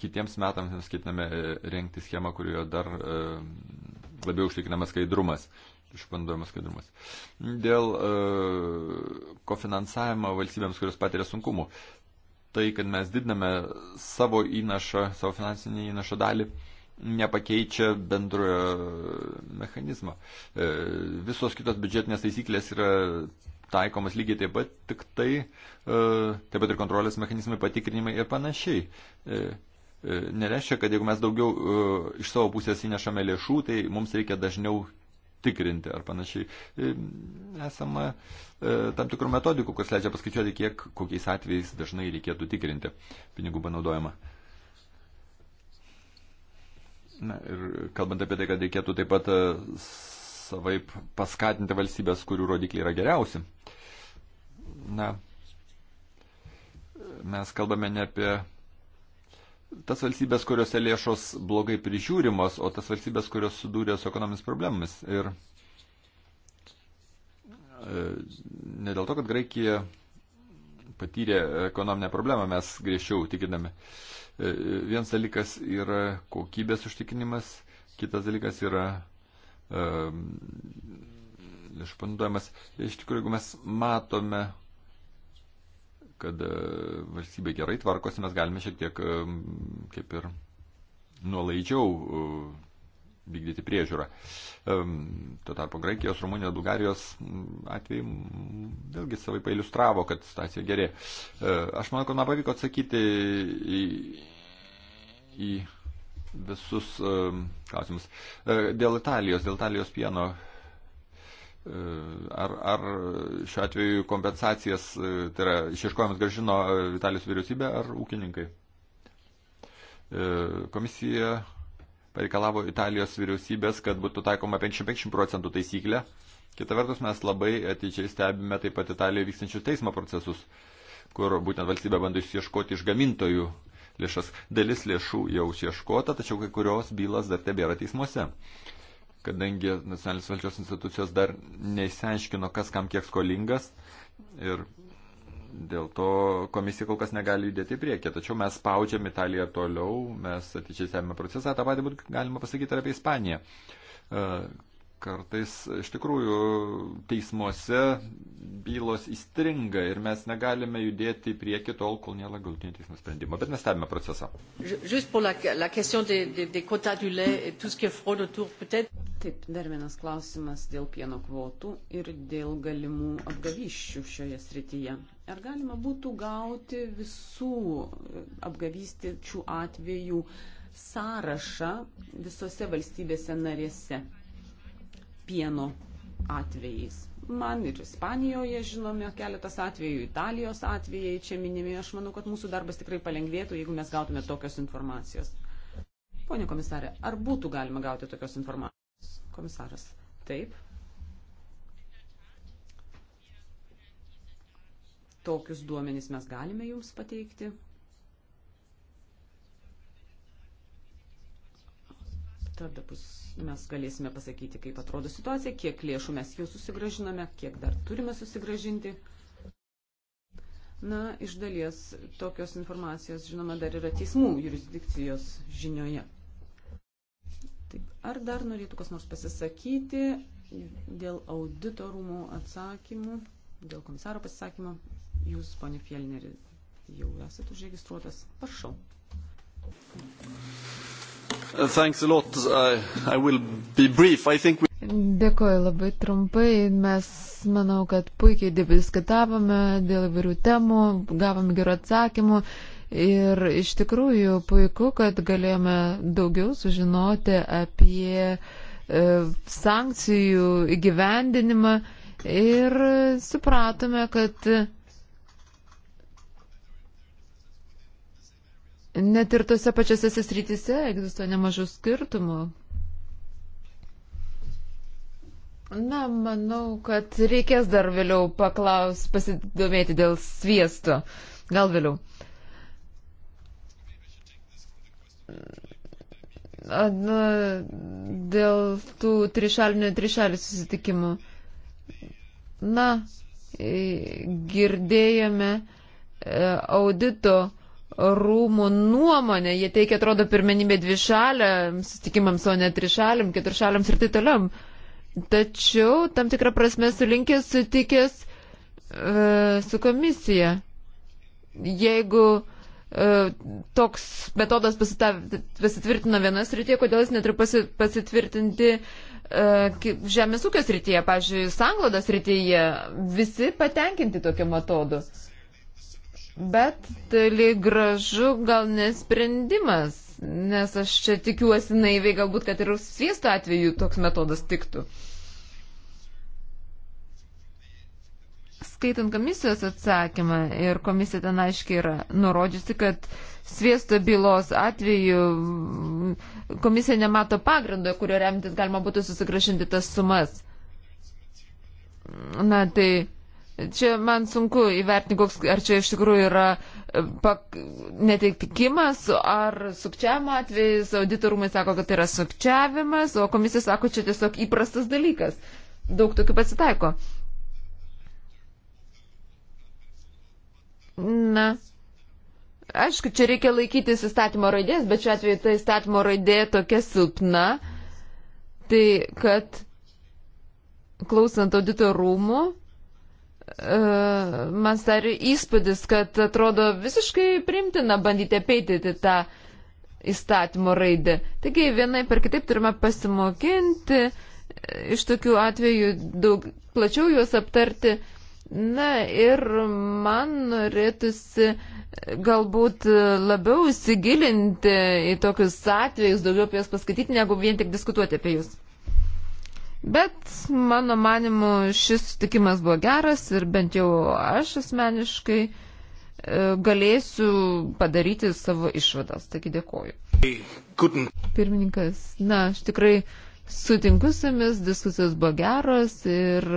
kitiems metams mes ketiname renkti schemą, kurioje dar e, labiau užtikrinamas skaidrumas, išpanduojamas skaidrumas. Dėl kofinansavimo valstybėms, kurios patiria sunkumų tai, kad mes didiname savo įnašą, savo finansinį įnašą dalį, nepakeičia bendrojo mechanizmo. E, visos kitos biudžetinės taisyklės yra taikomas lygiai taip pat, tik tai, e, taip pat ir kontrolės mechanizmai, patikrinimai ir panašiai. E, nereiškia, kad jeigu mes daugiau iš savo pusės įnešame lėšų, tai mums reikia dažniau tikrinti ar panašiai. E, esama e, tam tikrų metodikų, kas leidžia paskaičiuoti, kiek kokiais atvejais dažnai reikėtų tikrinti pinigų panaudojimą. Na, ir kalbant apie tai, kad reikėtų taip pat e, savaip paskatinti valstybės, kurių rodikliai yra geriausi. Na, mes kalbame ne apie tas valstybės, kuriuose lėšos blogai prižiūrimos, o tas valstybės, kurios sudūrė su ekonomis problemomis. Ir e, ne dėl to, kad Graikija patyrė ekonominę problemą, mes griežčiau tikiname. Vienas dalykas yra kokybės užtikinimas, kitas dalykas yra išpanduojamas. E, Iš tikrųjų, jeigu mes matome kad e, valstybė gerai tvarkosi, mes galime šiek tiek e, kaip ir nuolaidžiau e, vykdyti priežiūrą. Tuo tarpu Graikijos, Rumunijos, Bulgarijos atveju vėlgi savai pailustravo, kad situacija gerė. Aš manau, kad man pavyko atsakyti į, į visus klausimus. Dėl Italijos, dėl Italijos pieno Ar, ar šiuo atveju kompensacijas, e, tai yra išieškojimas gražino e, Vitalijos vyriausybė ar ūkininkai? E, komisija pareikalavo Italijos vyriausybės, kad būtų taikoma 50 procentų taisyklė. Kita vertus, mes labai ateičiai stebime taip pat Italijoje vykstančius teismo procesus, kur būtent valstybė bando išieškoti iš gamintojų lėšas. Dalis lėšų jau išieškota, tačiau kai kurios bylas dar tebėra teismuose kadangi nacionalinės valdžios institucijos dar neįsiaiškino, kas kam kiek skolingas ir dėl to komisija kol kas negali judėti į priekį. Tačiau mes spaudžiam Italiją toliau, mes atidžiai stebime procesą, tą patį būtų galima pasakyti ir apie Ispaniją kartais iš tikrųjų teismuose bylos įstringa ir mes negalime judėti į priekį tol, kol nėra galutinio teismo sprendimo. Bet mes stebime procesą. Taip, dar vienas klausimas dėl pieno kvotų ir dėl galimų apgavyščių šioje srityje. Ar galima būtų gauti visų apgavystyčių atvejų sąrašą visose valstybėse narėse? pieno atvejais. Man ir Ispanijoje žinome keletas atvejų, Italijos atvejai čia minimi. Aš manau, kad mūsų darbas tikrai palengvėtų, jeigu mes gautume tokios informacijos. Pone komisarė, ar būtų galima gauti tokios informacijos? Komisaras, taip. Tokius duomenys mes galime jums pateikti. tada bus, mes galėsime pasakyti, kaip atrodo situacija, kiek lėšų mes jau susigražiname, kiek dar turime susigražinti. Na, iš dalies tokios informacijos, žinoma, dar yra teismų jurisdikcijos žinioje. Taip, ar dar norėtų kas nors pasisakyti dėl auditorumų atsakymų, dėl komisaro pasisakymų? Jūs, ponė Fielneri, jau esate užregistruotas. Prašau. Uh, thanks a lot. I, I will be brief. I think we... Dėkoju labai trumpai. Mes, manau, kad puikiai diskutavome dėl įvairių temų, gavome gerų atsakymų. Ir iš tikrųjų puiku, kad galėjome daugiau sužinoti apie e, sankcijų įgyvendinimą ir supratome, kad Net ir tose pačiose sisrytise egzistuoja nemažų skirtumų. Na, manau, kad reikės dar vėliau paklaus, pasidomėti dėl sviesto. Gal vėliau. Na, dėl tų trišalinių trišalių susitikimų. Na, girdėjome e, audito rūmų nuomonę. Jie teikia, atrodo, pirmenybę dvišaliam sustikimams, o ne trišaliam, keturšaliams ir taip toliau. Tačiau tam tikrą prasme sulinkęs sutikęs e, su komisija. Jeigu e, toks metodas pasitvirtina vienas rytie, kodėl jis neturi pasi, pasitvirtinti e, žemės ūkio srityje, pažiūrėjau, sanglodas rytyje, visi patenkinti tokiu metodu. Bet toli gražu gal nesprendimas, nes aš čia tikiuosi naiviai galbūt, kad ir sviesto atveju toks metodas tiktų. skaitant komisijos atsakymą ir komisija ten aiškiai yra nurodžiusi, kad sviesto bylos atveju komisija nemato pagrindo, kurio remtis galima būtų susigražinti tas sumas. Na tai Čia man sunku įvertinti, koks, ar čia iš tikrųjų yra e, pak, netitikimas, ar sukčiavimo atvejais. Auditorumai sako, kad tai yra sukčiavimas, o komisija sako, čia tiesiog įprastas dalykas. Daug tokių pasitaiko. Na. Aišku, čia reikia laikytis įstatymo raidės, bet šiuo atveju ta įstatymo raidė tokia silpna, tai kad klausant audito rūmų, E, man dar įspūdis, kad atrodo visiškai primtina bandyti apeityti tą įstatymo raidę. Taigi vienai per kitaip turime pasimokinti, iš tokių atvejų daug plačiau juos aptarti. Na ir man norėtųsi galbūt labiau įsigilinti į tokius atvejus, daugiau apie juos paskaityti, negu vien tik diskutuoti apie juos. Bet mano manimu šis sutikimas buvo geras ir bent jau aš asmeniškai e, galėsiu padaryti savo išvadas. Taigi dėkoju. Pirmininkas, na, aš tikrai sutinku su jumis, diskusijos buvo geros ir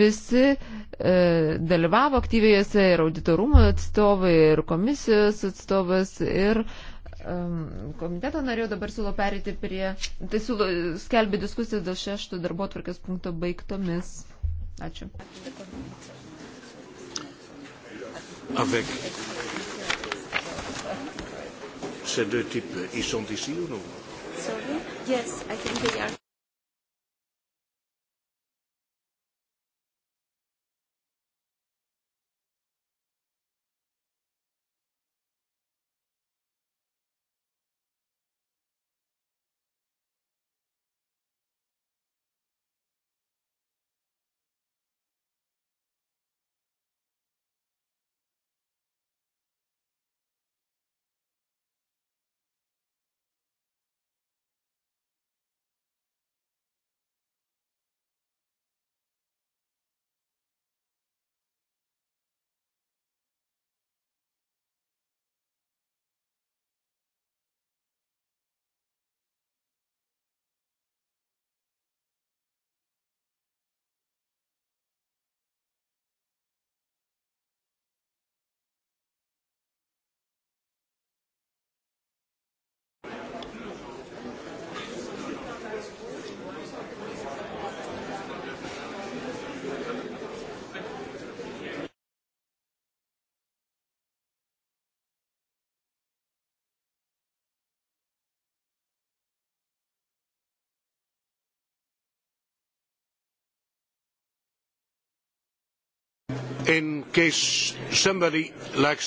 visi e, dalyvavo aktyviai jose ir auditorumo atstovai, ir komisijos atstovas, ir Um, komiteto narių, dabar siūlo perėti prie, tai siūlo skelbi diskusiją dėl šešto darbo tvarkės punkto baigtomis. Ačiū. Avec ces deux types, ils sont ici ou non? Sorry? Yes, I think they are.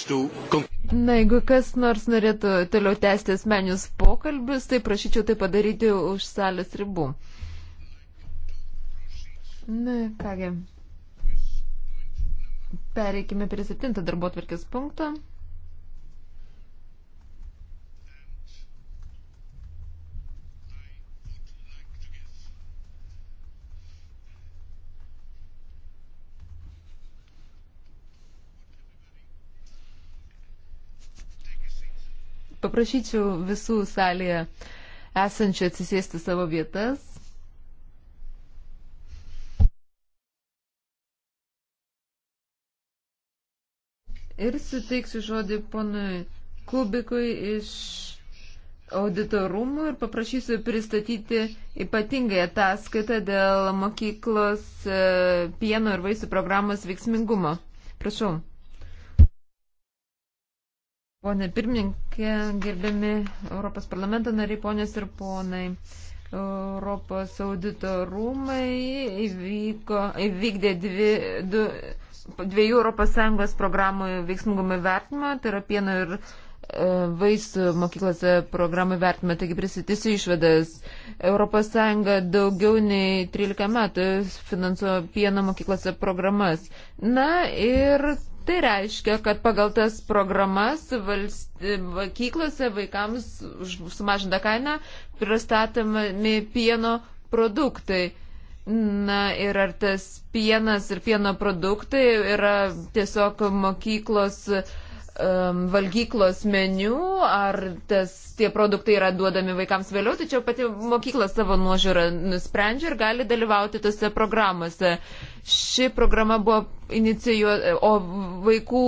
to... Na, jeigu kas nors norėtų toliau tęsti asmenius pokalbius, tai prašyčiau tai padaryti už salės ribų. Na, kągi. Pereikime prie septinto darbo atvarkės punkto. Paprašyčiau visų salėje esančių atsisėsti savo vietas. Ir suteiksiu žodį ponui Kubikui iš auditorumų ir paprašysiu pristatyti ypatingai ataskaitą dėl mokyklos e, pieno ir vaisių programos veiksmingumo. Prašau. Pone pirmininkė, gerbiami Europos parlamento nariai, ponės ir ponai. Europos audito rūmai įvyko, įvykdė dvi, du, dviejų ES programų veiksmingumo vertinimą, tai yra pieno ir e, vaistų mokyklose programų vertinimą, taigi prisitysiu išvedas. ES daugiau nei 13 metų finansuoja pieno mokyklose programas. Na ir Tai reiškia, kad pagal tas programas mokyklose vaikams sumažinta kaina pristatomi pieno produktai. Na ir ar tas pienas ir pieno produktai yra tiesiog mokyklos uh, um, valgyklos meniu, ar tas, tie produktai yra duodami vaikams vėliau, tačiau pati mokykla savo nuožiūrą nusprendžia ir gali dalyvauti tose programuose. Ši programa buvo inicijuota, o vaikų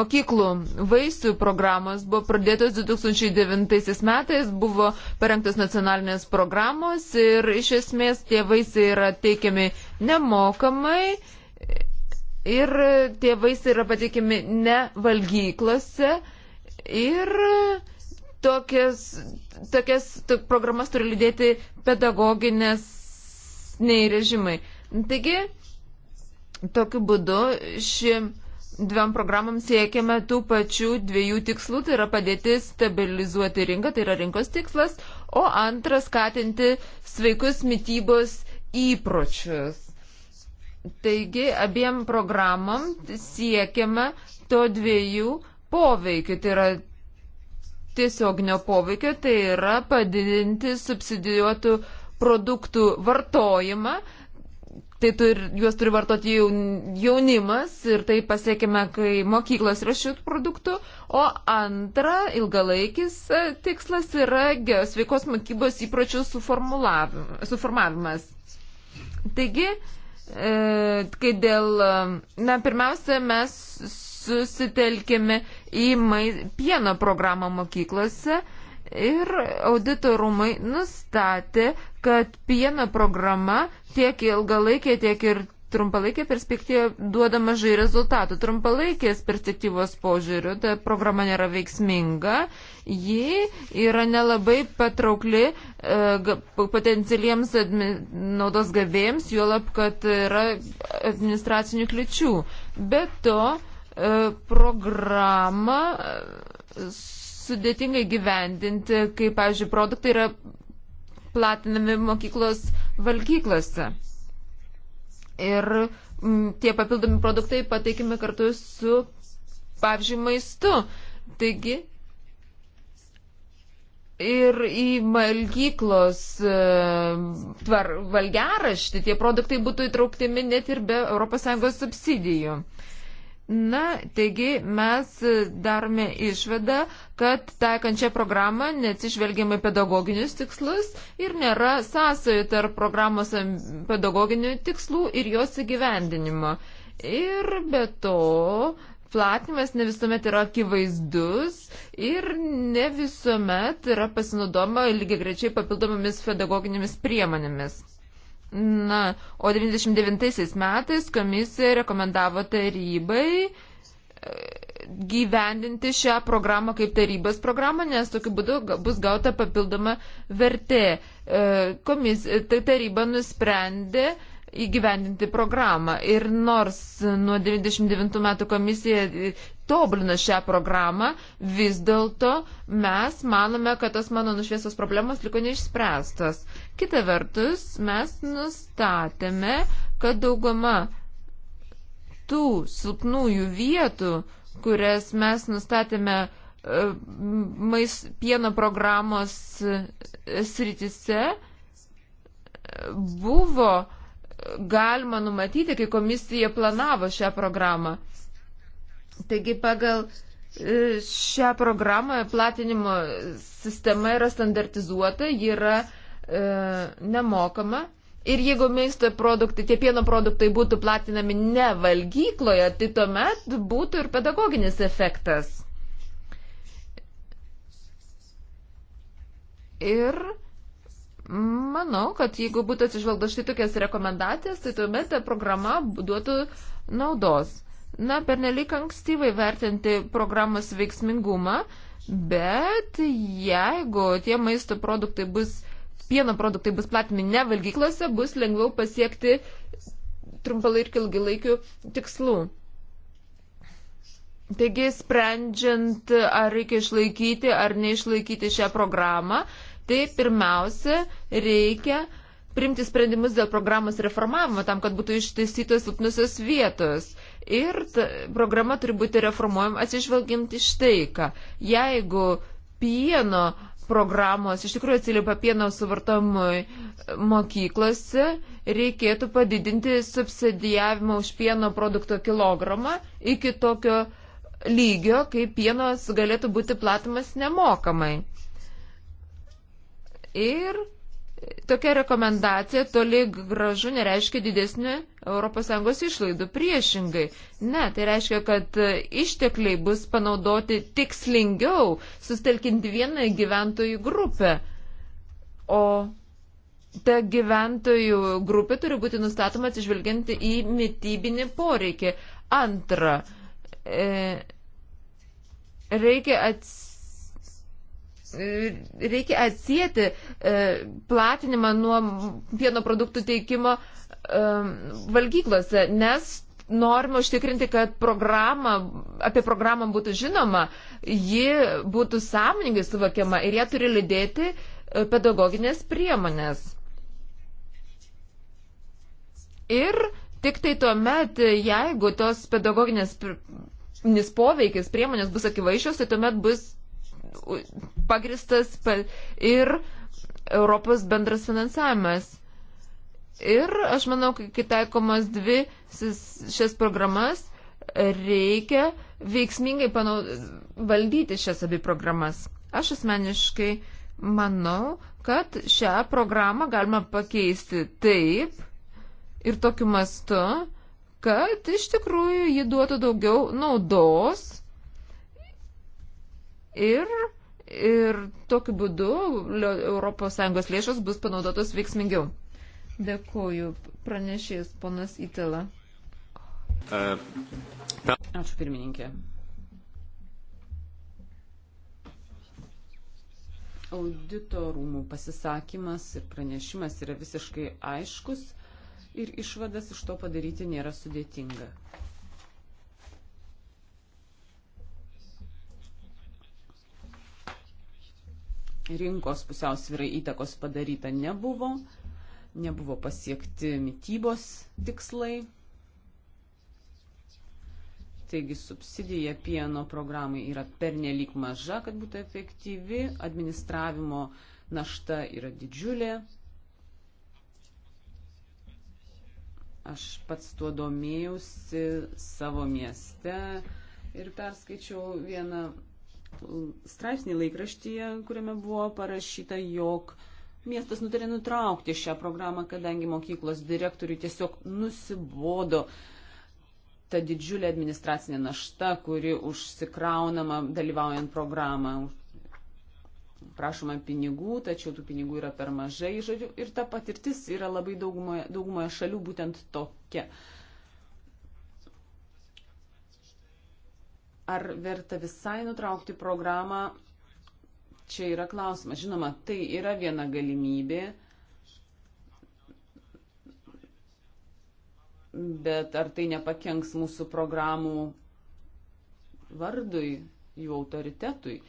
mokyklų vaisių programos buvo pradėtos 2009 metais, buvo parengtos nacionalinės programos ir iš esmės tie vaisiai yra teikiami nemokamai ir tie vaisiai yra patikimi ne valgyklose ir tokias, tokias tok, programas turi lydėti pedagoginės nei režimai. Taigi, tokiu būdu šiem dviem programam siekiame tų pačių dviejų tikslų, tai yra padėti stabilizuoti rinką, tai yra rinkos tikslas, o antras skatinti sveikus mytybos įpročius. Taigi abiem programam siekiama to dviejų poveikio. Tai yra tiesioginio poveikio, tai yra padidinti subsidijuotų produktų vartojimą. Tai tur, juos turi vartoti jaunimas ir tai pasiekime, kai mokyklos yra šių produktų. O antra, ilgalaikis e, tikslas yra sveikos mokybos įpročių suformavimas. Taigi, E, kai dėl, na, pirmiausia, mes susitelkėme į mais, pieno programą mokyklose ir auditorumai nustatė, kad pieno programa tiek ilgalaikė, tiek ir trumpalaikė perspektyva duoda mažai rezultatų. Trumpalaikės perspektyvos požiūriu ta programa nėra veiksminga, ji yra nelabai patraukli e, potencialiems naudos gavėjams, juolab, kad yra administracinių kliučių. Be to, e, programa e, sudėtingai gyvendinti, kai, pavyzdžiui, produktai yra platinami mokyklos valgyklose. Ir m, mm, tie papildomi produktai pateikime kartu su, pavyzdžiui, maistu. Taigi, ir į valgyklos e, tvar, valgiaraštį tie produktai būtų įtrauktimi net ir be ES subsidijų. Na, taigi mes darome išvadą, kad taikančią programą neatsižvelgiame pedagoginius tikslus ir nėra sąsajų tarp programos pedagoginių tikslų ir jos įgyvendinimo. Ir be to, platinimas ne visuomet yra akivaizdus ir ne visuomet yra pasinaudoma lygiai grečiai papildomomis pedagoginėmis priemonėmis. Na, o 99 metais komisija rekomendavo tarybai e, gyvendinti šią programą kaip tarybos programą, nes tokiu būdu bus gauta papildoma vertė. E, komis, e, tai taryba nusprendė įgyvendinti programą. Ir nors nuo 99 metų komisija tobulina šią programą, vis dėlto mes manome, kad tos mano nušviesos problemos liko neišspręstos. Kita vertus, mes nustatėme, kad dauguma tų silpnųjų vietų, kurias mes nustatėme e, mais, pieno programos e, sritise, e, buvo galima numatyti, kai komisija planavo šią programą. Taigi pagal šią programą platinimo sistema yra standartizuota, ji yra uh, e, nemokama. Ir jeigu maisto produktai, tie pieno produktai būtų platinami ne valgykloje, tai tuomet būtų ir pedagoginis efektas. Ir manau, kad jeigu būtų atsižvelgta štai tokias rekomendacijas, tai tuomet ta programa duotų naudos. Na, pernelik ankstyvai vertinti programos veiksmingumą, bet jeigu tie maisto produktai bus pieno produktai bus platinami ne valgyklose, bus lengviau pasiekti trumpalaikių ilgalaikių tikslų. Taigi, sprendžiant, ar reikia išlaikyti ar neišlaikyti šią programą, tai pirmiausia reikia priimti sprendimus dėl programos reformavimo, tam, kad būtų ištaisytos silpnusios vietos. Ir ta, programa turi būti reformuojama atsižvelgiant iš tai, ką jeigu pieno uh, programos iš tikrųjų atsiliepia pieno suvartojimui mokyklose, reikėtų padidinti subsidijavimą už pieno produkto kilogramą iki tokio lygio, kai pienas galėtų būti platimas nemokamai. Ir tokia rekomendacija toli gražu nereiškia didesnių ES išlaidų. Priešingai, ne, tai reiškia, kad ištekliai bus panaudoti tikslingiau, sustelkinti vieną gyventojų grupę. O ta gyventojų grupė turi būti nustatoma atsižvelgianti į mytybinį poreikį. Antra, e, reikia atsižvelgti E, reikia atsijėti e, platinimą nuo pieno produktų teikimo e, valgyklose, nes norime užtikrinti, kad programą, apie programą būtų žinoma, ji būtų sąmoningai suvokiama ir jie turi lydėti pedagoginės priemonės. Ir tik tai tuo met, jeigu tos pedagoginės poveikis priemonės bus akivaizdžios, tai tuomet bus pagristas ir Europos bendras finansavimas. Ir aš manau, kai taikomas dvi šias programas, reikia veiksmingai panau, valdyti šias abi programas. Aš asmeniškai manau, kad šią programą galima pakeisti taip ir tokiu mastu, kad iš tikrųjų ji duotų daugiau naudos ir, ir tokiu būdu ES lėšos bus panaudotos veiksmingiau. Dėkuoju, pranešės ponas Itela. Ačiū pirmininkė. Audito rūmų pasisakymas ir pranešimas yra visiškai aiškus ir išvadas iš to padaryti nėra sudėtinga. rinkos pusiausvirai įtakos padaryta nebuvo, nebuvo pasiekti mytybos tikslai. Taigi subsidija pieno programai yra pernelyg maža, kad būtų efektyvi, administravimo našta yra didžiulė. Aš pats tuo domėjausi savo mieste ir perskaičiau vieną straipsnį laikraštyje, kuriame buvo parašyta, jog miestas nutarė nutraukti šią programą, kadangi mokyklos direktoriui tiesiog nusibodo ta didžiulė administracinė našta, kuri užsikraunama dalyvaujant programą. Prašoma pinigų, tačiau tų pinigų yra per mažai, žodžiu, ir ta patirtis yra labai daugumoje, daugumoje šalių būtent tokia. Uh, ar verta visai nutraukti programą, čia yra klausimas. Žinoma, tai yra viena galimybė, bet ar tai nepakenks mūsų programų vardui, jų autoritetui?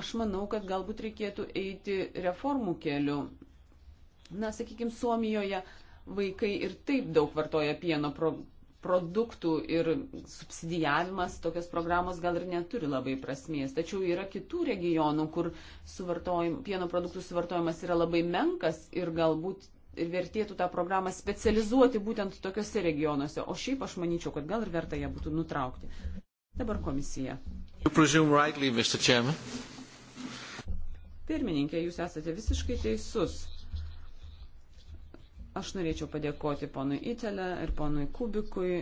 Aš manau, kad galbūt reikėtų eiti reformų keliu. Na, sakykime, Suomijoje vaikai ir taip daug vartoja pieno pro produktų ir subsidijavimas tokios programos gal ir neturi labai prasmės. Tačiau yra kitų regionų, kur pieno produktų suvartojimas yra labai menkas ir galbūt ir vertėtų tą programą specializuoti būtent tokiuose regionuose. O šiaip aš manyčiau, kad gal ir verta ją būtų nutraukti. Dabar komisija. Pirmininkė, jūs esate visiškai teisus. Aš norėčiau padėkoti ponui Itelė ir ponui Kubikui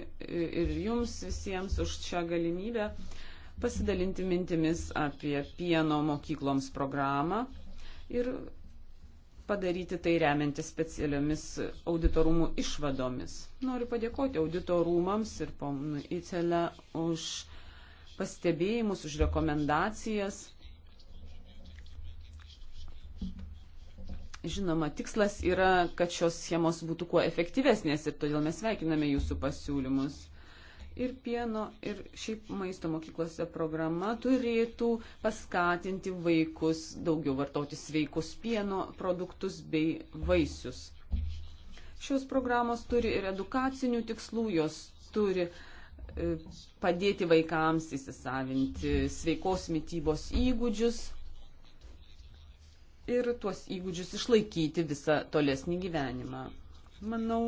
ir jums visiems už šią galimybę pasidalinti mintimis apie pieno mokykloms programą ir padaryti tai remiantis specialiomis auditorumų išvadomis. Noriu padėkoti auditorumams ir ponui Icelę už pastebėjimus, už rekomendacijas. Žinoma, tikslas yra, kad šios schemos būtų kuo efektyvesnės ir todėl mes sveikiname jūsų pasiūlymus. Ir pieno, ir šiaip maisto mokyklose programa turėtų paskatinti vaikus daugiau vartoti sveikus pieno produktus bei vaisius. Šios programos turi ir edukacinių tikslų, jos turi e, padėti vaikams įsisavinti sveikos mytybos įgūdžius ir tuos įgūdžius išlaikyti visą tolesnį gyvenimą. Manau,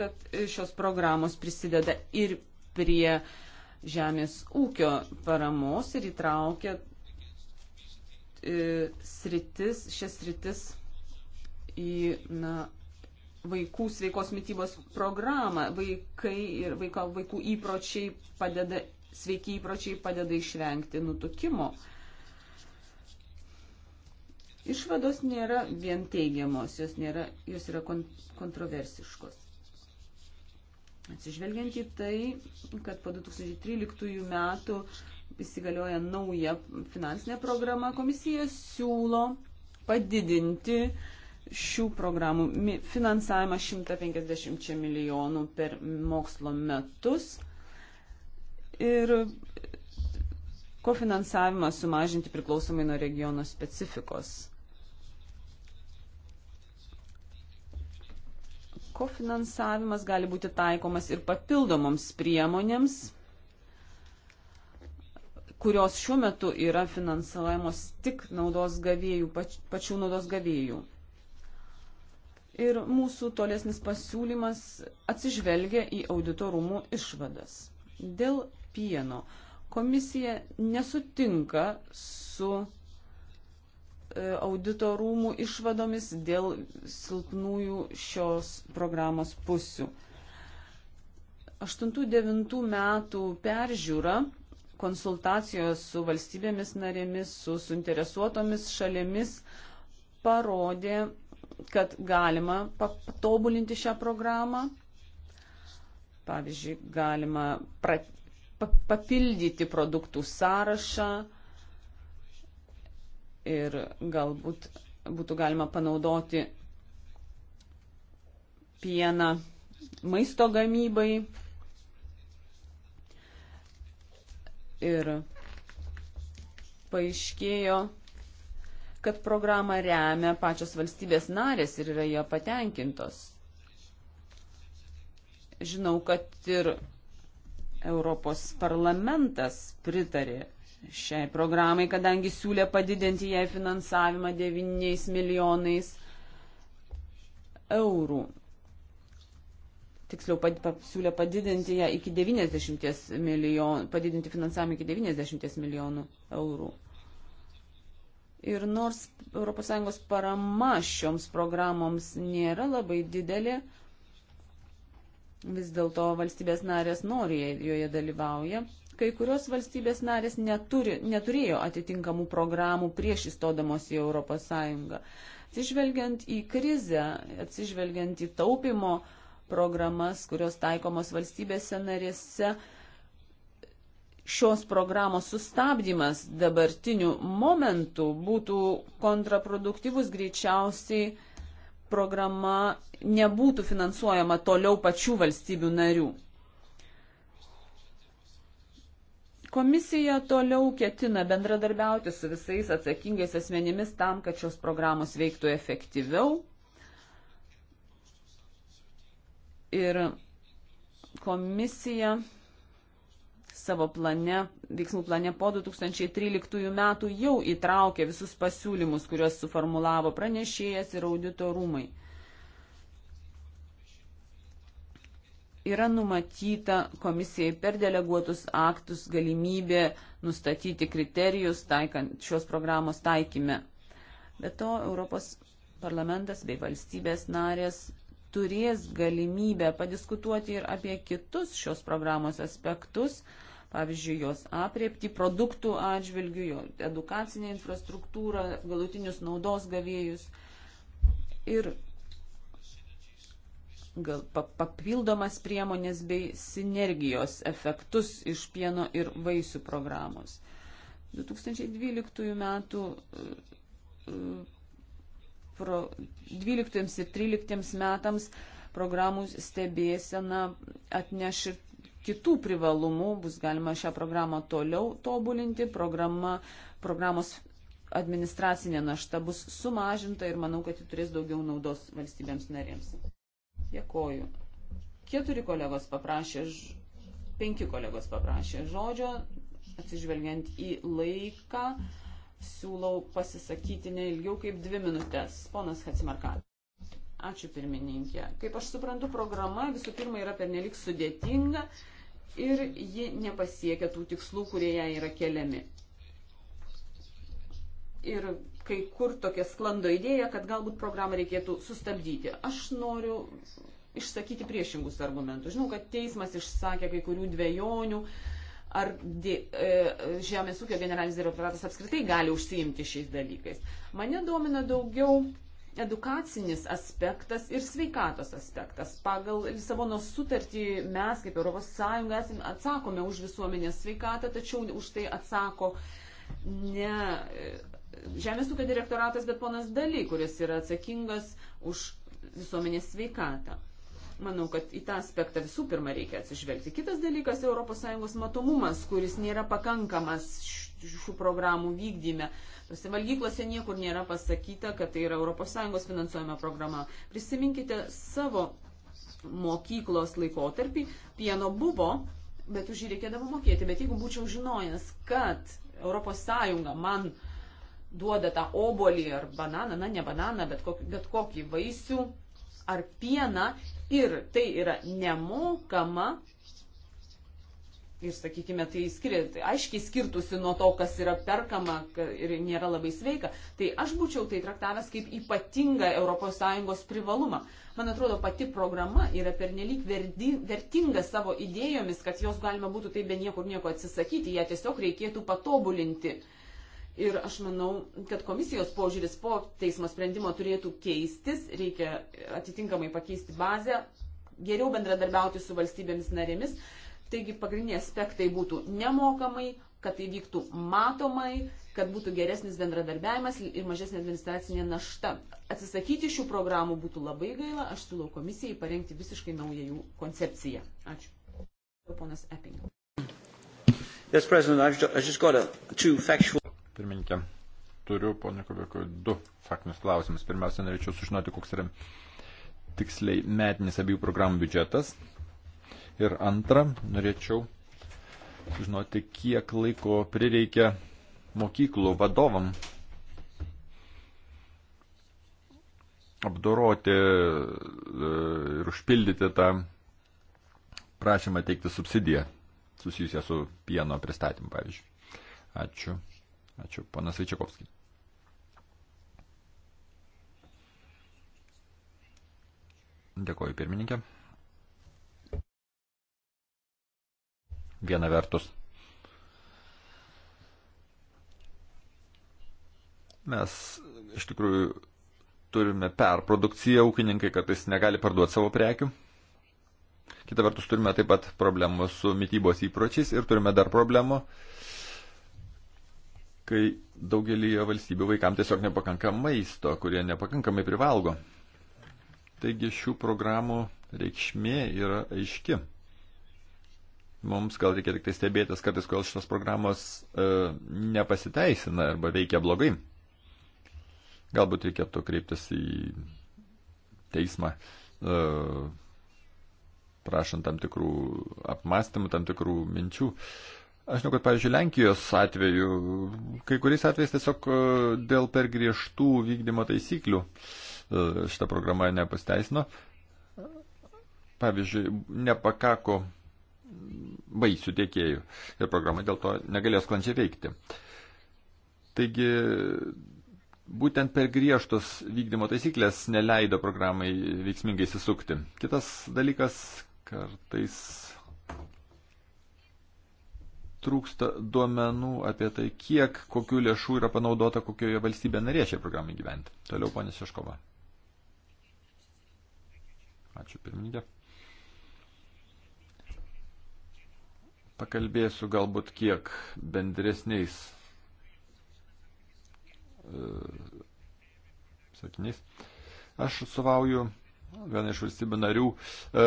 kad šios programos prisideda ir prie žemės ūkio paramos ir įtraukia e, sritis, šias sritis į na, vaikų sveikos mytybos programą. Vaikai ir vaiko, vaikų įpročiai padeda, sveiki įpročiai padeda išvengti nutukimo. Uh, Išvados nėra vien teigiamos, jos, nėra, jos yra kontroversiškos. Atsižvelgiant į tai, kad po 2013 metų įsigalioja nauja finansinė programa, komisija siūlo padidinti šių programų finansavimą 150 milijonų per mokslo metus ir kofinansavimą sumažinti priklausomai nuo regiono specifikos. Kofinansavimas gali būti taikomas ir papildomoms priemonėms, kurios šiuo metu yra finansuojamos tik naudos gavėjų, pač, pačių naudos gavėjų. Ir mūsų tolesnis pasiūlymas atsižvelgia į auditorumų išvadas. Dėl pieno komisija nesutinka su E, audito rūmų išvadomis dėl silpnųjų šios programos pusių. 8-9 metų peržiūra konsultacijos su valstybėmis narėmis, su suinteresuotomis šalėmis parodė, kad galima patobulinti šią programą. Pavyzdžiui, galima papildyti produktų sąrašą, ir galbūt būtų galima panaudoti pieną maisto gamybai. Ir paaiškėjo, kad programą remia pačios valstybės narės ir yra jo patenkintos. Žinau, kad ir Europos parlamentas pritarė šiai programai, kadangi siūlė padidinti jai finansavimą 9 milijonais eurų. Tiksliau, pad, siūlė padidinti ją iki 90 milijonų, padidinti finansavimą iki 90 milijonų eurų. Ir nors ES parama šioms programoms nėra labai didelė, vis dėlto valstybės narės nori joje dalyvauja. Kai kurios valstybės narės neturi, neturėjo atitinkamų programų prieš įstodamos į ES. Atsižvelgiant į krizę, atsižvelgiant į taupimo programas, kurios taikomos valstybėse narėse, šios programos sustabdymas dabartiniu momentu būtų kontraproduktyvus greičiausiai programa nebūtų finansuojama toliau pačių valstybių narių. Komisija toliau ketina bendradarbiauti su visais atsakingais asmenimis tam, kad šios programos veiktų efektyviau. Ir komisija savo plane, veiksmų plane po 2013 metų jau įtraukė visus pasiūlymus, kuriuos suformulavo pranešėjas ir audito rūmai. yra numatyta komisijai per deleguotus aktus galimybė nustatyti kriterijus taikant šios programos taikymę. Be to, Europos parlamentas bei valstybės narės turės galimybę padiskutuoti ir apie kitus šios programos aspektus, pavyzdžiui, jos apriepti produktų atžvilgių, jo edukacinę infrastruktūrą, galutinius naudos gavėjus. Ir gal papildomas priemonės bei sinergijos efektus iš pieno ir vaisių programos. 2012 metų 12 e, e, ir 13 metams programų stebėsena atneš ir kitų privalumų, bus galima šią programą toliau tobulinti, programa, programos administracinė našta bus sumažinta ir manau, kad ji turės daugiau naudos valstybėms narėms. Dėkoju. Keturi kolegos paprašė, penki kolegos paprašė žodžio, atsižvelgiant į laiką, siūlau pasisakyti ne ilgiau kaip dvi minutės. Ponas Hatsimarkat. Ačiū pirmininkė. Kaip aš suprantu, programa visų pirma yra pernelik sudėtinga ir ji nepasiekia tų tikslų, kurie jai yra keliami. Ir kai kur tokia sklando idėja, kad galbūt programą reikėtų sustabdyti. Aš noriu išsakyti priešingus argumentus. Žinau, kad teismas išsakė kai kurių dviejonių, ar dė, e, Žemės ūkio generalinis direktoratas apskritai gali užsiimti šiais dalykais. Mane domina daugiau edukacinis aspektas ir sveikatos aspektas. Pagal Lisabonos sutartį mes kaip ES atsakome už visuomenės sveikatą, tačiau už tai atsako ne e, Žemės ūkio direktoratas, bet ponas Daly, kuris yra atsakingas už visuomenės sveikatą. Manau, kad į tą aspektą visų pirma reikia atsižvelgti. Kitas dalykas - ES matomumas, kuris nėra pakankamas šių programų vykdyme. Tose valgyklose niekur nėra pasakyta, kad tai yra ES finansuojama programa. Prisiminkite savo mokyklos laikotarpį. Pieno buvo, bet už jį reikėdavo mokėti. Bet jeigu būčiau žinojęs, kad ES man uh, duoda tą obolį ar bananą, na ne bananą, bet kokį, bet kokį vaisių ar pieną ir tai yra nemokama. Ir sakykime, tai skiria, tai aiškiai skirtusi nuo to, kas yra perkama ir nėra labai sveika, tai aš būčiau tai traktavęs kaip ypatingą ES privalumą. Man atrodo, pati programa yra pernelyg vertinga savo idėjomis, kad jos galima būtų taip be niekur nieko atsisakyti, ją tiesiog reikėtų patobulinti. Uh, Ir aš manau, kad komisijos požiūris po teismo sprendimo turėtų keistis, reikia atitinkamai pakeisti bazę, geriau bendradarbiauti su valstybėmis narėmis. Taigi pagrindiniai aspektai būtų nemokamai, kad tai vyktų matomai, kad būtų geresnis bendradarbiavimas ir mažesnė administracinė našta. Atsisakyti šių programų būtų labai gaila, aš siūlau komisijai parengti visiškai naują jų koncepciją. Ačiū. Ponas Epping. Yes, President, I've just got a, two factual pirmininkė. Turiu, ponė Kovėkui, du faktinius klausimus. Pirmiausia, norėčiau sužinoti, koks yra tiksliai metinis abiejų programų biudžetas. Ir antra, norėčiau sužinoti, kiek laiko prireikia mokyklų vadovam apdoroti e, ir užpildyti tą prašymą teikti subsidiją susijusią su pieno pristatymu, pavyzdžiui. Ačiū. Ačiū, panas Vaičiakovskis. Dėkoju, pirmininkė. Viena vertus. Mes iš tikrųjų turime perprodukciją, ūkininkai kartais negali parduoti savo prekių. Kita vertus turime taip pat problemų su mytybos įpročiais ir turime dar problemų uh, kai daugelį valstybių vaikams tiesiog nepakanka maisto, kurie nepakankamai privalgo. Taigi šių programų reikšmė yra aiški. Mums gal reikia tik tai stebėtis kartais, kodėl šitos programos e, nepasiteisina arba veikia blogai. Galbūt reikėtų kreiptis į teismą, e, prašant tam tikrų apmąstymų, tam tikrų minčių. E, Aš žinau, kad, pavyzdžiui, Lenkijos atveju, kai kuriais atvejais tiesiog e, dėl per griežtų vykdymo taisyklių e, šitą programą nepasteisino. Pavyzdžiui, nepakako baisių tiekėjų ir programa dėl to negalėjo sklandžiai veikti. Taigi, būtent per griežtos vykdymo taisyklės neleido programai veiksmingai įsisukti. Kitas dalykas, kartais trūksta duomenų apie tai, kiek kokių lėšų yra panaudota kokioje valstybėje narė šią programą gyventi. Toliau, ponė Šeškova. Ačiū pirmininkė. Pakalbėsiu galbūt kiek bendresniais e, sakiniais. Aš atstovauju viena iš valstybių narių, e,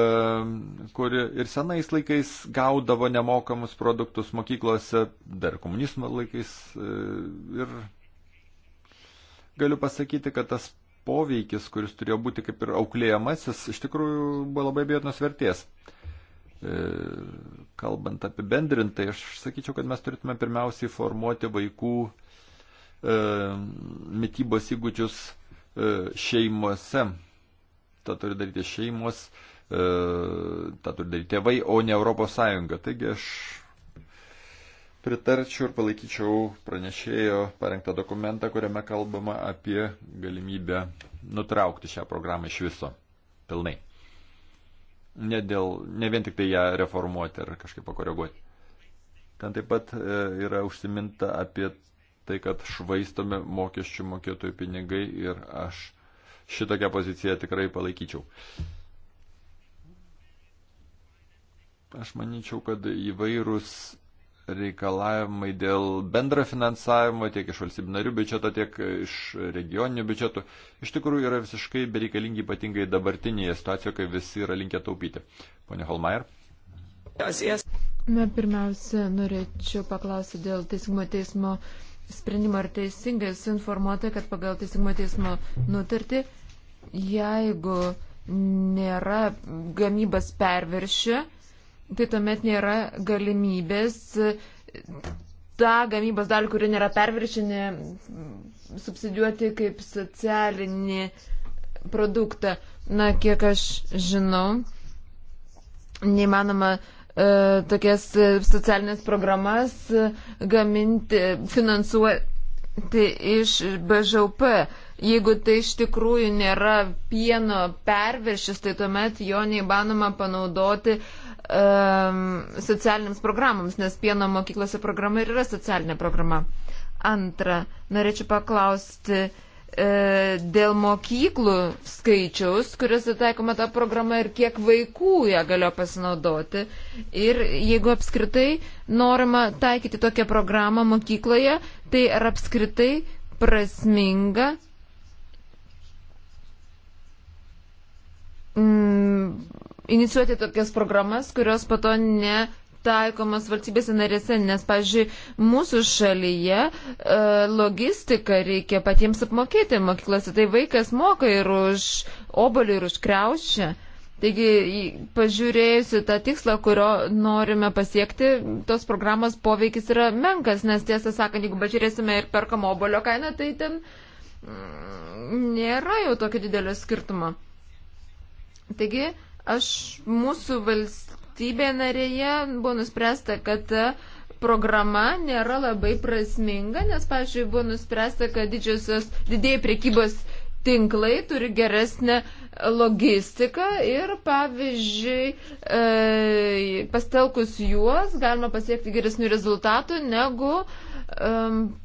kuri ir senais laikais gaudavo nemokamus produktus mokyklose, dar komunizmo laikais. E, ir galiu pasakyti, kad tas poveikis, kuris turėjo būti kaip ir auklėjamasis, iš tikrųjų buvo labai abejotinos vertės. E, kalbant apie bendrintai, aš sakyčiau, kad mes turėtume pirmiausiai formuoti vaikų mytybos įgūdžius šeimose tą turi daryti šeimos, e, tą turi daryti tėvai, o ne Europos Sąjunga. Taigi aš pritarčiau ir palaikyčiau pranešėjo parengtą dokumentą, kuriame kalbama apie galimybę nutraukti šią programą iš viso. Pilnai. Ne, dėl, ne vien tik tai ją reformuoti ar kažkaip pakoreguoti. Ten taip pat e, yra užsiminta apie tai, kad švaistome mokesčių mokėtojų pinigai ir aš šitokią poziciją tikrai palaikyčiau. Aš manyčiau, kad įvairūs reikalavimai dėl bendro finansavimo tiek iš valstybių narių biudžeto, tiek iš regioninių biudžetų iš tikrųjų yra visiškai bereikalingi ypatingai dabartinėje situacijoje, kai visi yra linkę taupyti. Pone Holmeier. Na, pirmiausia, norėčiau paklausyti dėl teisingumo teismo sprendimą ar teisingai esu informuota, kad pagal teisingumo teismo nutartį, jeigu nėra gamybos perviršio, tai tuomet nėra galimybės tą gamybos dalį, kuri nėra perviršinė, subsidijuoti kaip socialinį produktą. Na, kiek aš žinau, neįmanoma uh, E, tokias socialinės programas e, gaminti, finansuoti iš BŽP. Jeigu tai iš tikrųjų nėra pieno perviršis, tai tuomet jo neįmanoma panaudoti um, socialiniams programams, nes pieno mokyklose programa ir yra socialinė programa. Antra, norėčiau paklausti, uh, E, dėl mokyklų skaičiaus, kuriuose taikoma ta programa ir kiek vaikų ją galėjo pasinaudoti. Ir jeigu apskritai norima taikyti tokią programą mokykloje, tai ar apskritai prasminga mm, inicijuoti tokias programas, kurios po to ne taikomas valstybėse narėse, nes, pažiūrėjau, mūsų šalyje e, logistiką reikia patiems apmokėti mokyklose, tai vaikas moka ir už obolį, ir už kreušę. Taigi, pažiūrėjusi tą tikslą, kurio norime pasiekti, tos programos poveikis yra menkas, nes tiesą sakant, jeigu pažiūrėsime ir perkamo obolio kainą, tai ten mm, nėra jau tokio didelio skirtumo. Taigi, aš mūsų valstybė valstybė narėje buvo nuspręsta, kad e, programa nėra labai prasminga, nes, pavyzdžiui, buvo nuspręsta, kad didžiosios didėjai priekybos tinklai turi geresnę logistiką ir, pavyzdžiui, e, pastelkus juos galima pasiekti geresnių rezultatų negu e,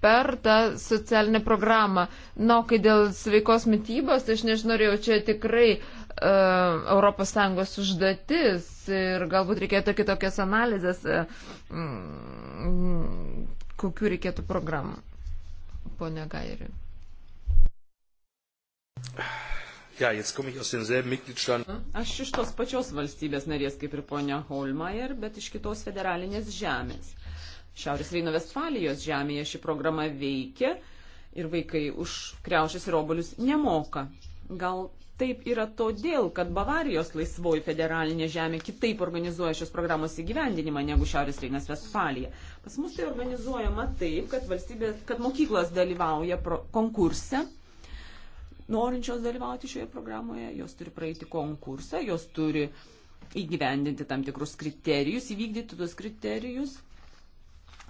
per tą socialinę programą. Na, kai dėl sveikos mytybos, tai aš nežinau, čia tikrai e, ES užduotis ir galbūt reikėtų kitokios analizės, e, mm, kokiu reikėtų programų, ponia Gairi. Ja, jetzt komme ich aus denselben Mitgliedstaaten. Aš iš tos pačios valstybės narės kaip ir ponia Holmeier, bet iš kitos federalinės žemės. Šiaurės Reino Vestfalijos žemėje ši programa veikia ir vaikai už kreušės ir obolius nemoka. Gal Taip yra todėl, kad Bavarijos laisvoji federalinė žemė kitaip organizuoja šios programos įgyvendinimą negu Šiaurės Reinas Vestfalija. Pas mus tai organizuojama taip, kad, valstybė, kad mokyklos dalyvauja pro, konkurse. Norinčios dalyvauti šioje programoje, jos turi praeiti konkursą, jos turi įgyvendinti tam tikrus kriterijus, įvykdyti tuos kriterijus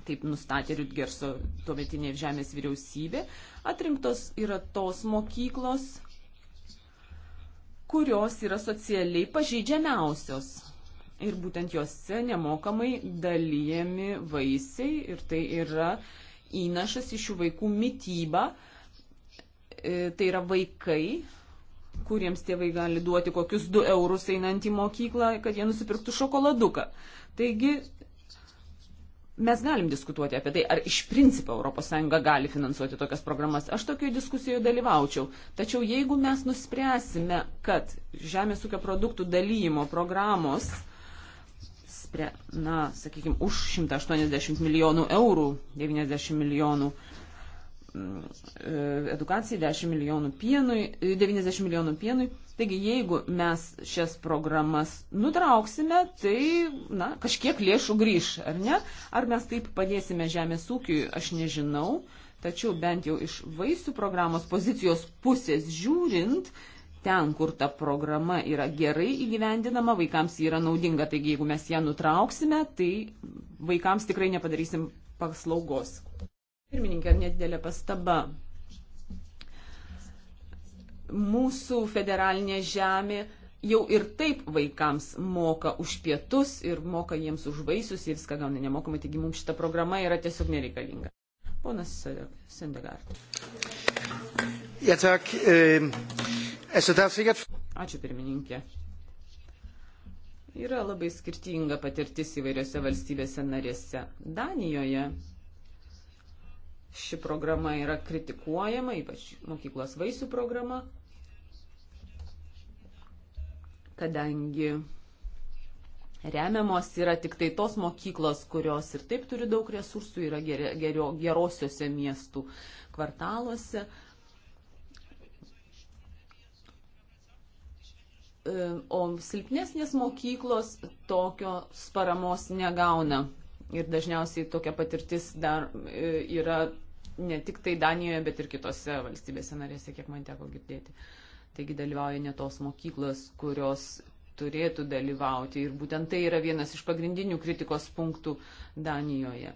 taip nustatė Rutgerso tuometinė žemės vyriausybė, atrinktos yra tos mokyklos, kurios yra socialiai pažeidžiamiausios. Ir būtent juose nemokamai dalyjami vaisiai ir tai yra įnašas iš šių vaikų mytybą. E, tai yra vaikai, kuriems tėvai gali duoti kokius 2 eurus einant į mokyklą, kad jie nusipirktų šokoladuką. Taigi mes galim diskutuoti apie tai, ar iš principo ES gali finansuoti tokias programas. Aš tokioje diskusijoje dalyvaučiau. Tačiau jeigu mes nuspręsime, kad žemės ūkio produktų dalymo programos, na, sakykime, už 180 milijonų eurų, 90 milijonų eurų, edukacijai, 10 milijonų pienui, 90 e, milijonų pienui. Taigi, jeigu mes šias programas nutrauksime, tai na, kažkiek lėšų grįž, ar ne? Ar mes taip padėsime žemės ūkiui, aš nežinau. Tačiau bent jau iš vaisių programos pozicijos pusės žiūrint, ten, kur ta programa yra gerai įgyvendinama, vaikams yra naudinga. Taigi, jeigu mes ją nutrauksime, tai vaikams tikrai nepadarysim paslaugos. Pirmininkė, nedidelė pastaba. Mūsų federalinė žemė jau ir taip vaikams moka už pietus ir moka jiems už vaisius, jie viską gauna nemokamai, taigi mums šita programa yra tiesiog nereikalinga. Ponas Sendegard. Ja, tak. Øh, altså, der er sikkert... Ačiū pirmininkė. Yra labai skirtinga patirtis įvairiose valstybėse narėse. Danijoje Ši programa yra kritikuojama, ypač mokyklos vaisių programa, kadangi remiamos yra tik tai tos mokyklos, kurios ir taip turi daug resursų, yra gerio, gerio, gerosiuose miestų kvartaluose. E, o silpnesnės mokyklos tokios paramos negauna. Ir dažniausiai tokia patirtis dar e, yra ne tik tai Danijoje, bet ir kitose valstybėse narėse, kiek man teko girdėti. Taigi dalyvauja ne tos mokyklos, kurios turėtų dalyvauti. Ir būtent tai yra vienas iš pagrindinių kritikos punktų Danijoje.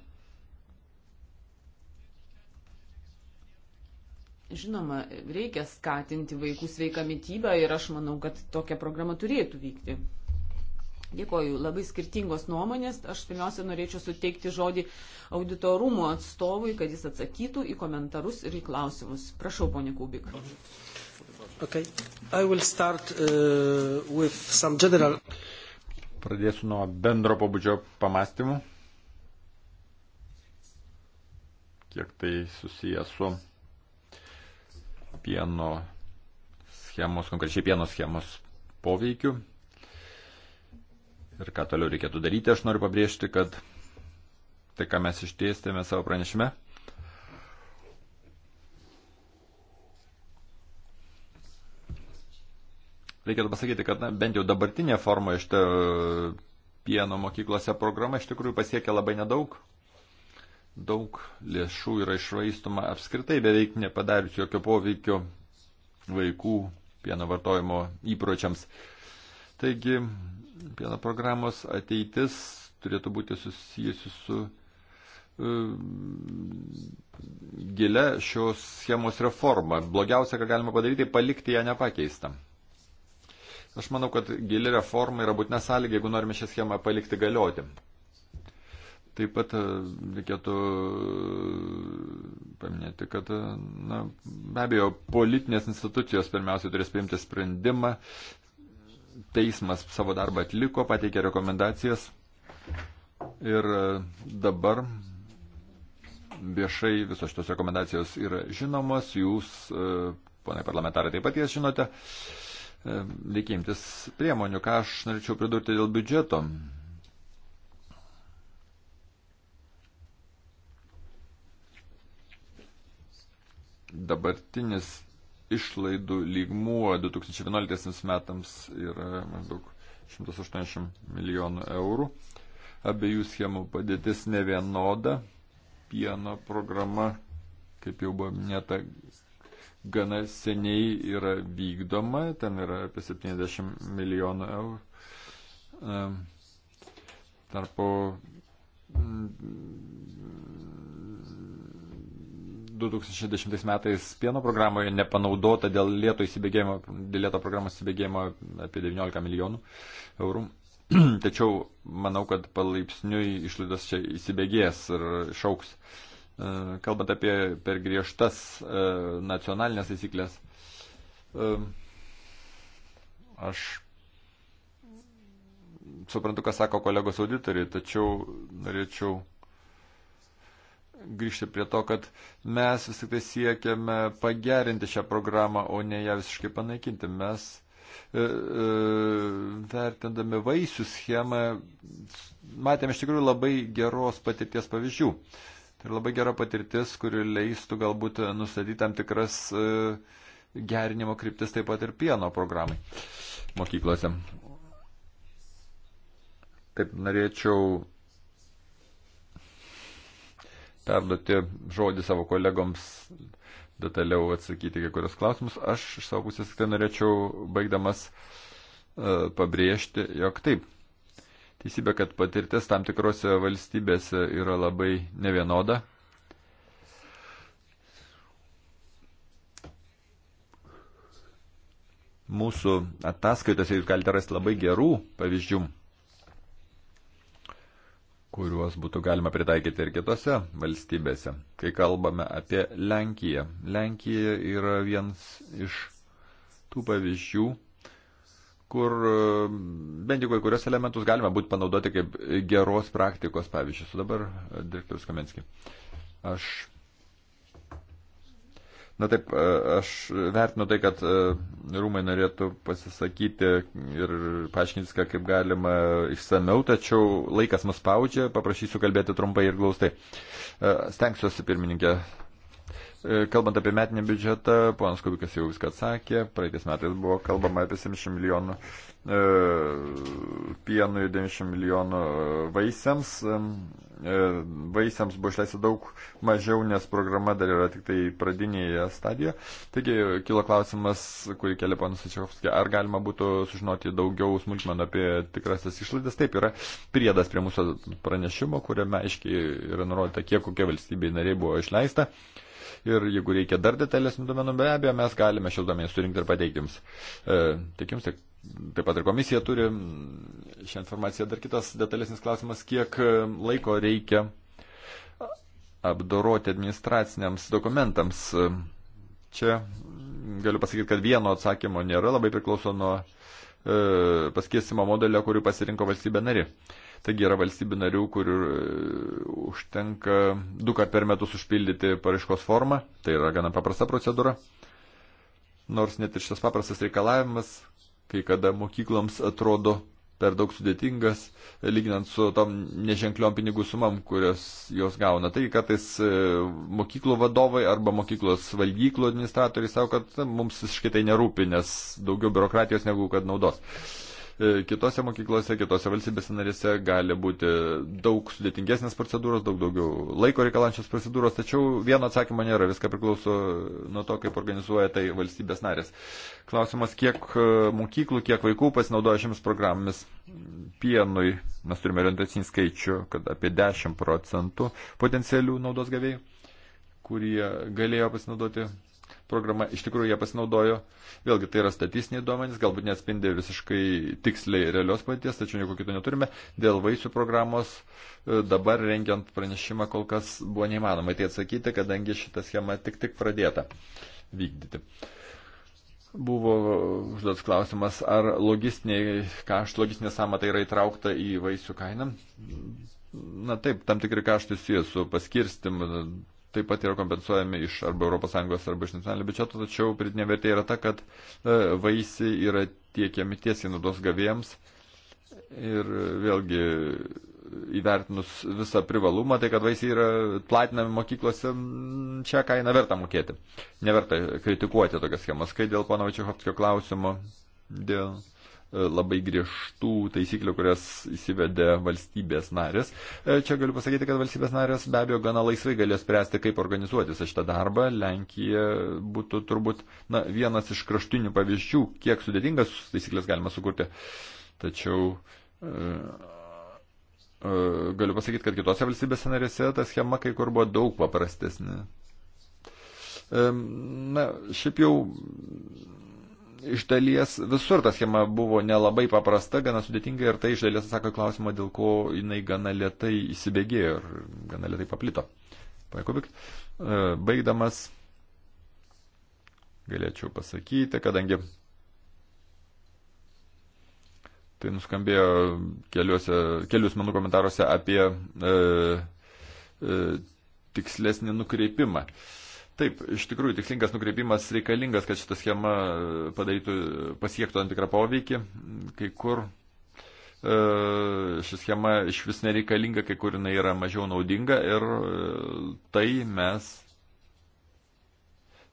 Žinoma, reikia skatinti vaikų sveiką mytybą ir aš manau, kad tokia programa turėtų vykti. Dėkoju, labai skirtingos nuomonės. Aš pirmiausia norėčiau suteikti žodį auditorumo atstovui, kad jis atsakytų į komentarus ir į klausimus. Prašau, ponė Kubik. Okay. Start, uh, general... Pradėsiu nuo bendro pabudžio pamastymų, kiek tai susijęs su pieno schemos, konkrečiai pieno schemos poveikiu ir ką toliau reikėtų daryti, aš noriu pabrėžti, kad tai, ką mes išdėstėme savo pranešime, reikėtų pasakyti, kad na, bent jau dabartinė forma iš pieno mokyklose programa iš tikrųjų pasiekia labai nedaug. Daug lėšų yra išvaistoma apskritai beveik nepadarius jokio poveikio vaikų pieno vartojimo įpročiams. Taigi pieno programos ateitis turėtų būti susijusi su um, gilia šios schemos reforma. Blogiausia, ką galima padaryti, palikti ją nepakeistą. Aš manau, kad gili reforma yra būtina sąlyga, jeigu norime šią schemą palikti galioti. Taip pat e, reikėtų e, paminėti, kad e, na, be abejo politinės institucijos pirmiausiai turės priimti sprendimą teismas savo darbą atliko, pateikė rekomendacijas ir e, dabar viešai visos šitos rekomendacijos yra žinomos, jūs, e, ponai parlamentarai, taip pat jas žinote, e, reikia imtis priemonių, ką aš norėčiau pridurti dėl biudžeto. Dabartinis išlaidų lygmuo 2011 metams yra maždaug 180 milijonų eurų. Abiejų schemų padėtis ne vienoda. Pieno programa, kaip jau buvo minėta, gana seniai yra vykdoma, ten yra apie 70 milijonų eurų. Ehm, tarpo 2010 metais pieno programoje nepanaudota dėl lieto, dėl lieto programos įsibėgėjimo apie 19 milijonų eurų. Tačiau manau, kad palaipsniui išlaidos čia įsibėgės ir šauks. E, kalbant apie per griežtas e, nacionalinės taisyklės, e, aš suprantu, ką sako kolegos auditoriai, tačiau norėčiau grįžti prie to, kad mes vis tik tai siekiame pagerinti šią programą, o ne ją visiškai panaikinti. Mes e, e, vertindami vaisių schemą, matėme iš tikrųjų labai geros patirties pavyzdžių. Tai labai gera patirtis, kuri leistų galbūt nustatyti tam tikras e, gerinimo kryptis taip pat ir pieno programai mokyklose. Taip, norėčiau perduoti žodį savo kolegoms detaliau atsakyti kai kurios klausimus. Aš iš savo pusės tai norėčiau, baigdamas, e, pabrėžti, jog taip. Teisybė, kad patirtis tam tikrose valstybėse yra labai nevienoda. Mūsų ataskaitose jūs galite rasti labai gerų pavyzdžių kuriuos būtų galima pritaikyti ir kitose valstybėse. Kai kalbame apie Lenkiją, Lenkija yra vienas iš tų pavyzdžių, kur e, bent jau kai kurios elementus galima būtų panaudoti kaip geros praktikos pavyzdžius. O dabar e, direktorius Kamenski. Aš Na taip, e, aš vertinu tai, kad e, rūmai norėtų pasisakyti ir paaiškinti viską, kaip galima išsameu, tačiau laikas mus spaudžia, paprašysiu kalbėti trumpai ir glaustai. E, stengsiuosi, pirmininkė, E, kalbant apie metinį biudžetą, ponas Kubikas jau viską atsakė, praeitais metais buvo kalbama apie 700 milijonų e, pienų ir 90 milijonų e, vaisiams. E, vaisiams buvo išleista daug mažiau, nes programa dar yra tik tai pradinėje stadijoje. Taigi kilo klausimas, kurį kelia ponas Čiakovskis, ar galima būtų sužinoti daugiau smulkmenų apie tikrasias išlaidas. Taip yra priedas prie mūsų pranešimo, kuriame aiškiai yra nurodyta, kiek kokia valstybė nariai buvo išleista ir jeigu reikia dar detalesnių duomenų, be abejo, mes galime šios duomenys surinkti ir pateikti jums. E, tik jums, tiek, taip pat ir komisija turi šią informaciją. Dar kitas detalesnis klausimas, kiek e, laiko reikia apdoroti administraciniams dokumentams. E, čia galiu pasakyti, kad vieno atsakymo nėra, labai priklauso nuo e, paskirstimo modelio, kurį pasirinko valstybė nari. E, Taigi yra valstybių narių, kur e, užtenka du kart per metus užpildyti paraiškos formą. Tai yra gana paprasta procedūra. Nors net ir šitas paprastas reikalavimas, kai kada mokykloms atrodo per daug sudėtingas, lyginant su tom neženkliom pinigų sumam, kurios jos gauna. Tai kartais e, mokyklų vadovai arba mokyklos valgyklų administratoriai savo, kad mums visiškai tai nerūpi, nes daugiau biurokratijos negu kad naudos. E, kitose mokyklose, kitose valstybėse narėse gali būti daug sudėtingesnės procedūros, daug daugiau laiko reikalančios procedūros, tačiau vieno atsakymo nėra, viską priklauso nuo to, kaip organizuoja tai valstybės narės. Klausimas, kiek e, mokyklų, kiek vaikų pasinaudoja šiomis programomis pienui. Mes turime orientacinį skaičių, kad apie 10 procentų potencialių naudos gavėjų kurie galėjo pasinaudoti programa, iš tikrųjų jie pasinaudojo, vėlgi tai yra statistiniai duomenys, galbūt neatspindi visiškai tiksliai realios paties, tačiau nieko kito neturime. Dėl vaisių programos e, dabar rengiant pranešimą kol kas buvo neįmanoma tai atsakyti, kadangi šita schema tik tik pradėta vykdyti. Buvo užduotas klausimas, ar logistiniai kaštų, logistinė samata yra įtraukta į vaisių kainą. Na taip, tam tikri kaštai susiję su paskirstimu, taip pat yra kompensuojami iš arba ES arba iš nacionalinio biudžeto, tačiau pridinė vertė yra ta, kad e, vaisi yra tiekiami tiesiai naudos gavėjams ir vėlgi įvertinus visą privalumą, tai kad vaisiai yra platinami mokyklose, čia kainą verta mokėti. Neverta kritikuoti tokias schemas, kai dėl pono Vačiuhovskio klausimo, dėl labai griežtų taisyklių, kurias įsivedė valstybės narės. E, čia galiu pasakyti, kad valstybės narės be abejo gana laisvai galės spręsti, kaip organizuoti visą šitą darbą. Lenkija būtų turbūt na, vienas iš kraštinių pavyzdžių, kiek sudėtingas taisyklės galima sukurti. Tačiau e, e, galiu pasakyti, kad kitose valstybėse narėse ta schema kai kur buvo daug paprastesnė. Na, šiaip jau iš dalies visur ta schema buvo nelabai paprasta, gana sudėtinga ir tai iš dalies atsako klausimą, dėl ko jinai gana lietai įsibėgėjo ir gana lietai paplito. Pakubik. E, baigdamas galėčiau pasakyti, kadangi tai nuskambėjo keliuose, kelius mano komentaruose apie e, e, tikslesnį nukreipimą. E, Taip, iš tikrųjų, tikslingas nukreipimas reikalingas, kad šita schema e, padarytų, pasiektų tam tikrą poveikį. Kai kur e, ši schema iš vis nereikalinga, kai kur jinai yra mažiau naudinga ir e, tai mes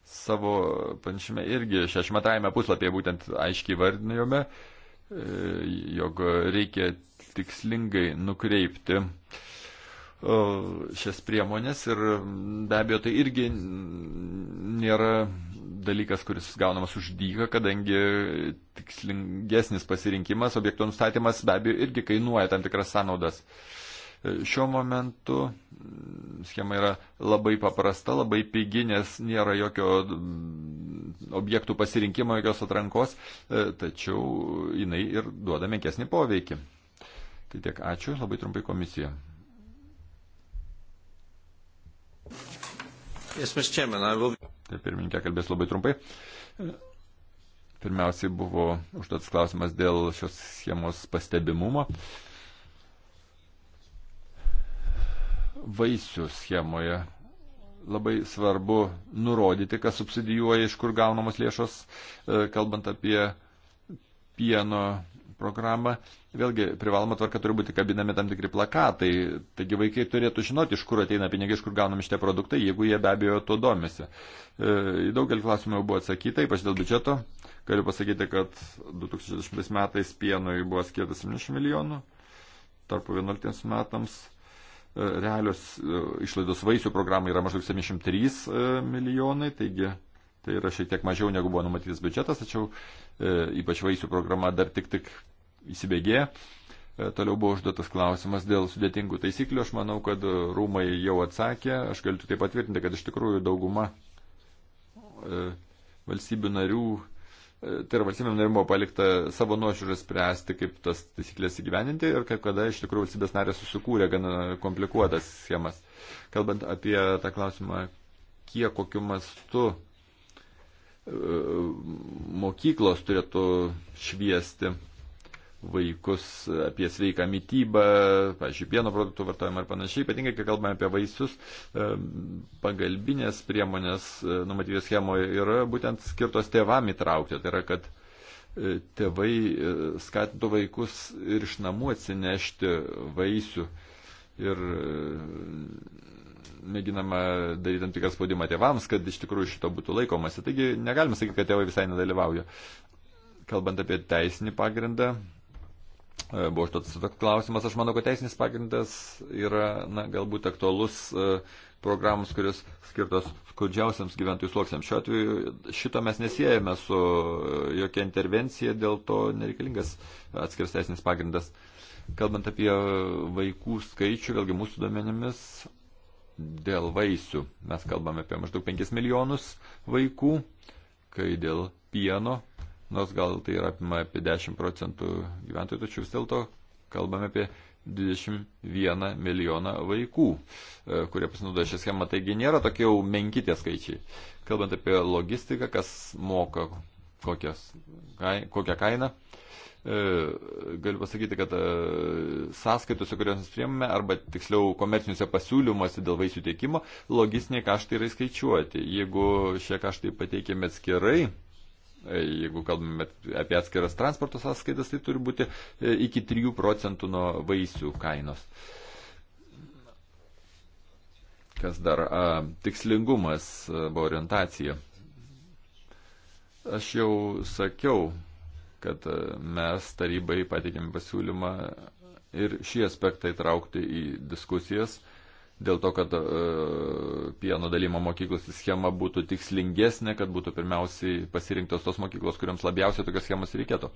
savo panšime irgi 62 puslapyje būtent aiškiai vardinėjome, jog reikia tikslingai nukreipti uh, šias priemonės ir mm, be abejo tai irgi nėra dalykas, kuris gaunamas už dyką, kadangi tikslingesnis pasirinkimas, objekto nustatymas be abejo irgi kainuoja tam tikras sąnaudas. E, šiuo momentu mm, schema yra labai paprasta, labai pigi, nes nėra jokio mm, objektų pasirinkimo, jokios atrankos, e, tačiau jinai ir duoda menkesnį poveikį. Tai tiek ačiū, labai trumpai komisija. Yes, will... Taip, pirmininkė kalbės labai trumpai. Pirmiausiai buvo užduotas klausimas dėl šios schemos pastebimumo. Vaisių schemoje labai svarbu nurodyti, kas subsidijuoja, iš kur gaunamos lėšos, e, kalbant apie pieno programą. Vėlgi, privaloma tvarka turi būti kabinami tam tikri plakatai. Taigi vaikai turėtų žinoti, iš kur ateina pinigai, iš kur gaunami šitie produktai, jeigu jie be abejo to domisi. E, į daugelį klausimų jau buvo atsakyta, ypač dėl biudžeto. Galiu pasakyti, kad 2020 metais pienui buvo skirta 70 milijonų, tarpu 11 metams e, realios e, išlaidos vaisių programai yra maždaug 73 milijonai, taigi tai yra šiek tiek mažiau negu buvo numatytas biudžetas, tačiau E, ypač vaisių programa dar tik tik įsibėgėja. E, toliau buvo užduotas klausimas dėl sudėtingų taisyklių. Aš manau, kad rūmai jau atsakė. Aš galiu tai patvirtinti, kad iš tikrųjų dauguma e, valstybių narių, tai yra valstybėm narim buvo palikta savo nuošiūrę spręsti, kaip tas taisyklės įgyveninti ir kaip kada iš tikrųjų valstybės narės susikūrė gana komplikuotas schemas. Kalbant apie tą klausimą, kiek kokiu mastu mokyklos turėtų šviesti vaikus apie sveiką mytybą, pažiūrėjau, pieno produktų vartojimą ir panašiai, ypatingai, kai kalbame apie vaisius, e, pagalbinės priemonės e, numatytos schemoje yra būtent skirtos tėvam įtraukti. Tai yra, kad e, tėvai skatintų vaikus ir iš namų atsinešti vaisių ir mėginama daryti tam tikrą spaudimą tėvams, kad iš tikrųjų šito būtų laikomasi. Taigi negalime sakyti, kad tėvai visai nedalyvauja. Kalbant apie teisinį pagrindą, e, buvo užduotas klausimas, aš manau, kad teisinis pagrindas yra na, galbūt aktualus e, programos, kuris skirtos skurdžiausiams gyventojų sluoksniams. Šiuo atveju šito mes nesijėjame su e, jokia intervencija, dėl to nereikalingas atskirs teisinis pagrindas. Kalbant apie vaikų skaičių, vėlgi mūsų duomenimis dėl vaisių mes kalbame apie maždaug 5 milijonus vaikų, kai dėl pieno, nors gal tai yra apima apie 10 procentų gyventojų, tačiau vis dėlto kalbame apie 21 milijoną vaikų, e, kurie pasinaudoja šią schemą. Taigi nėra tokie jau menkitie skaičiai. Kalbant apie logistiką, kas moka kokias, kokią kainą. E, galiu pasakyti, kad e, sąskaitose, kurias mes priemame, arba tiksliau komerciniuose pasiūlymuose dėl vaisių tiekimo, logistiniai kaštai yra įskaičiuoti. Jeigu šie kaštai pateikėme atskirai, e, jeigu kalbame apie atskiras transporto sąskaitas, tai turi būti iki 3 procentų nuo vaisių kainos. Kas dar? A, tikslingumas, a, orientacija. Aš jau sakiau, kad e, mes tarybai pateikėm pasiūlymą ir šį aspektą įtraukti į diskusijas dėl to, kad e, pieno dalymo mokyklos schema būtų tikslingesnė, kad būtų pirmiausiai pasirinktos tos mokyklos, kuriams labiausiai tokios schemos reikėtų.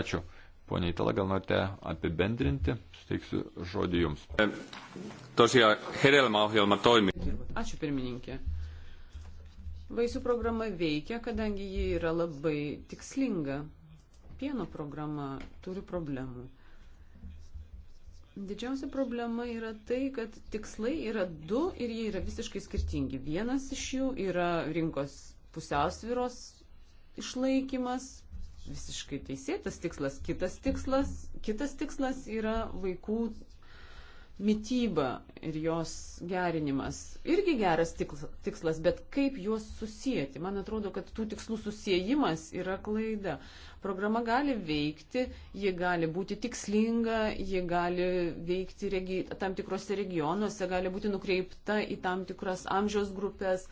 Ačiū. Pone Itala, gal norite apibendrinti? Suteiksiu žodį Jums. E, tosiaan, hedelmäohjelma toimi. Ačiū pirmininkė. Vaisių programa veikia, kadangi ji yra labai tikslinga pieno programa turi problemų. Didžiausia problema yra tai, kad tikslai yra du ir jie yra visiškai skirtingi. Vienas iš jų yra rinkos pusiausviros išlaikymas, visiškai teisėtas tikslas. Kitas tikslas, kitas tikslas yra vaikų mytyba ir jos gerinimas irgi geras tikslas, bet kaip juos susijęti? Man atrodo, kad tų tikslų susijimas yra klaida. Programa gali veikti, ji gali būti tikslinga, ji gali veikti regi tam tikrose regionuose, gali būti nukreipta į tam tikras amžiaus grupės.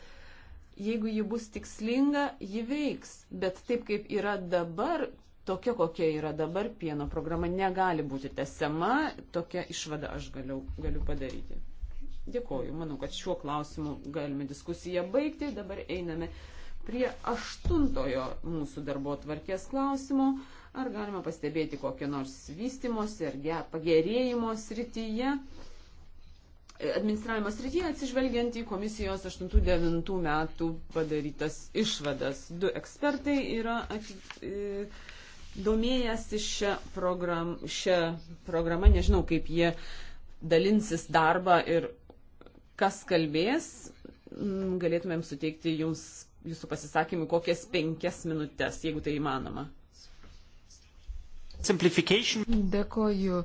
Jeigu ji bus tikslinga, ji veiks, bet taip kaip yra dabar, tokia, kokia yra dabar pieno programa, negali būti tesama. Tokią išvadą aš galiu, galiu padaryti. Dėkoju. Manau, kad šiuo klausimu galime diskusiją baigti. Dabar einame prie aštuntojo mūsų darbo tvarkės klausimo. Ar galima pastebėti kokią nors vystimosi ar pagerėjimo srityje? Administravimo srityje atsižvelgiant į komisijos 8-9 metų padarytas išvadas. Du ekspertai yra. Ati, e, domėjęs šią program, programą, nežinau, kaip jie dalinsis darbą ir kas kalbės, mm, galėtumėm suteikti jums, jūsų pasisakymui kokias penkias minutės, jeigu tai įmanoma. Dėkoju.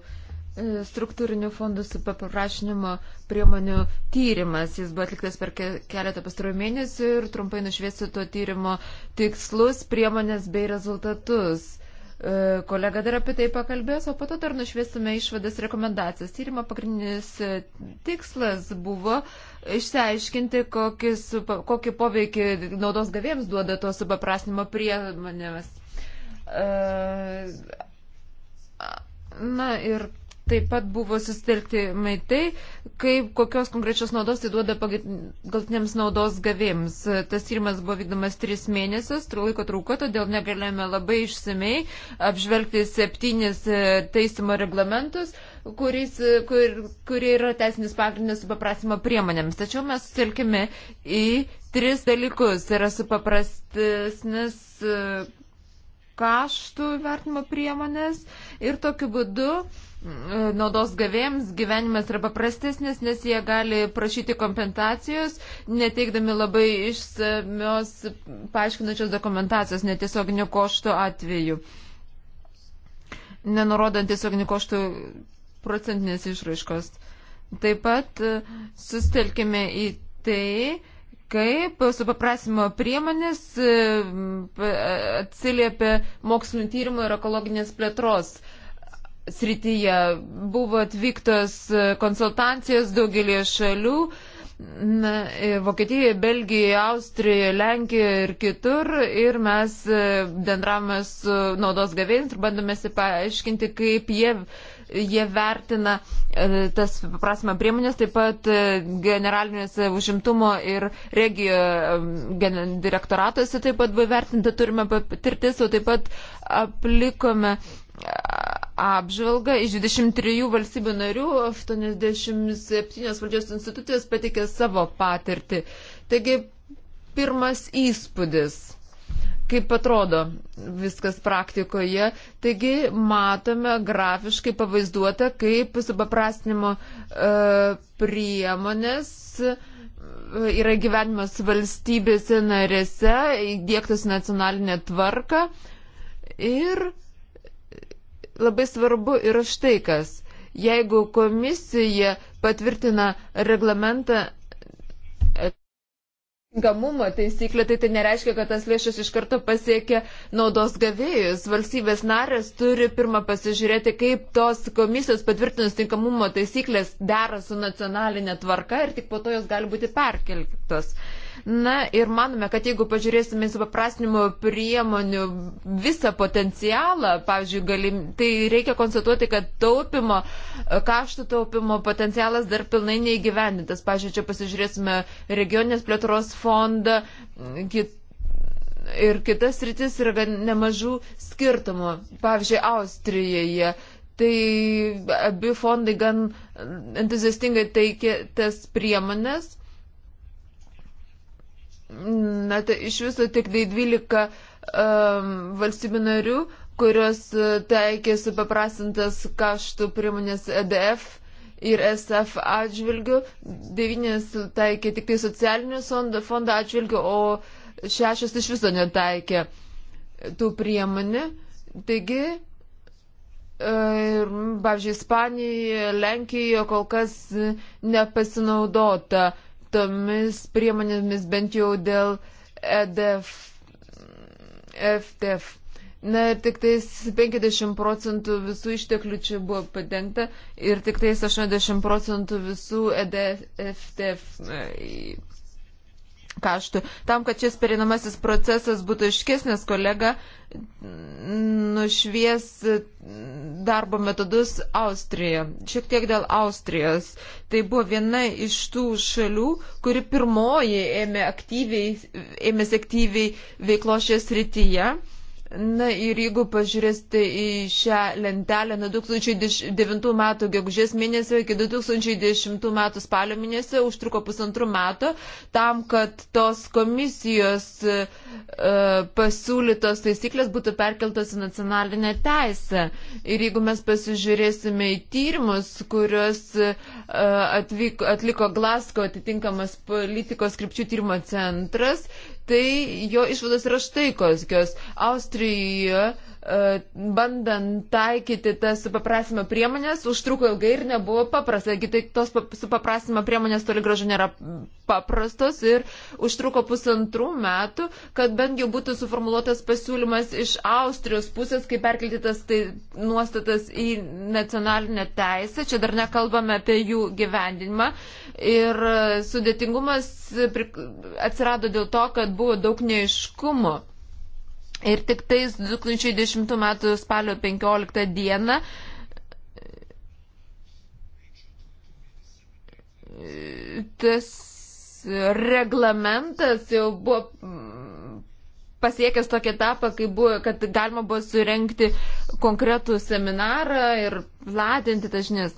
E, struktūrinių fondų supaprašinimo priemonių tyrimas. Jis buvo atliktas per keletą pastarųjų mėnesių ir trumpai nušviesiu to tyrimo tikslus, priemonės bei rezultatus. E, kolega dar apie tai pakalbės, o po to dar nušviesime išvadas rekomendacijas. Tyrimo pagrindinis e, tikslas buvo išsiaiškinti, kokis, kokį poveikį naudos gavėjams duoda to supaprasnimo priemonėmis. E, na ir Taip pat buvo susitelkti maitai, kaip kokios konkrečios naudos tai duoda galtiniams naudos gavėjams. Tas tyrimas buvo vykdomas tris mėnesius, laiko trūko, todėl negalėjome labai išsamei apžvelgti septynis e, teistumo reglamentus, kuris, e, kur, kurie yra teisinis pagrindas supaprastimo priemonėms. Tačiau mes susitelkime į tris dalykus. Yra supaprastisnis e, kaštų vertimo priemonės ir tokiu būdu uh, naudos gavėjams gyvenimas yra paprastesnis, nes jie gali prašyti kompensacijos, neteikdami labai išsamios paaiškinačios dokumentacijos netiesioginių koštų atveju. Nenurodant tiesioginių koštų procentinės išraiškos. Taip pat e, sustelkime į tai, kaip supaprasimo priemonės e, atsiliepia mokslinio tyrimo ir ekologinės plėtros uh, srityje. Buvo atvyktos konsultacijos daugelį šalių. Na, e, Vokietijoje, Belgijoje, Austrijoje, Lenkijoje ir kitur. Ir mes e, bendravome su naudos gavėjais ir bandome paaiškinti, kaip jie, jie vertina e, tas prasme priemonės. Taip pat generalinės užimtumo ir regijo direktoratuose taip pat buvo vertinta, turime patirtis, o taip pat aplikome apžvalgą iš 23 valstybių narių 87 valdžios institucijos patikė savo patirtį. Taigi pirmas įspūdis, kaip atrodo viskas praktikoje. Taigi matome grafiškai pavaizduota, kaip supaprastinimo e, priemonės e, yra gyvenimas valstybėse narėse, įdėktas nacionalinė tvarka ir labai svarbu yra štai kas. Jeigu komisija patvirtina reglamentą gamumo taisyklė, tai tai nereiškia, kad tas lėšas iš karto pasiekia naudos gavėjus. Valstybės narės turi pirmą pasižiūrėti, kaip tos komisijos patvirtinus tinkamumo taisyklės dera su nacionalinė tvarka ir tik po to jos gali būti perkeltos. Na ir manome, kad jeigu pažiūrėsime į supaprastinimo priemonių visą potencialą, pavyzdžiui, galim, tai reikia konstatuoti, kad taupimo, kaštų taupimo potencialas dar pilnai neįgyvendintas. Pavyzdžiui, čia pasižiūrėsime regioninės plėtros fondą kit, ir kitas rytis yra gan nemažų skirtumų. Pavyzdžiui, Austrijoje tai abi fondai gan entuziastingai teikė tas priemonės. Na, tai iš viso tik tai 12 um, valstybių narių, kurios uh, taikė supaprastintas kaštų priemonės EDF ir SF atžvilgių, 9 taikė tik tai socialinių fondų atžvilgių, o 6 iš viso netaikė tų priemonių. Taigi, ir, pavyzdžiui, Ispanijoje, Lenkijoje kol kas nepasinaudota uh, tomis priemonėmis bent jau dėl EDF, FTF. Na ir tik tais 50 procentų visų išteklių čia buvo padengta ir tik tais 80 procentų visų EDFTF kaštų. Tam, kad šis perinamasis procesas būtų iškesnis, kolega nušvies darbo metodus Austrija. Šiek tiek dėl Austrijos. Tai buvo viena iš tų šalių, kuri pirmoji ėmė aktyviai, ėmėsi aktyviai veiklo šią srityje. Na ir jeigu pažiūrėsite į šią lentelę nuo 2009 metų gegužės mėnesio iki 2010 metų spalio mėnesio užtruko pusantrų metų tam, kad tos komisijos e, pasiūlytos taisyklės būtų perkeltos į nacionalinę teisę. Ir jeigu mes pasižiūrėsime į tyrimus, kuriuos e, atvyko, atliko Glasgow atitinkamas politikos skripčių tyrimo centras, tai jo išvados yra štai kokios. Austrijoje E, bandant taikyti tas supaprasimo priemonės, užtruko ilgai ir nebuvo paprasta. Tai tos supaprasimo priemonės toli gražu nėra paprastos ir užtruko pusantrų metų, kad bent jau būtų suformuoluotas pasiūlymas iš Austrijos pusės, kaip perkelti tas tai nuostatas į nacionalinę teisę. Čia dar nekalbame apie jų gyvendinimą. Ir sudėtingumas atsirado dėl to, kad buvo daug neiškumo. Ir tik tais 2010 m. spalio 15 dieną tas reglamentas jau buvo pasiekęs tokį etapą, kai buvo, kad galima buvo surenkti konkretų seminarą ir platinti tas žinias.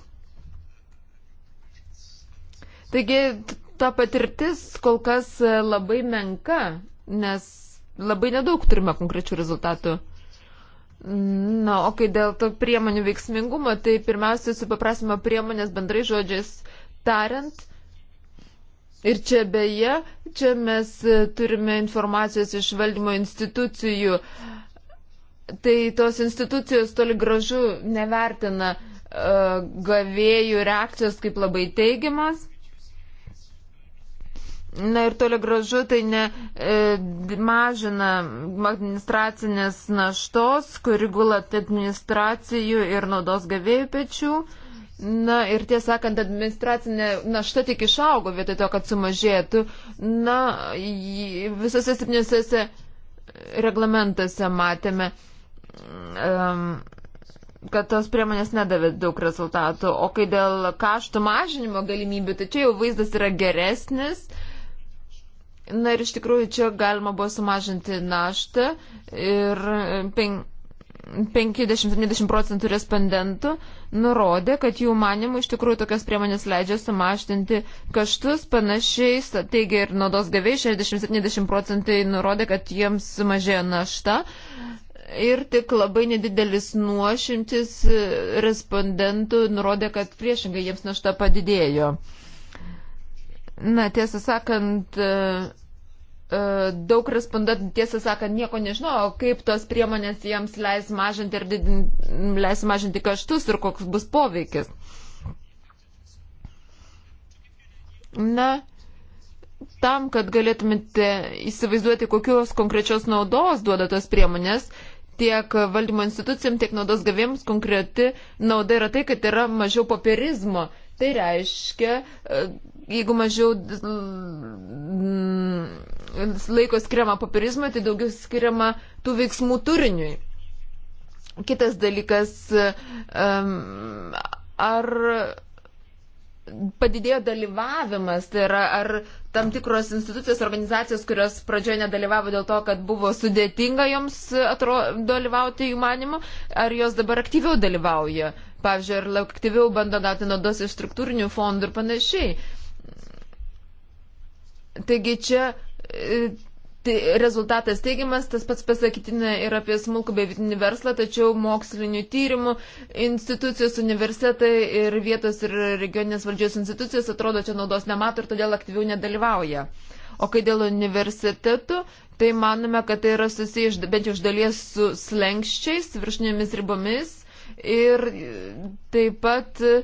Taigi ta patirtis kol kas labai menka, nes labai nedaug turime konkrečių rezultatų. Na, o kai dėl to priemonių veiksmingumo, tai pirmiausia, supaprasimo priemonės bendrai žodžiais tariant. Ir čia beje, čia mes turime informacijos iš valdymo institucijų. Tai tos institucijos toli gražu nevertina uh, gavėjų reakcijos kaip labai teigiamas. Na ir toli gražu, tai ne e, mažina administracinės naštos, kuri gula administracijų ir naudos gavėjų pečių. Na ir tiesą sakant, administracinė našta tik išaugo vietoj to, kad sumažėtų. Na, visose septyniose reglamentuose matėme, um, kad tos priemonės nedavė daug rezultatų. O kai dėl kaštų mažinimo galimybių, tai čia jau vaizdas yra geresnis. Uh, Na ir iš tikrųjų čia galima buvo sumažinti naštą ir 50-70 procentų respondentų nurodė, kad jų manimų iš tikrųjų tokias priemonės leidžia sumažinti kaštus panašiais, teigia ir naudos gavėjai 60-70 procentai nurodė, kad jiems sumažėjo našta ir tik labai nedidelis nuošimtis respondentų nurodė, kad priešingai jiems našta padidėjo. Na, tiesą sakant, E, daug respondentų tiesą sakant nieko nežinojo, kaip tos priemonės jiems leis mažinti ir didin, leis mažinti kaštus ir koks bus poveikis. Na, tam, kad galėtumėte įsivaizduoti, kokios konkrečios naudos duoda tos priemonės, tiek valdymo institucijom, tiek naudos gavėjams konkreti nauda yra tai, kad yra mažiau papirizmo. Tai reiškia, e, jeigu mažiau mm, laiko skiriama papirizmui, tai daugiau skiriama tų veiksmų turiniui. Kitas dalykas, ar padidėjo dalyvavimas, tai yra ar tam tikros institucijos, organizacijos, kurios pradžioje nedalyvavo dėl to, kad buvo sudėtinga joms atro, dalyvauti jų manimu, ar jos dabar aktyviau dalyvauja, pavyzdžiui, ar aktyviau bando gauti naudos iš struktūrinių fondų ir panašiai. Taigi čia rezultatas teigiamas, tas pats pasakytina ir apie smulkų bei vidinį verslą, tačiau mokslinių tyrimų institucijos, universitetai ir vietos ir regioninės valdžios institucijos atrodo čia naudos nemato ir todėl aktyviau nedalyvauja. O kai dėl universitetų, tai manome, kad tai yra susiję bent jau iš dalies su slengščiais, viršinėmis ribomis ir taip pat e,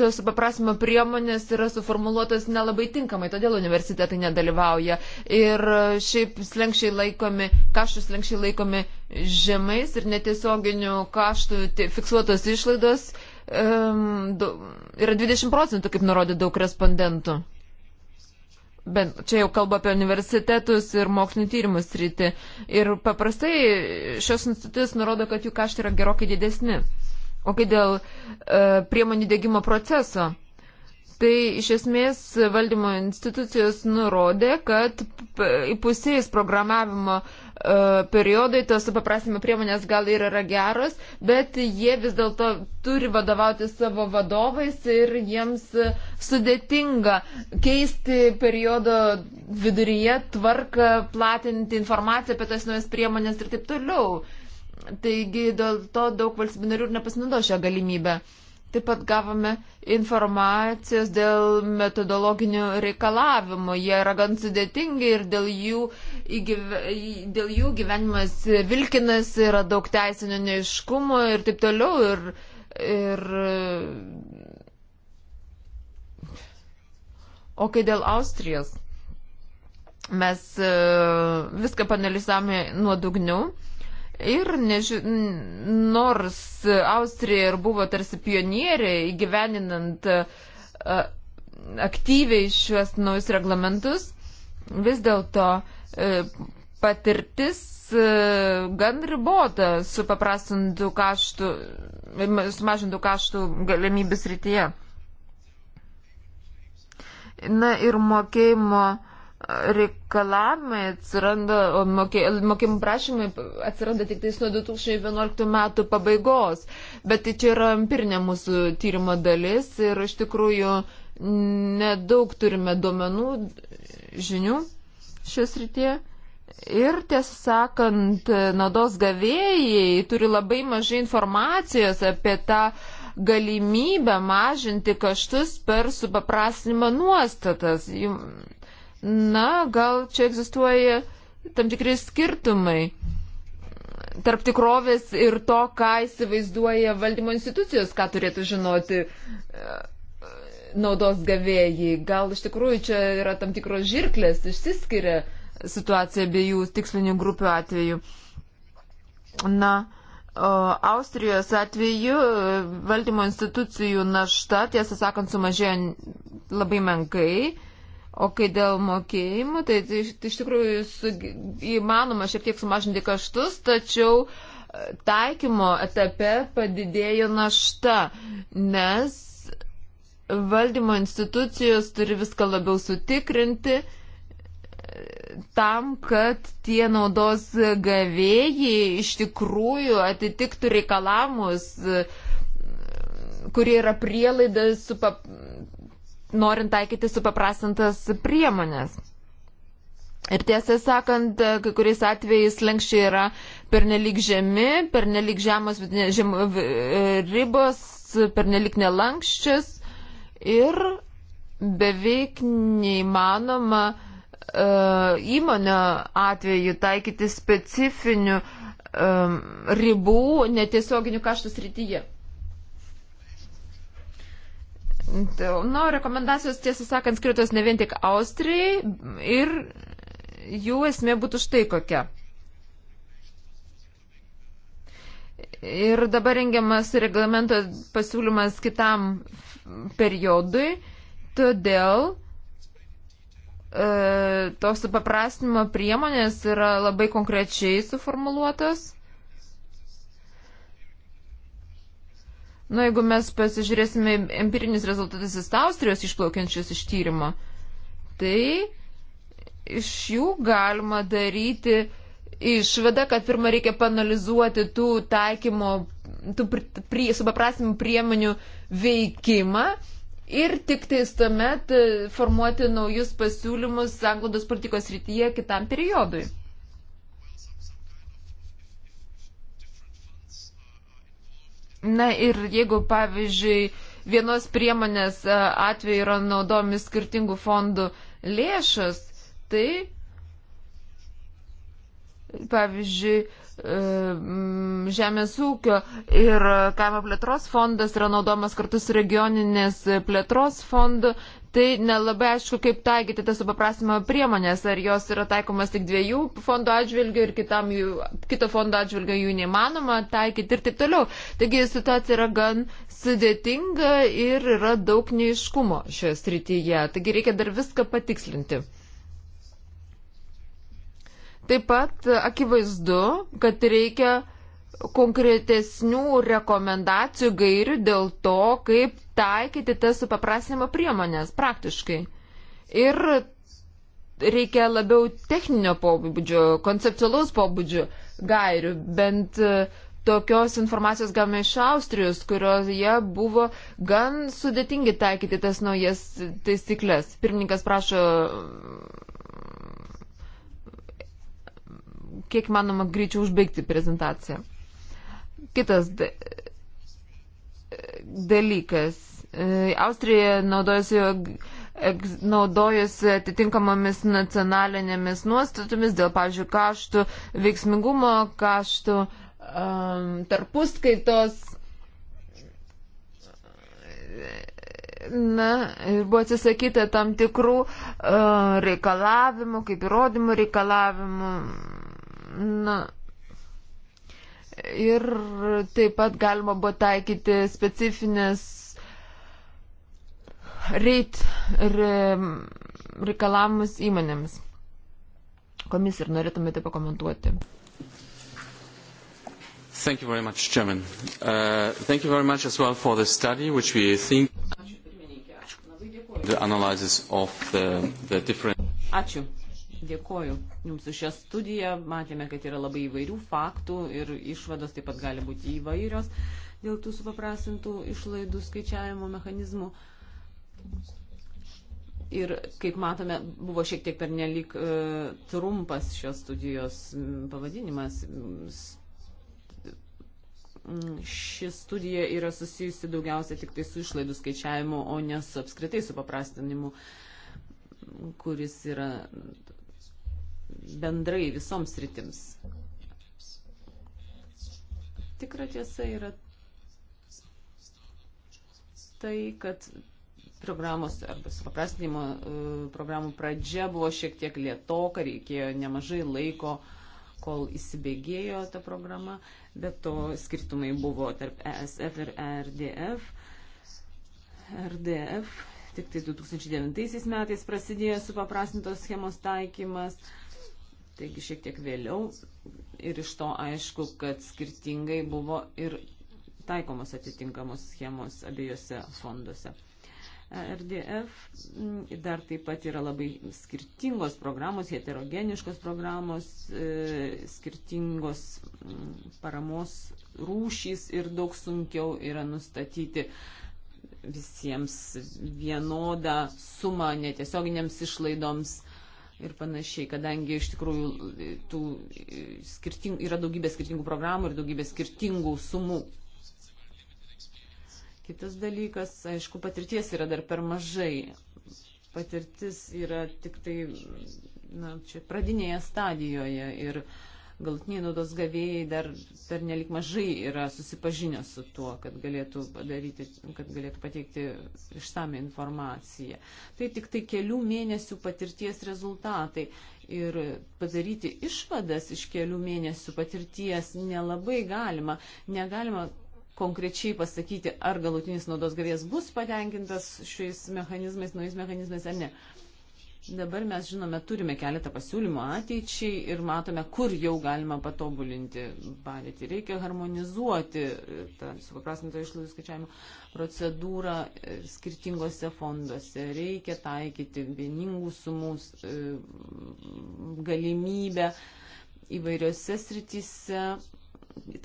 tos supaprasimo priemonės yra suformuoluotos nelabai tinkamai, todėl universitetai nedalyvauja. Ir šiaip slengščiai laikomi, kaštų slengščiai laikomi žemais ir netiesioginių kaštų fiksuotos išlaidos um, yra 20 procentų, kaip nurodė daug respondentų bet čia jau kalba apie universitetus ir mokslinio tyrimų sritį. Ir paprastai šios institucijos nurodo, kad jų kaštai yra gerokai didesni. O kai dėl e, priemonių dėgymo proceso, tai iš esmės valdymo institucijos nurodė, kad įpusėjus programavimo e, periodai tos supaprastinimo priemonės gal ir yra geros, bet jie vis dėlto turi vadovauti savo vadovais ir jiems sudėtinga keisti periodo viduryje tvarką, platinti informaciją apie tas naujas priemonės ir taip toliau. Taigi dėl to daug valstybinarių ir nepasinaudo šią galimybę. Uh, Taip pat gavome informacijos dėl metodologinių reikalavimų. Jie yra gan sudėtingi ir dėl jų, įgyve, dėl jų gyvenimas vilkinas, yra daug teisinio neiškumo ir taip toliau. Ir, ir... O kai dėl Austrijos, mes e, viską panalizavome nuodugniau. Ir neži... nors Austrija ir buvo tarsi pionierė įgyveninant aktyviai šiuos naujus reglamentus, vis dėlto e, patirtis e, gan ribota su paprastintų kaštų, sumažintų kaštų galimybės rytyje. Na ir mokėjimo reikalavimai atsiranda, mokymų prašymai atsiranda tik tais nuo 2011 metų pabaigos. Bet tai čia yra empirinė mūsų tyrimo dalis ir iš tikrųjų nedaug turime duomenų, žinių šios rytie. Ir tiesą sakant, naudos gavėjai turi labai mažai informacijos apie tą galimybę mažinti kaštus per supaprastinimą nuostatas. Jums Na, gal čia egzistuoja tam tikri skirtumai tarp tikrovės ir to, ką įsivaizduoja valdymo institucijos, ką turėtų žinoti e, naudos gavėjai. Gal iš tikrųjų čia yra tam tikros žirklės, išsiskiria situacija abiejų tikslinių grupių atveju. Na, o Austrijos atveju e, valdymo institucijų našta, tiesą sakant, sumažėjo labai menkai O kai dėl mokėjimų, tai, tai, tai iš tikrųjų su, įmanoma šiek tiek sumažinti kaštus, tačiau e, taikymo etape padidėjo našta, nes valdymo institucijos turi viską labiau sutikrinti e, tam, kad tie naudos gavėjai iš tikrųjų atitiktų reikalavimus, e, kurie yra prielaida su pap norint taikyti supaprastintas priemonės. Ir tiesą sakant, kai kuriais atvejais lenkščiai yra pernelyg žemi, pernelyg žemos žem, e, ribos, pernelyg nelankščios ir beveik neįmanoma uh, įmonio atveju taikyti specifinių um, ribų netiesioginių kaštų srityje. Nu, rekomendacijos, tiesą sakant, skirtos ne vien tik Austrijai ir jų esmė būtų štai kokia. Ir dabar rengiamas reglamento pasiūlymas kitam periodui, todėl e, tos supaprastinimo priemonės yra labai konkrečiai suformuluotos. Nu, jeigu mes pasižiūrėsime empirinis rezultatas iš Austrijos išplaukiančius iš tyrimo, tai iš jų galima daryti išvadą, kad pirmą reikia panalizuoti tų taikymo, tų prie, supaprasimų priemonių veikimą ir tik tais tuomet e, formuoti naujus pasiūlymus anglodos politikos rytyje kitam periodui. Na ir jeigu, pavyzdžiui, vienos priemonės e, atveju yra naudomi skirtingų fondų lėšas, tai, pavyzdžiui, e, Žemės ūkio ir kaimo plėtros fondas yra naudomas kartu su regioninės plėtros fondu tai nelabai aišku, kaip taikyti tas supaprastinimo priemonės, ar jos yra taikomas tik dviejų fondo atžvilgių ir kitam jų, kito fondo atžvilgių jų neįmanoma taikyti ir taip toliau. Taigi situacija yra gan sudėtinga ir yra daug neiškumo šioje srityje, taigi reikia dar viską patikslinti. Taip pat akivaizdu, kad reikia konkretesnių rekomendacijų gairių dėl to, kaip taikyti tas supaprastinimo priemonės praktiškai. Ir reikia labiau techninio pobūdžio, konceptualaus pobūdžio gairių, bent e, tokios informacijos gavome iš Austrijos, kurioje buvo gan sudėtingi taikyti tas naujas taisyklės. Pirmininkas prašo, kiek manoma, greičiau užbaigti prezentaciją. Kitas dalykas. E, Austrija naudojasi, naudojasi atitinkamomis nacionalinėmis nuostatomis dėl, pavyzdžiui, kaštų, veiksmingumo kaštų, um, tarpuskaitos. Na, ir buvo atsisakyta tam tikrų uh, reikalavimų, kaip įrodymų reikalavimų. Na, Ir taip pat galima buvo taikyti specifinės reit re, reikalavimus įmonėms. Komisija, ar norėtumėte pakomentuoti? Thank you very much, Chairman. Uh, thank you very much as well for the study, which we think analyzes of the, the different. Ačiū Dėkoju Jums už šią studiją. Matėme, kad yra labai įvairių faktų ir išvados taip pat gali būti įvairios dėl tų supaprastintų išlaidų skaičiavimo mechanizmų. Ir, kaip matome, buvo šiek tiek pernelik e, trumpas šios studijos pavadinimas. Ši studija yra susijusi daugiausia tik tai su išlaidų skaičiavimu, o ne su apskritai su paprastinimu kuris yra bendrai visoms rytims. Tikra tiesa yra tai, kad programos arba supaprastinimo e, programų pradžia buvo šiek tiek lėtoka, reikėjo nemažai laiko, kol įsibėgėjo ta programa, bet to skirtumai buvo tarp ESF ir e RDF. E RDF tik tai 2009 metais prasidėjo supaprastintos schemos taikymas, taigi šiek tiek vėliau. Ir iš to aišku, kad skirtingai buvo ir taikomos atitinkamos schemos abiejose fonduose. RDF mm, dar taip pat yra labai skirtingos programos, heterogeniškos programos, e, skirtingos mm, paramos rūšys ir daug sunkiau yra nustatyti visiems vienodą sumą netiesioginiams išlaidoms ir panašiai, kadangi iš tikrųjų e, tų e, skirting, yra daugybė skirtingų programų ir daugybė skirtingų sumų. Kitas dalykas, aišku, patirties yra dar per mažai. Patirtis yra tik tai na, čia pradinėje stadijoje ir uh, galutiniai naudos gavėjai dar per nelik mažai yra susipažinę su tuo, kad galėtų, padaryti, kad galėtų pateikti išsame informaciją. Tai tik tai kelių mėnesių patirties rezultatai ir padaryti išvadas iš kelių mėnesių patirties nelabai galima. Negalima konkrečiai pasakyti, ar galutinis naudos gavėjas bus patenkintas šiais mechanizmais, naujais mechanizmais ar ne. Uh, Dabar mes žinome, turime keletą pasiūlymų ateičiai ir matome, kur jau galima patobulinti padėtį. Reikia harmonizuoti e, tą supaprastintą išlaidų skaičiavimo procedūrą e, skirtingose fonduose. Reikia taikyti vieningų sumų e, galimybę įvairiose srityse,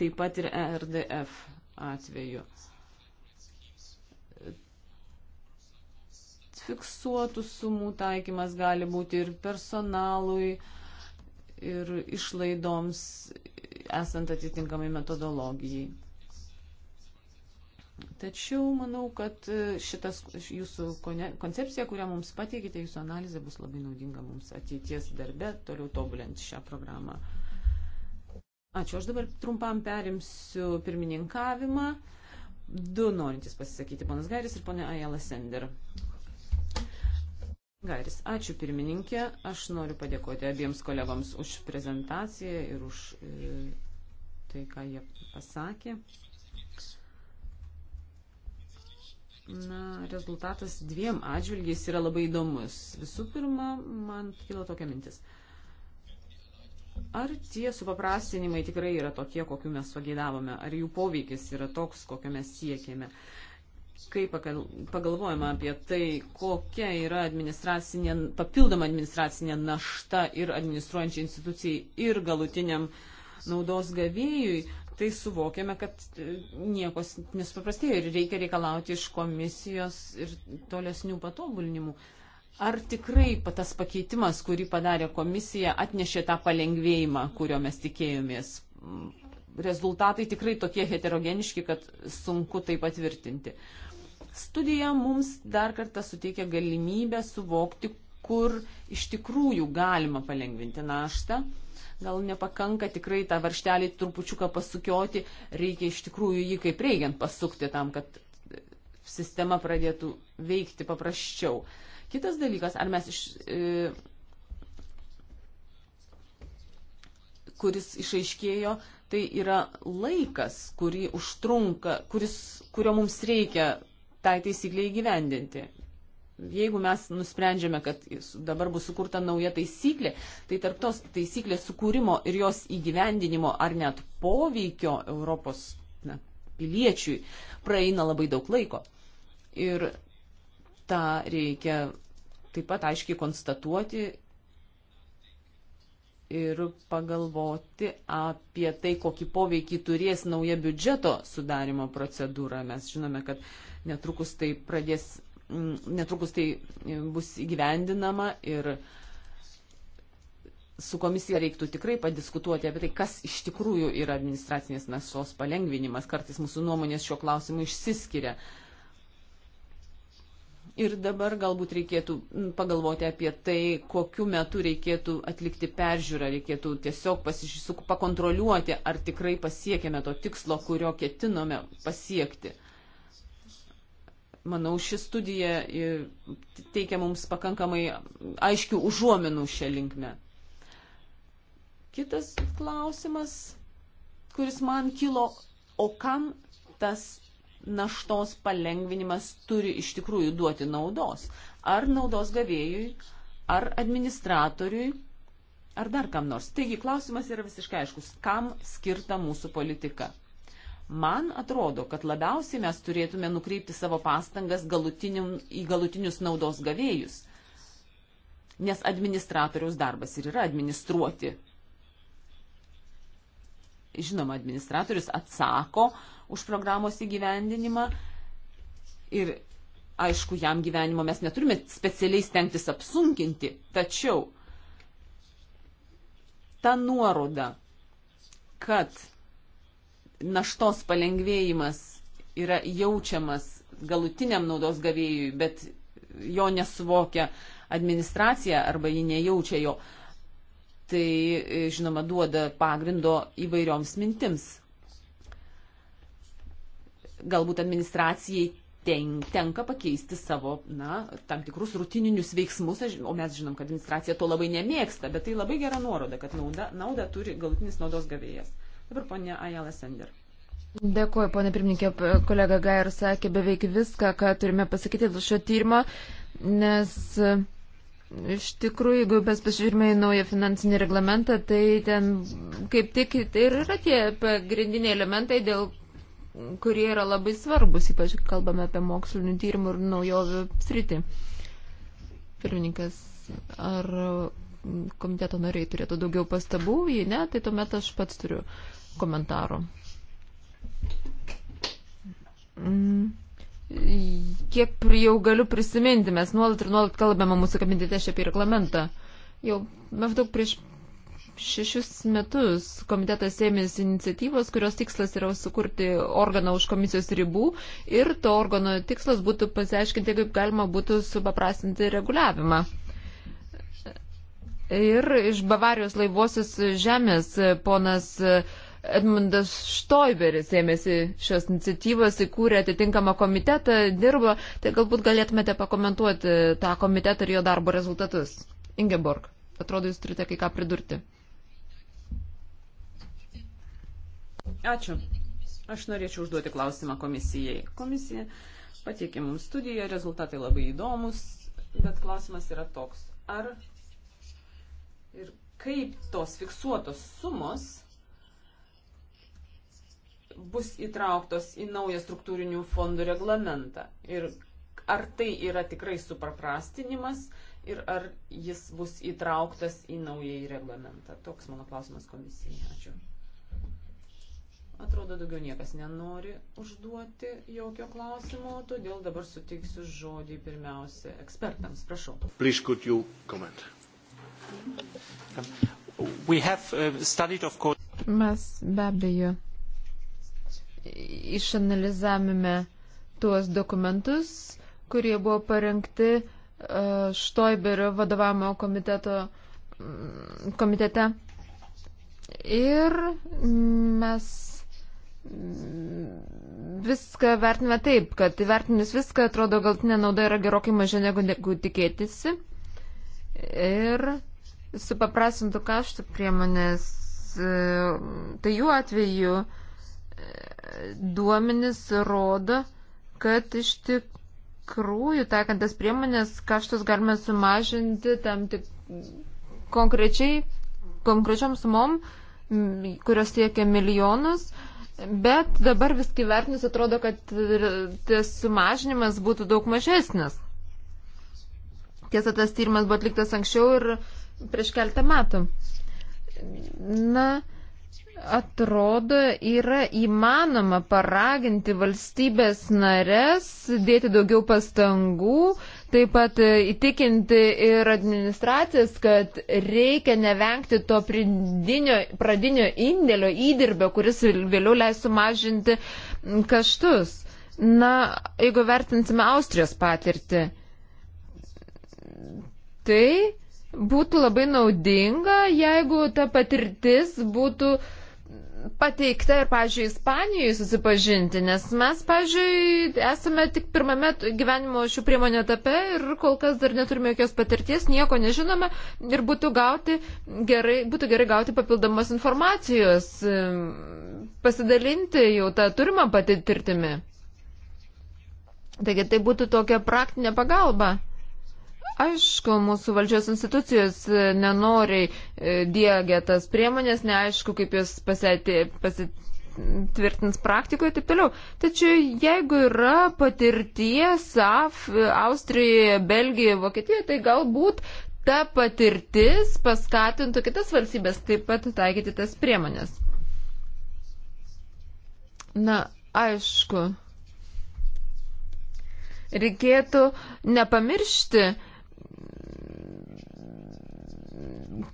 taip pat ir ERDF atveju. fiksuotų sumų taikymas gali būti ir personalui, ir išlaidoms esant atitinkamai metodologijai. Tačiau manau, kad šitas jūsų koncepcija, kurią mums pateikite, jūsų analizė bus labai naudinga mums ateities darbe, toliau tobulint šią programą. Ačiū, aš dabar trumpam perimsiu pirmininkavimą. Du norintys pasisakyti, ponas Gairis ir ponė Ajala Sender. Gairis, ačiū pirmininkė. Aš noriu padėkoti abiems kolegoms už prezentaciją ir už e, tai, ką jie pasakė. Na, rezultatas dviem atžvilgiais yra labai įdomus. Visų pirma, man kilo tokia mintis. Ar tie supaprastinimai tikrai yra tokie, kokiu mes pagėdavome, ar jų poveikis yra toks, kokio mes siekėme? kai pagalvojama apie tai, kokia yra administracinė, papildoma administracinė našta ir administruojančiai institucijai ir galutiniam naudos gavėjui, tai suvokiame, kad e, niekos nesuprastėjo ir reikia reikalauti iš komisijos ir tolesnių patobulinimų. Ar tikrai tas pakeitimas, kurį padarė komisija, atnešė tą palengvėjimą, kurio mes tikėjomės rezultatai tikrai tokie heterogeniški, kad sunku tai patvirtinti. Studija mums dar kartą suteikia galimybę suvokti, kur iš tikrųjų galima palengvinti naštą. Gal nepakanka tikrai tą varštelį trupučiuką pasukioti, reikia iš tikrųjų jį kaip reikiant pasukti tam, kad sistema pradėtų veikti paprasčiau. Kitas dalykas, ar mes iš. E, kuris išaiškėjo, Tai yra laikas, kurį užtrunka, kuris, kurio mums reikia tai taisyklė įgyvendinti. Jeigu mes nusprendžiame, kad dabar bus sukurta nauja taisyklė, tai tarp tos taisyklės sukūrimo ir jos įgyvendinimo ar net poveikio Europos na, piliečiui praeina labai daug laiko. Ir tą reikia taip pat aiškiai konstatuoti ir pagalvoti apie tai, kokį poveikį turės nauja biudžeto sudarimo procedūra. Mes žinome, kad netrukus tai pradės, mm, netrukus tai e, bus įgyvendinama ir su komisija reiktų tikrai padiskutuoti apie tai, kas iš tikrųjų yra administracinės naštos palengvinimas. Kartais mūsų nuomonės šiuo klausimu išsiskiria. Uh, Ir dabar galbūt reikėtų mm, pagalvoti apie tai, kokiu metu reikėtų atlikti peržiūrą, reikėtų tiesiog pasižiūrėti, pakontroliuoti, ar tikrai pasiekėme to tikslo, kurio ketinome pasiekti. Manau, ši studija teikia mums pakankamai aiškių užuominų šią linkmę. Kitas klausimas, kuris man kilo, o kam tas naštos palengvinimas turi iš tikrųjų duoti naudos. Ar naudos gavėjui, ar administratoriui, ar dar kam nors. Taigi klausimas yra visiškai aiškus, kam skirta mūsų politika. Man atrodo, kad labiausiai mes turėtume nukreipti savo pastangas į galutinius naudos gavėjus, nes administratoriaus darbas ir yra administruoti. Žinoma, administratorius atsako uh, už programos įgyvendinimą. Ir aišku, jam gyvenimo mes neturime specialiai stengtis apsunkinti, tačiau ta nuoroda, kad naštos palengvėjimas yra jaučiamas galutiniam naudos gavėjui, bet jo nesuvokia administracija arba ji nejaučia jo, tai žinoma duoda pagrindo įvairioms mintims galbūt administracijai tenka pakeisti savo, na, tam tikrus rutininius veiksmus, o mes žinom, kad administracija to labai nemėgsta, bet tai labai gera nuoroda, kad nauda, nauda turi galutinis naudos gavėjas. Dabar ponė Ajala Sender. Dėkuoju, ponė pirmininkė, kolega Gair sakė beveik viską, ką turime pasakyti dėl šio tyrimo, nes e, iš tikrųjų, jeigu mes pasižiūrime į naują finansinį reglamentą, tai ten kaip tik tai ir yra tie pagrindiniai elementai, dėl kurie yra labai svarbus, ypač kalbame apie mokslinių tyrimų ir naujovių sritį. Pirmininkas, ar komiteto nariai turėtų daugiau pastabų, jei ne, tai tuomet aš pats turiu komentaro. Mm, kiek jau galiu prisiminti, mes nuolat ir nuolat kalbame mūsų kabinete apie reglamentą. Jau maždaug prieš šešius metus komitetas ėmėsi iniciatyvos, kurios tikslas yra sukurti organą už komisijos ribų ir to organo tikslas būtų pasiaiškinti, kaip galima būtų supaprastinti reguliavimą. Ir iš Bavarijos laivosios žemės ponas Edmundas Štoiberis ėmėsi šios iniciatyvos, įkūrė atitinkamą komitetą, dirbo. Tai galbūt galėtumėte pakomentuoti tą komitetą ir jo darbo rezultatus. Ingeborg atrodo, jūs turite kai ką pridurti. Ačiū. Aš norėčiau užduoti klausimą komisijai. Komisija pateikė mums studiją, rezultatai labai įdomus, bet klausimas yra toks. Ar ir kaip tos fiksuotos sumos bus įtrauktos į naują struktūrinių fondų reglamentą? Ir ar tai yra tikrai supaprastinimas ir ar jis bus įtrauktas į naująjį reglamentą? Toks mano klausimas komisijai. Ačiū. Atrodo, daugiau niekas nenori užduoti jokio klausimo, todėl dabar sutiksiu žodį pirmiausia ekspertams. Prašau. Please could you comment? We have uh, studied, of course. Mes be abejo išanalizavome tuos dokumentus, kurie buvo parengti uh, Štoiberio vadovavimo komiteto, mm, komitete. Ir mes viską vertiname taip, kad įvertinus viską, atrodo, galtinė nauda yra gerokai mažiau negu, negu tikėtisi. Ir supaprasintų kaštų priemonės, e, tai jų atveju e, duomenys rodo, kad iš tikrųjų taikantas priemonės kaštus galime sumažinti tam tik konkrečiai, konkrečiom sumom, kurios siekia milijonus. Uh, Bet dabar viskai vertinus atrodo, kad tas sumažinimas būtų daug mažesnis. Tiesa, tas tyrimas buvo atliktas anksčiau ir prieš keltą metų. Na, atrodo, yra įmanoma paraginti valstybės narės dėti daugiau pastangų, uh, taip pat e, įtikinti ir administracijas, kad reikia nevengti to pridinio, pradinio indėlio įdirbio, kuris vėliau leis sumažinti kaštus. Na, jeigu vertinsime Austrijos patirtį, tai būtų labai naudinga, jeigu ta patirtis būtų uh, pateikta ir, pažiūrėjau, Ispanijoje susipažinti, nes mes, pažiūrėjau, esame tik pirmame gyvenimo šių priemonių etape ir kol kas dar neturime jokios patirties, nieko nežinome ir būtų, gauti, gerai, būtų gerai gauti papildomos informacijos, pasidalinti jau tą turimą patirtimi. Taigi tai būtų tokia praktinė pagalba. Aišku, mūsų valdžios institucijos e, nenori e, diegia tas priemonės, neaišku, kaip jos pasitvirtins praktikoje ir taip toliau. Tačiau jeigu yra patirties AF, Austrijoje, Belgijoje, Vokietijoje, tai galbūt ta patirtis paskatintų kitas valstybės taip pat taikyti tas priemonės. Na, aišku. Reikėtų nepamiršti,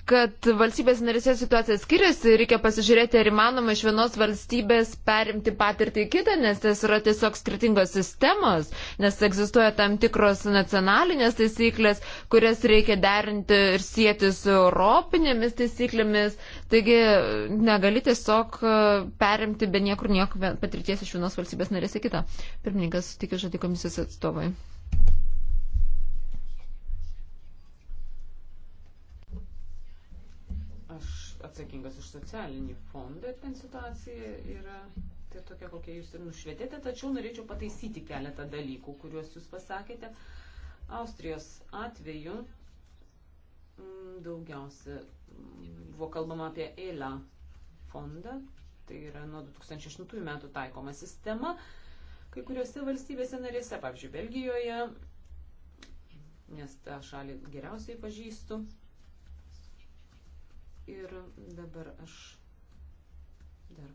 kad valstybės narėse situacija skiriasi, reikia pasižiūrėti, ar įmanoma iš vienos valstybės perimti patirtį į kitą, nes tas yra tiesiog skirtingos sistemos, nes egzistuoja tam tikros nacionalinės taisyklės, kurias reikia derinti ir sieti su europinėmis taisyklėmis. Taigi negali tiesiog e, perimti be niekur nieko patirties iš vienos valstybės narės į kitą. Pirmininkas sutikė žodį komisijos atstovai. atsakingas už socialinį fondą ir ten situacija yra tai tokia, kokia jūs ir nušvietėte, tačiau norėčiau pataisyti keletą dalykų, kuriuos jūs pasakėte. Austrijos atveju mm, daugiausia mm, buvo kalbama apie ELA fondą, tai yra nuo 2008 metų taikoma sistema. Kai kuriuose valstybėse narėse, pavyzdžiui, Belgijoje, nes tą šalį geriausiai pažįstu, Ir dabar aš dar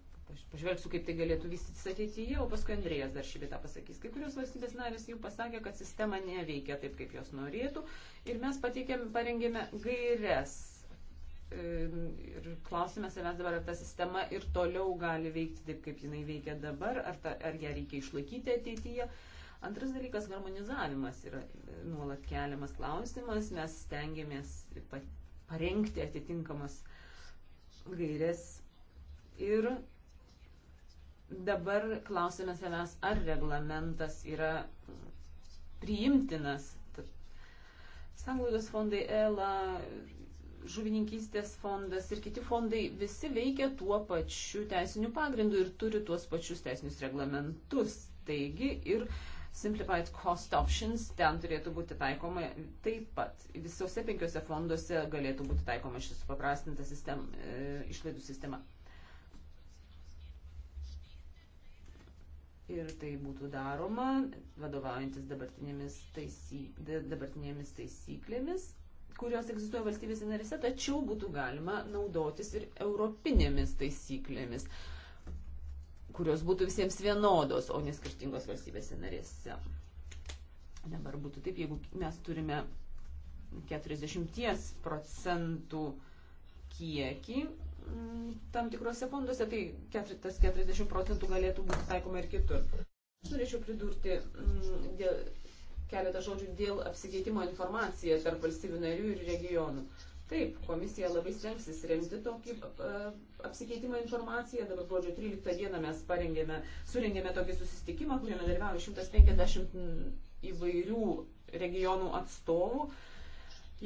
pažvelgsiu, kaip tai galėtų vystytis ateityje, o paskui Andrėjas dar šį bitą pasakys. Kai kurios valstybės narės jau pasakė, kad sistema neveikia taip, kaip jos norėtų. Ir mes pateikėm, parengėme gairias. E, ir klausime savęs dabar, ar ta sistema ir toliau gali veikti taip, kaip jinai veikia dabar, ar, ta, ar ją reikia išlaikyti ateityje. Antras dalykas - harmonizavimas yra nuolat keliamas klausimas. Mes stengiamės pat parengti atitinkamas gairės. Ir dabar klausime savęs, ar reglamentas yra priimtinas. Sanglaudos fondai ELA, žuvininkystės fondas ir kiti fondai visi veikia tuo pačiu teisiniu pagrindu ir turi tuos pačius teisinius reglamentus. Taigi ir uh, Simplified Cost Options, ten turėtų būti taikoma taip pat. Visose penkiose fonduose galėtų būti taikoma šis supaprastinta sistem, e, išlaidų sistema. Ir tai būtų daroma vadovaujantis dabartinėmis, taisy, dabartinėmis taisyklėmis, kurios egzistuoja valstybėse narise, tačiau būtų galima naudotis ir europinėmis taisyklėmis. E, kurios būtų visiems vienodos, o neskirtingos valstybėse narėse. Dabar būtų taip, jeigu mes turime 40 procentų kiekį mm, tam tikrose fonduose, tai tas 40 procentų galėtų būti taikoma ir kitur. Aš norėčiau pridurti mm, dėl, keletą žodžių dėl apsikeitimo informaciją tarp valstybių narių ir regionų. Taip, komisija labai stengsis remti tokį e, apsikeitimą informaciją. Dabar gruodžio 13 dieną mes parengėme, surengėme tokį susitikimą, kuriame dalyvavo 150 įvairių regionų atstovų.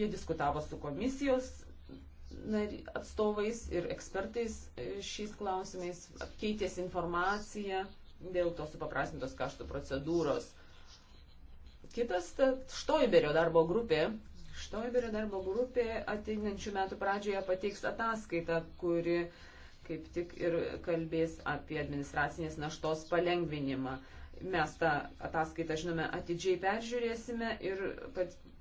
Jie diskutavo su komisijos atstovais ir ekspertais e, šiais klausimais, keitėsi informacija dėl tos supaprastintos kaštų procedūros. Kitas ta, Štoiberio darbo grupė, Štoiberio darbo grupė ateinančių metų pradžioje pateiks ataskaitą, kuri kaip tik ir kalbės apie administracinės naštos palengvinimą. Mes tą ataskaitą, žinome, atidžiai peržiūrėsime ir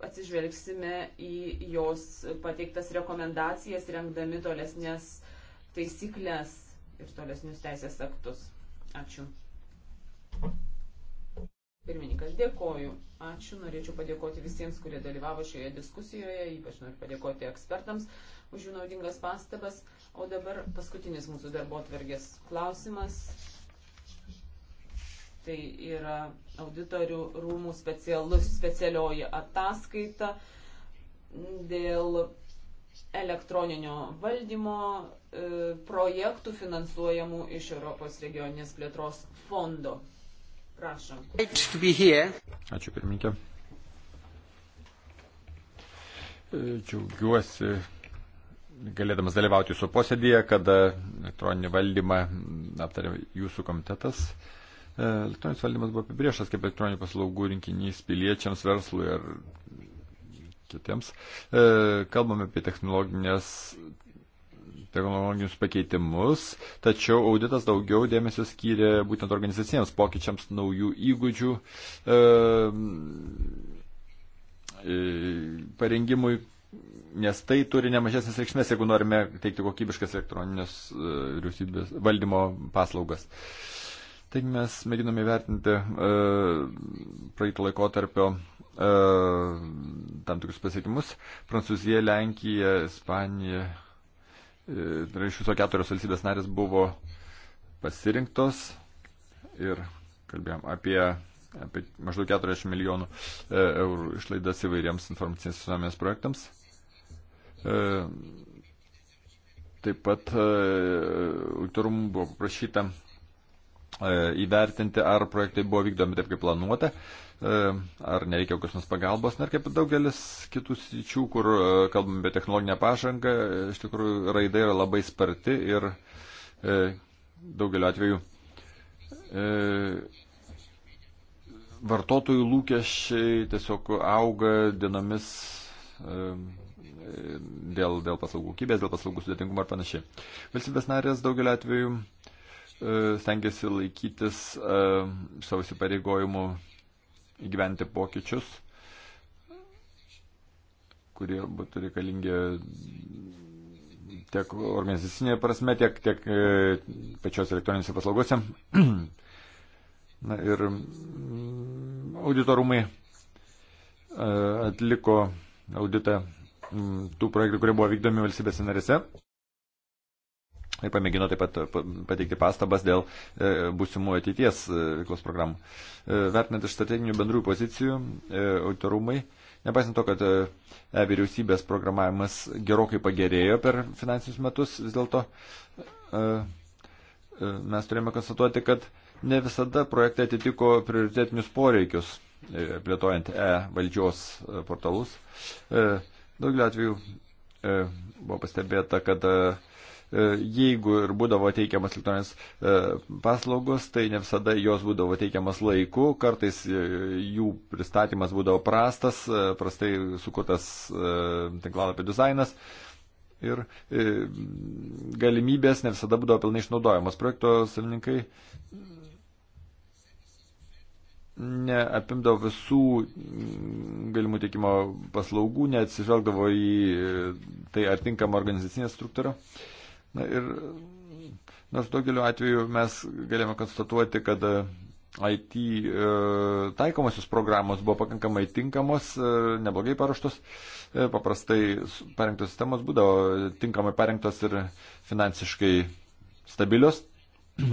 atsižvelgsime į jos pateiktas rekomendacijas, rengdami tolesnės taisyklės ir tolesnius teisės aktus. Ačiū. Pirmininkas, dėkoju. Ačiū, norėčiau padėkoti visiems, kurie dalyvavo šioje diskusijoje, ypač noriu padėkoti ekspertams už jų naudingas pastabas. O dabar paskutinis mūsų darbo atvergės klausimas. Tai yra auditorių rūmų specialus, specialioji ataskaita dėl elektroninio valdymo e, projektų finansuojamų iš Europos regioninės plėtros fondo. Prašom. Ačiū pirmininkė. E, džiaugiuosi galėdamas dalyvauti jūsų posėdėje, kada elektroninį valdymą aptarė jūsų komitetas. E, elektroninis valdymas buvo apibriešas kaip elektroninių paslaugų rinkinys piliečiams, verslui ir kitiems. E, kalbame apie technologinės technologinius pakeitimus, tačiau auditas daugiau dėmesio skyrė būtent organizaciniams pokyčiams, naujų įgūdžių e, e parengimui, nes tai turi nemažesnės reikšmės, jeigu norime teikti kokybiškas elektroninės e, vyriausybės valdymo paslaugas. Taip mes mėginame įvertinti e, praeitą laikotarpio e, tam tikrus pasiekimus. Prancūzija, Lenkija, Ispanija, Tai iš viso keturios valstybės narės buvo pasirinktos ir kalbėjom apie, apie maždaug 40 milijonų e, eurų išlaidas įvairiems informacinės visuomenės projektams. E, taip pat e, auditorumų buvo paprašyta įvertinti, ar projektai buvo vykdomi taip, kaip planuota. E, ar nereikia kokios nors pagalbos, na ir kaip daugelis kitų sričių, kur e, kalbame apie technologinę pažangą, e, iš tikrųjų raida yra labai sparti ir daugeliu atveju vartotojų lūkesčiai tiesiog auga dienomis dėl, dėl paslaugų kokybės, dėl paslaugų sudėtingumo ir panašiai. Valstybės narės daugeliu atveju stengiasi laikytis savo įsipareigojimų įgyventi pokyčius, kurie būtų reikalingi tiek organizacinėje prasme, tiek, tiek e, pačios elektroninėse paslaugose. Na ir mm, auditorumai e, atliko auditą mm, tų projektų, kurie buvo vykdomi valstybėse narėse ir pamėgino taip pat pateikti pastabas dėl e, būsimų ateities e, veiklos programų. E, vertinant iš strateginių bendrų pozicijų, auditorumai, nepaisant to, kad vyriausybės programavimas gerokai pagerėjo per finansinius metus, vis dėlto mes turėjome konstatuoti, kad ne visada projektai atitiko prioritetinius poreikius, plėtojant e valdžios portalus. Daugelio atveju buvo pastebėta, kad uh, E, jeigu ir būdavo teikiamas elektroninės e, paslaugos, tai ne visada jos būdavo teikiamas laiku, kartais e, jų pristatymas būdavo prastas, prastai sukurtas tinklalapio dizainas. Ir galimybės ne visada būdavo pilnai išnaudojamos. Projekto savininkai neapimdavo visų galimų teikimo paslaugų, neatsižvelgdavo į tai ar tinkama organizacinė struktūra. Uh, Na ir nors daugeliu atveju mes galime konstatuoti, kad e, IT e, taikomosios programos buvo pakankamai tinkamos, e, neblogai paruoštos. Paprastai parengtos sistemos būdavo tinkamai parengtos ir finansiškai stabilios.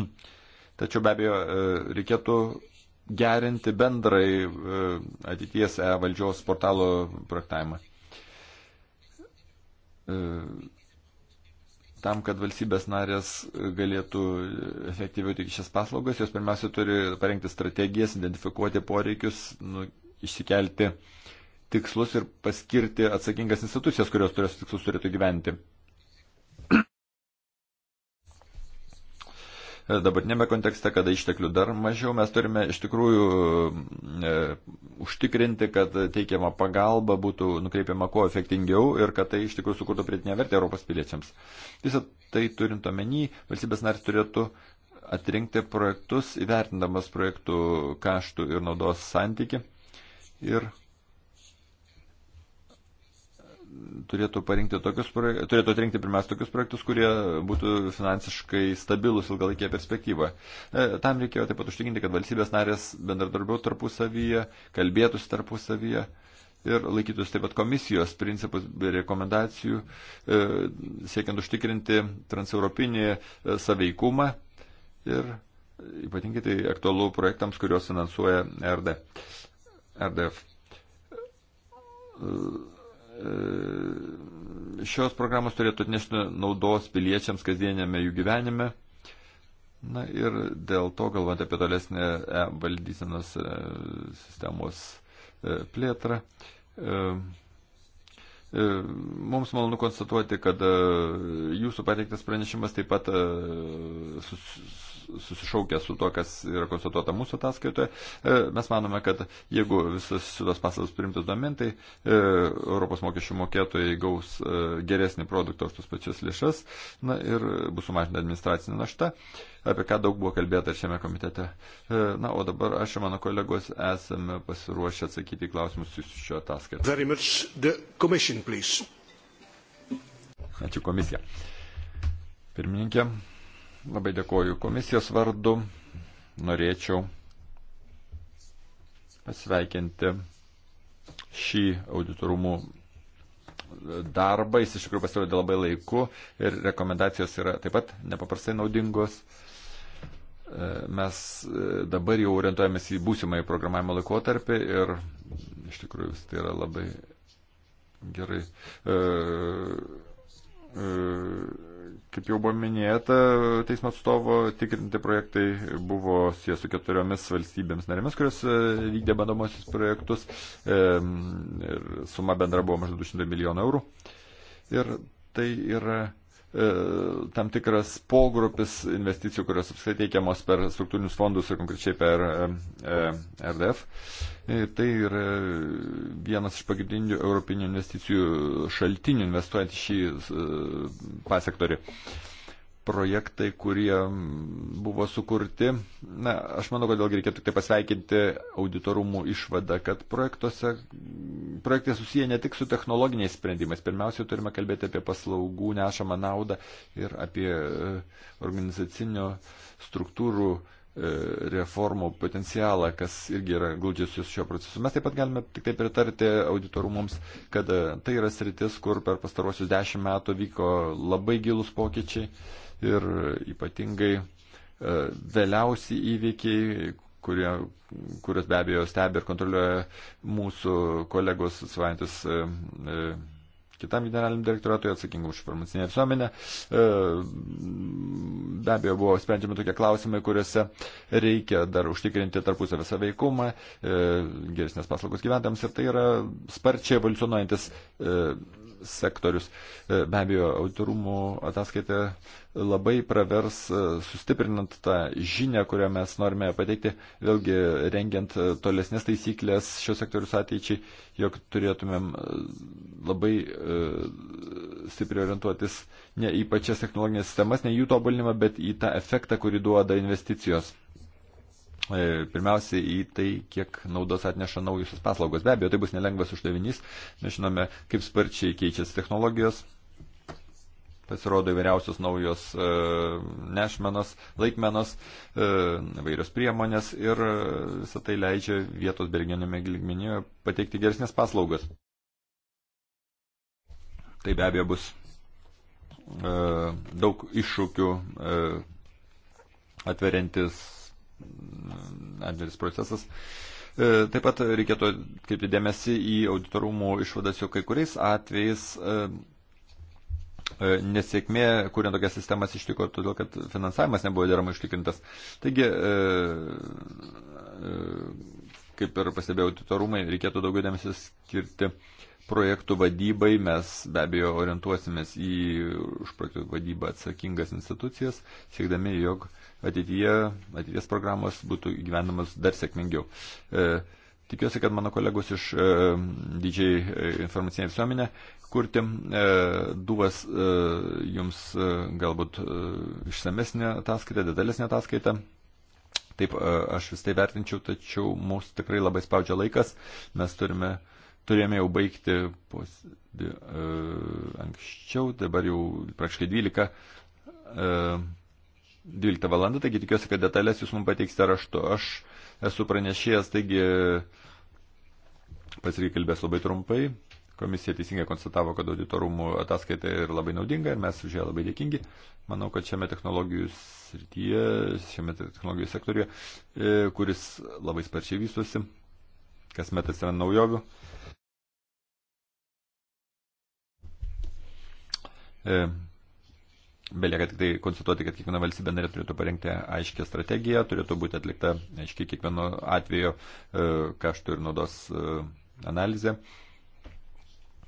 Tačiau be abejo reikėtų gerinti bendrai ateities e valdžios portalo projektavimą tam, kad valstybės narės galėtų efektyviau teikti šias paslaugas, jos pirmiausia turi parengti strategijas, identifikuoti poreikius, nu, išsikelti tikslus ir paskirti atsakingas institucijas, kurios turės tikslus turėtų gyventi. dabartinėme kontekste, kada išteklių dar mažiau, mes turime iš tikrųjų e, užtikrinti, kad teikiama pagalba būtų nukreipiama kuo efektingiau ir kad tai iš tikrųjų sukurtų pridėtinę vertę Europos piliečiams. Visą tai turint omeny, valstybės narys turėtų atrinkti projektus, įvertindamas projektų kaštų ir naudos santyki. Ir turėtų parinkti tokius projektus, turėtų atrinkti pirmiausia tokius projektus, kurie būtų finansiškai stabilus ilgalaikėje perspektyvoje. E, tam reikėjo taip pat užtikinti, kad valstybės narės bendradarbiau tarpusavyje, kalbėtųsi tarpusavyje ir laikytųsi taip pat komisijos principus bei rekomendacijų, e, siekiant užtikrinti transeuropinį e, saveikumą ir ypatingai tai aktualu projektams, kuriuos finansuoja RD. RDF E, šios programos turėtų atnešti naudos piliečiams kasdienėme jų gyvenime. Na ir dėl to, galvant apie tolesnę e valdysenos e, sistemos e, plėtrą, mums malonu konstatuoti, kad jūsų pateiktas pranešimas taip pat susišaukia su to, kas yra konstatuota mūsų ataskaitoje. E, mes manome, kad jeigu visas šitas paslaugas primtas domen, tai e, Europos mokesčių mokėtojai gaus e, geresnį produktą už tos pačias lėšas na, ir bus sumažinta administracinė našta, apie ką daug buvo kalbėta ir šiame komitete. Na, o dabar aš ir mano kolegos esame pasiruošę atsakyti į klausimus jūsų šio ataskaitoje. Ačiū komisija. Pirmininkė. Labai dėkoju komisijos vardu. Norėčiau pasveikinti šį auditorumų darbą. Jis iš tikrųjų pasirodė labai laiku ir rekomendacijos yra taip pat nepaprastai naudingos. E, mes e, dabar jau orientuojamės į būsimąjį programavimo laikotarpį ir iš tikrųjų tai yra labai gerai. E, e, Kaip jau buvo minėta, teismo atstovo tikrinti projektai buvo sies su keturiomis valstybėms narėmis, kurios e, vykdė bandomosius projektus ir suma bendra buvo maždaug 200 milijonų eurų. Ir tai yra E, tam tikras pogrupis investicijų, kurios apskritai teikiamos per struktūrinius fondus ir konkrečiai per e, e, RDF. Ir tai yra vienas iš pagrindinių europinių investicijų šaltinių investuojant šį pasektorį. sektorių projektai, kurie buvo sukurti. Na, aš manau, kad vėlgi reikėtų tik tai pasveikinti auditorumų išvadą, kad projektuose, projektai susiję ne tik su technologiniais sprendimais. Pirmiausia, turime kalbėti apie paslaugų nešamą naudą ir apie e, organizacinio struktūrų e, reformų potencialą, kas irgi yra glūdžiai su šio procesu. Mes taip pat galime tik tai pritarti auditorumams, kad e, tai yra sritis, kur per pastarosius dešimt metų vyko labai gilus pokyčiai ir ypatingai e, vėliausi įvykiai, kurie, kurias be abejo stebi ir kontroliuoja mūsų kolegos atsvaijantis e, e, kitam generaliniam direktoratui atsakingam už informacinę visuomenę. Be abejo, buvo sprendžiami tokie klausimai, kuriuose reikia dar užtikrinti tarpusavę saveikumą, geresnės paslaugos gyventams ir tai yra sparčiai evoliucionuojantis sektorius. E, be abejo, auditorumų ataskaita labai pravers e, sustiprinant tą žinę, kurią mes norime pateikti, vėlgi rengiant e, tolesnės taisyklės šios sektorius ateičiai, jog turėtumėm labai stipriai orientuotis ne į pačias technologinės sistemas, ne į jų tobulinimą, bet į tą efektą, kurį duoda investicijos. E, pirmiausia, į tai, kiek naudos atneša naujusios paslaugos. Be abejo, tai bus nelengvas uždavinys. Mes žinome, kaip sparčiai keičiasi technologijos, pasirodo įvairiausios naujos e, nešmenos, laikmenos, e, vairios priemonės ir e, visą tai leidžia vietos bergenėme lygmenyje pateikti geresnės paslaugas. Tai be abejo bus e, daug iššūkių e, atveriantis Andželis procesas. E, taip pat reikėtų kreipti dėmesį į auditorumų išvadas, jog kai kuriais atvejais e, e, nesėkmė, kuriant tokias sistemas ištiko, todėl kad finansavimas nebuvo deramai ištikrintas. Taigi, kaip ir pastebėjau, auditorumai reikėtų daugiau dėmesio skirti projektų vadybai. Mes be abejo orientuosimės į už projektų vadybą atsakingas institucijas, siekdami, jog uh, ateityje, ateities programos būtų gyvenamas dar sėkmingiau. E, Tikiuosi, kad mano kolegos iš e, didžiai e, informacinė visuomenė kurti e, duvas e, jums e, galbūt e, išsamesnė ataskaita, detalesnė ataskaita. Taip, e, aš vis tai vertinčiau, tačiau mūsų tikrai labai spaudžia laikas. Mes turime, turėjome jau baigti pos, e, anksčiau, dabar jau praktiškai 12. E, 12 val. Taigi tikiuosi, kad detalės jūs mums pateiksite raštu. Aš esu pranešėjas, taigi pasirgi kalbės labai trumpai. Komisija teisingai konstatavo, kad auditorumų ataskaita yra labai naudinga ir mes už ją labai dėkingi. Manau, kad šiame technologijų srityje, šiame technologijų sektoriuje, e, kuris labai sparčiai vystosi, kasmet atsiranda naujovių. E, Belieka tik tai konstatuoti, kad kiekviena valstybė narė turėtų parengti aiškę strategiją, turėtų būti atlikta aiškiai kiekvieno atveju e, kaštų ir naudos e, analizė.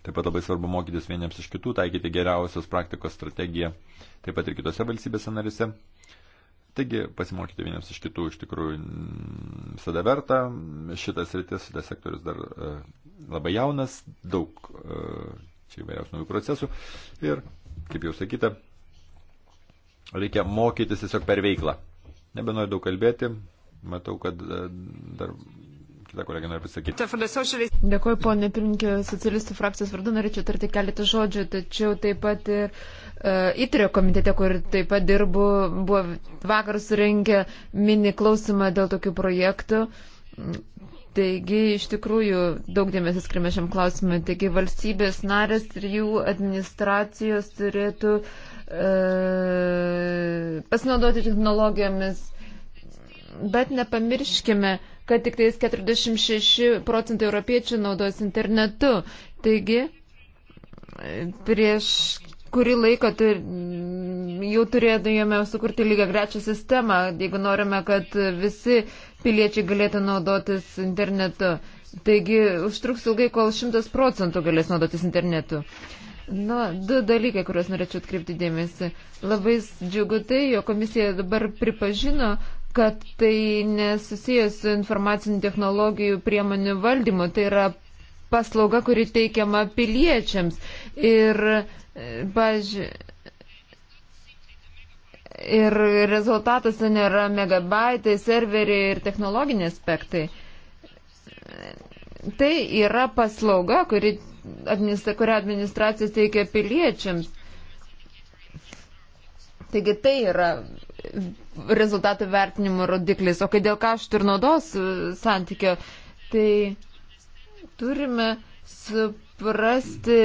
Taip pat labai svarbu mokytis vieniems iš kitų, taikyti geriausios praktikos strategiją, taip pat ir kitose valstybėse narise. Taigi pasimokyti vieniems iš kitų iš tikrųjų mm, visada verta. Šitas rytis, šitas sektorius dar e, labai jaunas, daug e, čia įvairiausių naujų procesų. Ir, kaip jau sakyta, Reikia mokytis tiesiog per veiklą. Nebenoriu daug kalbėti, matau, kad e, dar kitą kolegę noriu pasakyti. Dėkuoju, ponė pirmininkė, socialistų frakcijos vardu norėčiau tarti keletą žodžių, tačiau taip pat ir uh, įtrio komitete, kur taip pat dirbu, buvo vakar surinkę mini klausimą dėl tokių projektų. Taigi, iš tikrųjų, daug dėmesio skiriame šiam klausimui. Taigi, valstybės narės ir jų administracijos turėtų uh, E, pasinaudoti technologijomis. Bet nepamirškime, kad tik tais 46 procentai europiečių naudos internetu. Taigi, prieš kurį laiką tur, jau turėtume sukurti lygią grečią sistemą, jeigu norime, kad visi piliečiai galėtų naudotis internetu. Taigi užtruks ilgai, kol 100 procentų galės naudotis internetu. Uh, Na, du dalykai, kuriuos norėčiau atkreipti dėmesį. Labai džiugu tai, jo komisija dabar pripažino, kad tai nesusijęs su informacinių technologijų priemonių valdymu, tai yra paslauga, kuri teikiama piliečiams. Ir, e, pažiūrėjau, ir rezultatas ten yra megabaitai, serveriai ir technologiniai aspektai. Tai yra paslauga, kuri administra, kurią administracija teikia piliečiams. Taigi tai yra rezultatų vertinimo rodiklis. O kai dėl kaštų ir naudos e, santykio, tai turime suprasti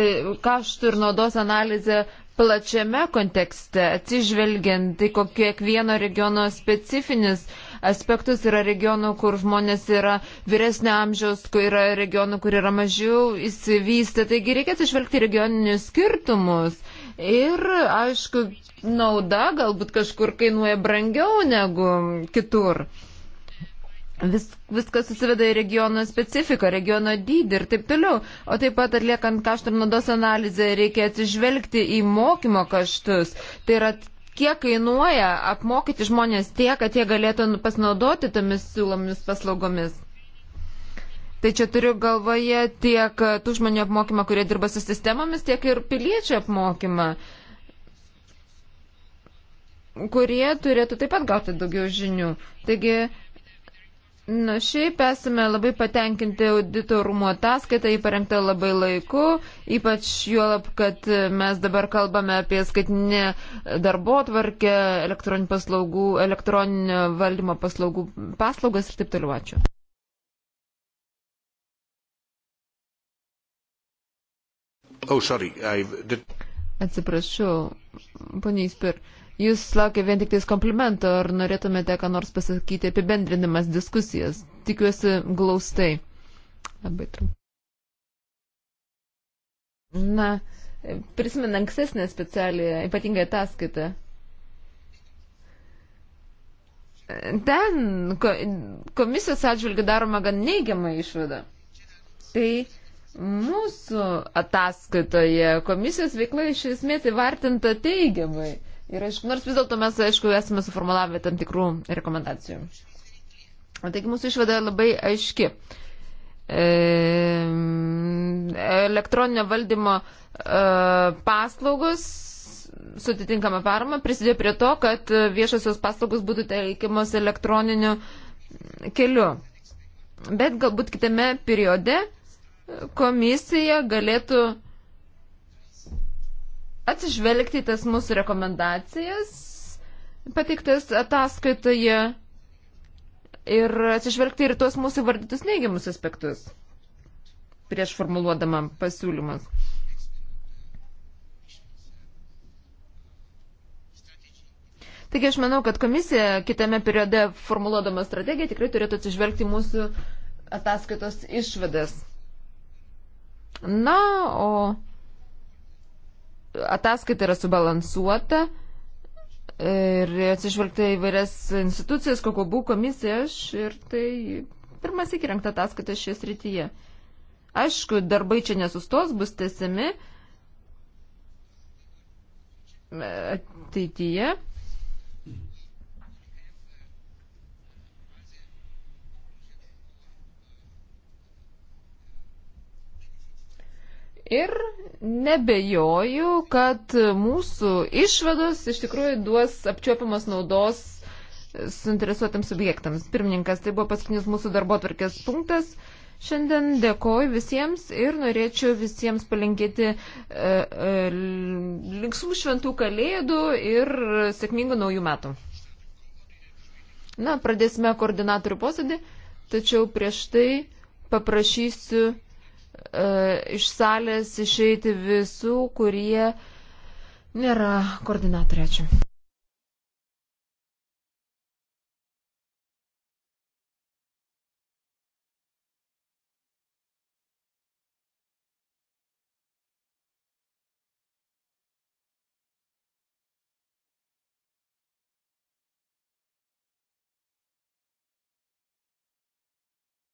kaštų ir naudos analizę plačiame kontekste, atsižvelgiant tai kiekvieno regiono specifinis uh, aspektus. Yra regionų, kur žmonės yra vyresnė amžiaus, kur yra regionų, kur yra mažiau įsivystę. Taigi reikėtų išvelgti regioninius skirtumus. Ir, aišku, nauda galbūt kažkur kainuoja brangiau negu kitur. Vis, viskas susiveda į regiono specifiką, regiono dydį ir taip toliau. O taip pat atliekant kaštų ir naudos analizę reikia atsižvelgti į mokymo kaštus. Tai yra kiek kainuoja apmokyti žmonės tiek, kad jie galėtų pasinaudoti tomis siūlomis paslaugomis. Tai čia turiu galvoje tiek tų žmonių apmokymą, kurie dirba su sistemomis, tiek ir piliečių apmokymą, kurie turėtų taip pat gauti daugiau žinių. Taigi Na šiaip esame labai patenkinti audito rūmo ataskaitą, jį parengta labai laiku, ypač juolab, kad mes dabar kalbame apie skaitinę darbo tvarkę, elektroninių paslaugų, elektroninio valdymo paslaugų paslaugas ir taip toliau. Ačiū. Oh, sorry, I've... Atsiprašau, poniai Spir. Uh, Jūs laukia vien tik tais komplimento, ar norėtumėte ką nors pasakyti apibendrinimas diskusijas? Tikiuosi glaustai. Labai trumpai. Na, prisimena ankstesnę specialią, ypatingą ataskaitą. Ten komisijos atžvilgių daroma gan neigiama išvada. Tai mūsų ataskaitoje komisijos veikla iš esmės įvartinta teigiamai. Ir aišku, nors vis dėlto mes, aišku, esame suformulavę tam tikrų rekomendacijų. Taigi mūsų išvada labai aiški. Elektroninio valdymo e, paslaugos su atitinkama parama prisidėjo prie to, kad viešosios paslaugos būtų teikiamos elektroniniu keliu. Bet galbūt kitame periode komisija galėtų atsižvelgti tas mūsų rekomendacijas pateiktas ataskaitoje ir atsižvelgti ir tuos mūsų vardytus neigiamus aspektus prieš formuluodama pasiūlymus. Taigi aš manau, kad komisija kitame periode formuluodama strategiją tikrai turėtų atsižvelgti mūsų ataskaitos išvadas. Na, o ataskaita yra subalansuota ir atsižvelgta į vairias institucijas, kokobų komisijas ir tai pirmas įkirinkta ataskaita šioje srityje. Aišku, darbai čia nesustos, bus tesiami ateityje. Ir nebejoju, kad mūsų išvados iš tikrųjų duos apčiopiamas naudos suinteresuotams subjektams. Pirmininkas, tai buvo paskutinis mūsų darbo tvarkės punktas. Šiandien dėkoju visiems ir norėčiau visiems palinkėti e, e, linksmų šventų kalėdų ir sėkmingų naujų metų. Na, pradėsime koordinatorių posėdį, tačiau prieš tai paprašysiu E, iš salės išeiti visų, kurie nėra koordinatoriai. Ačiū.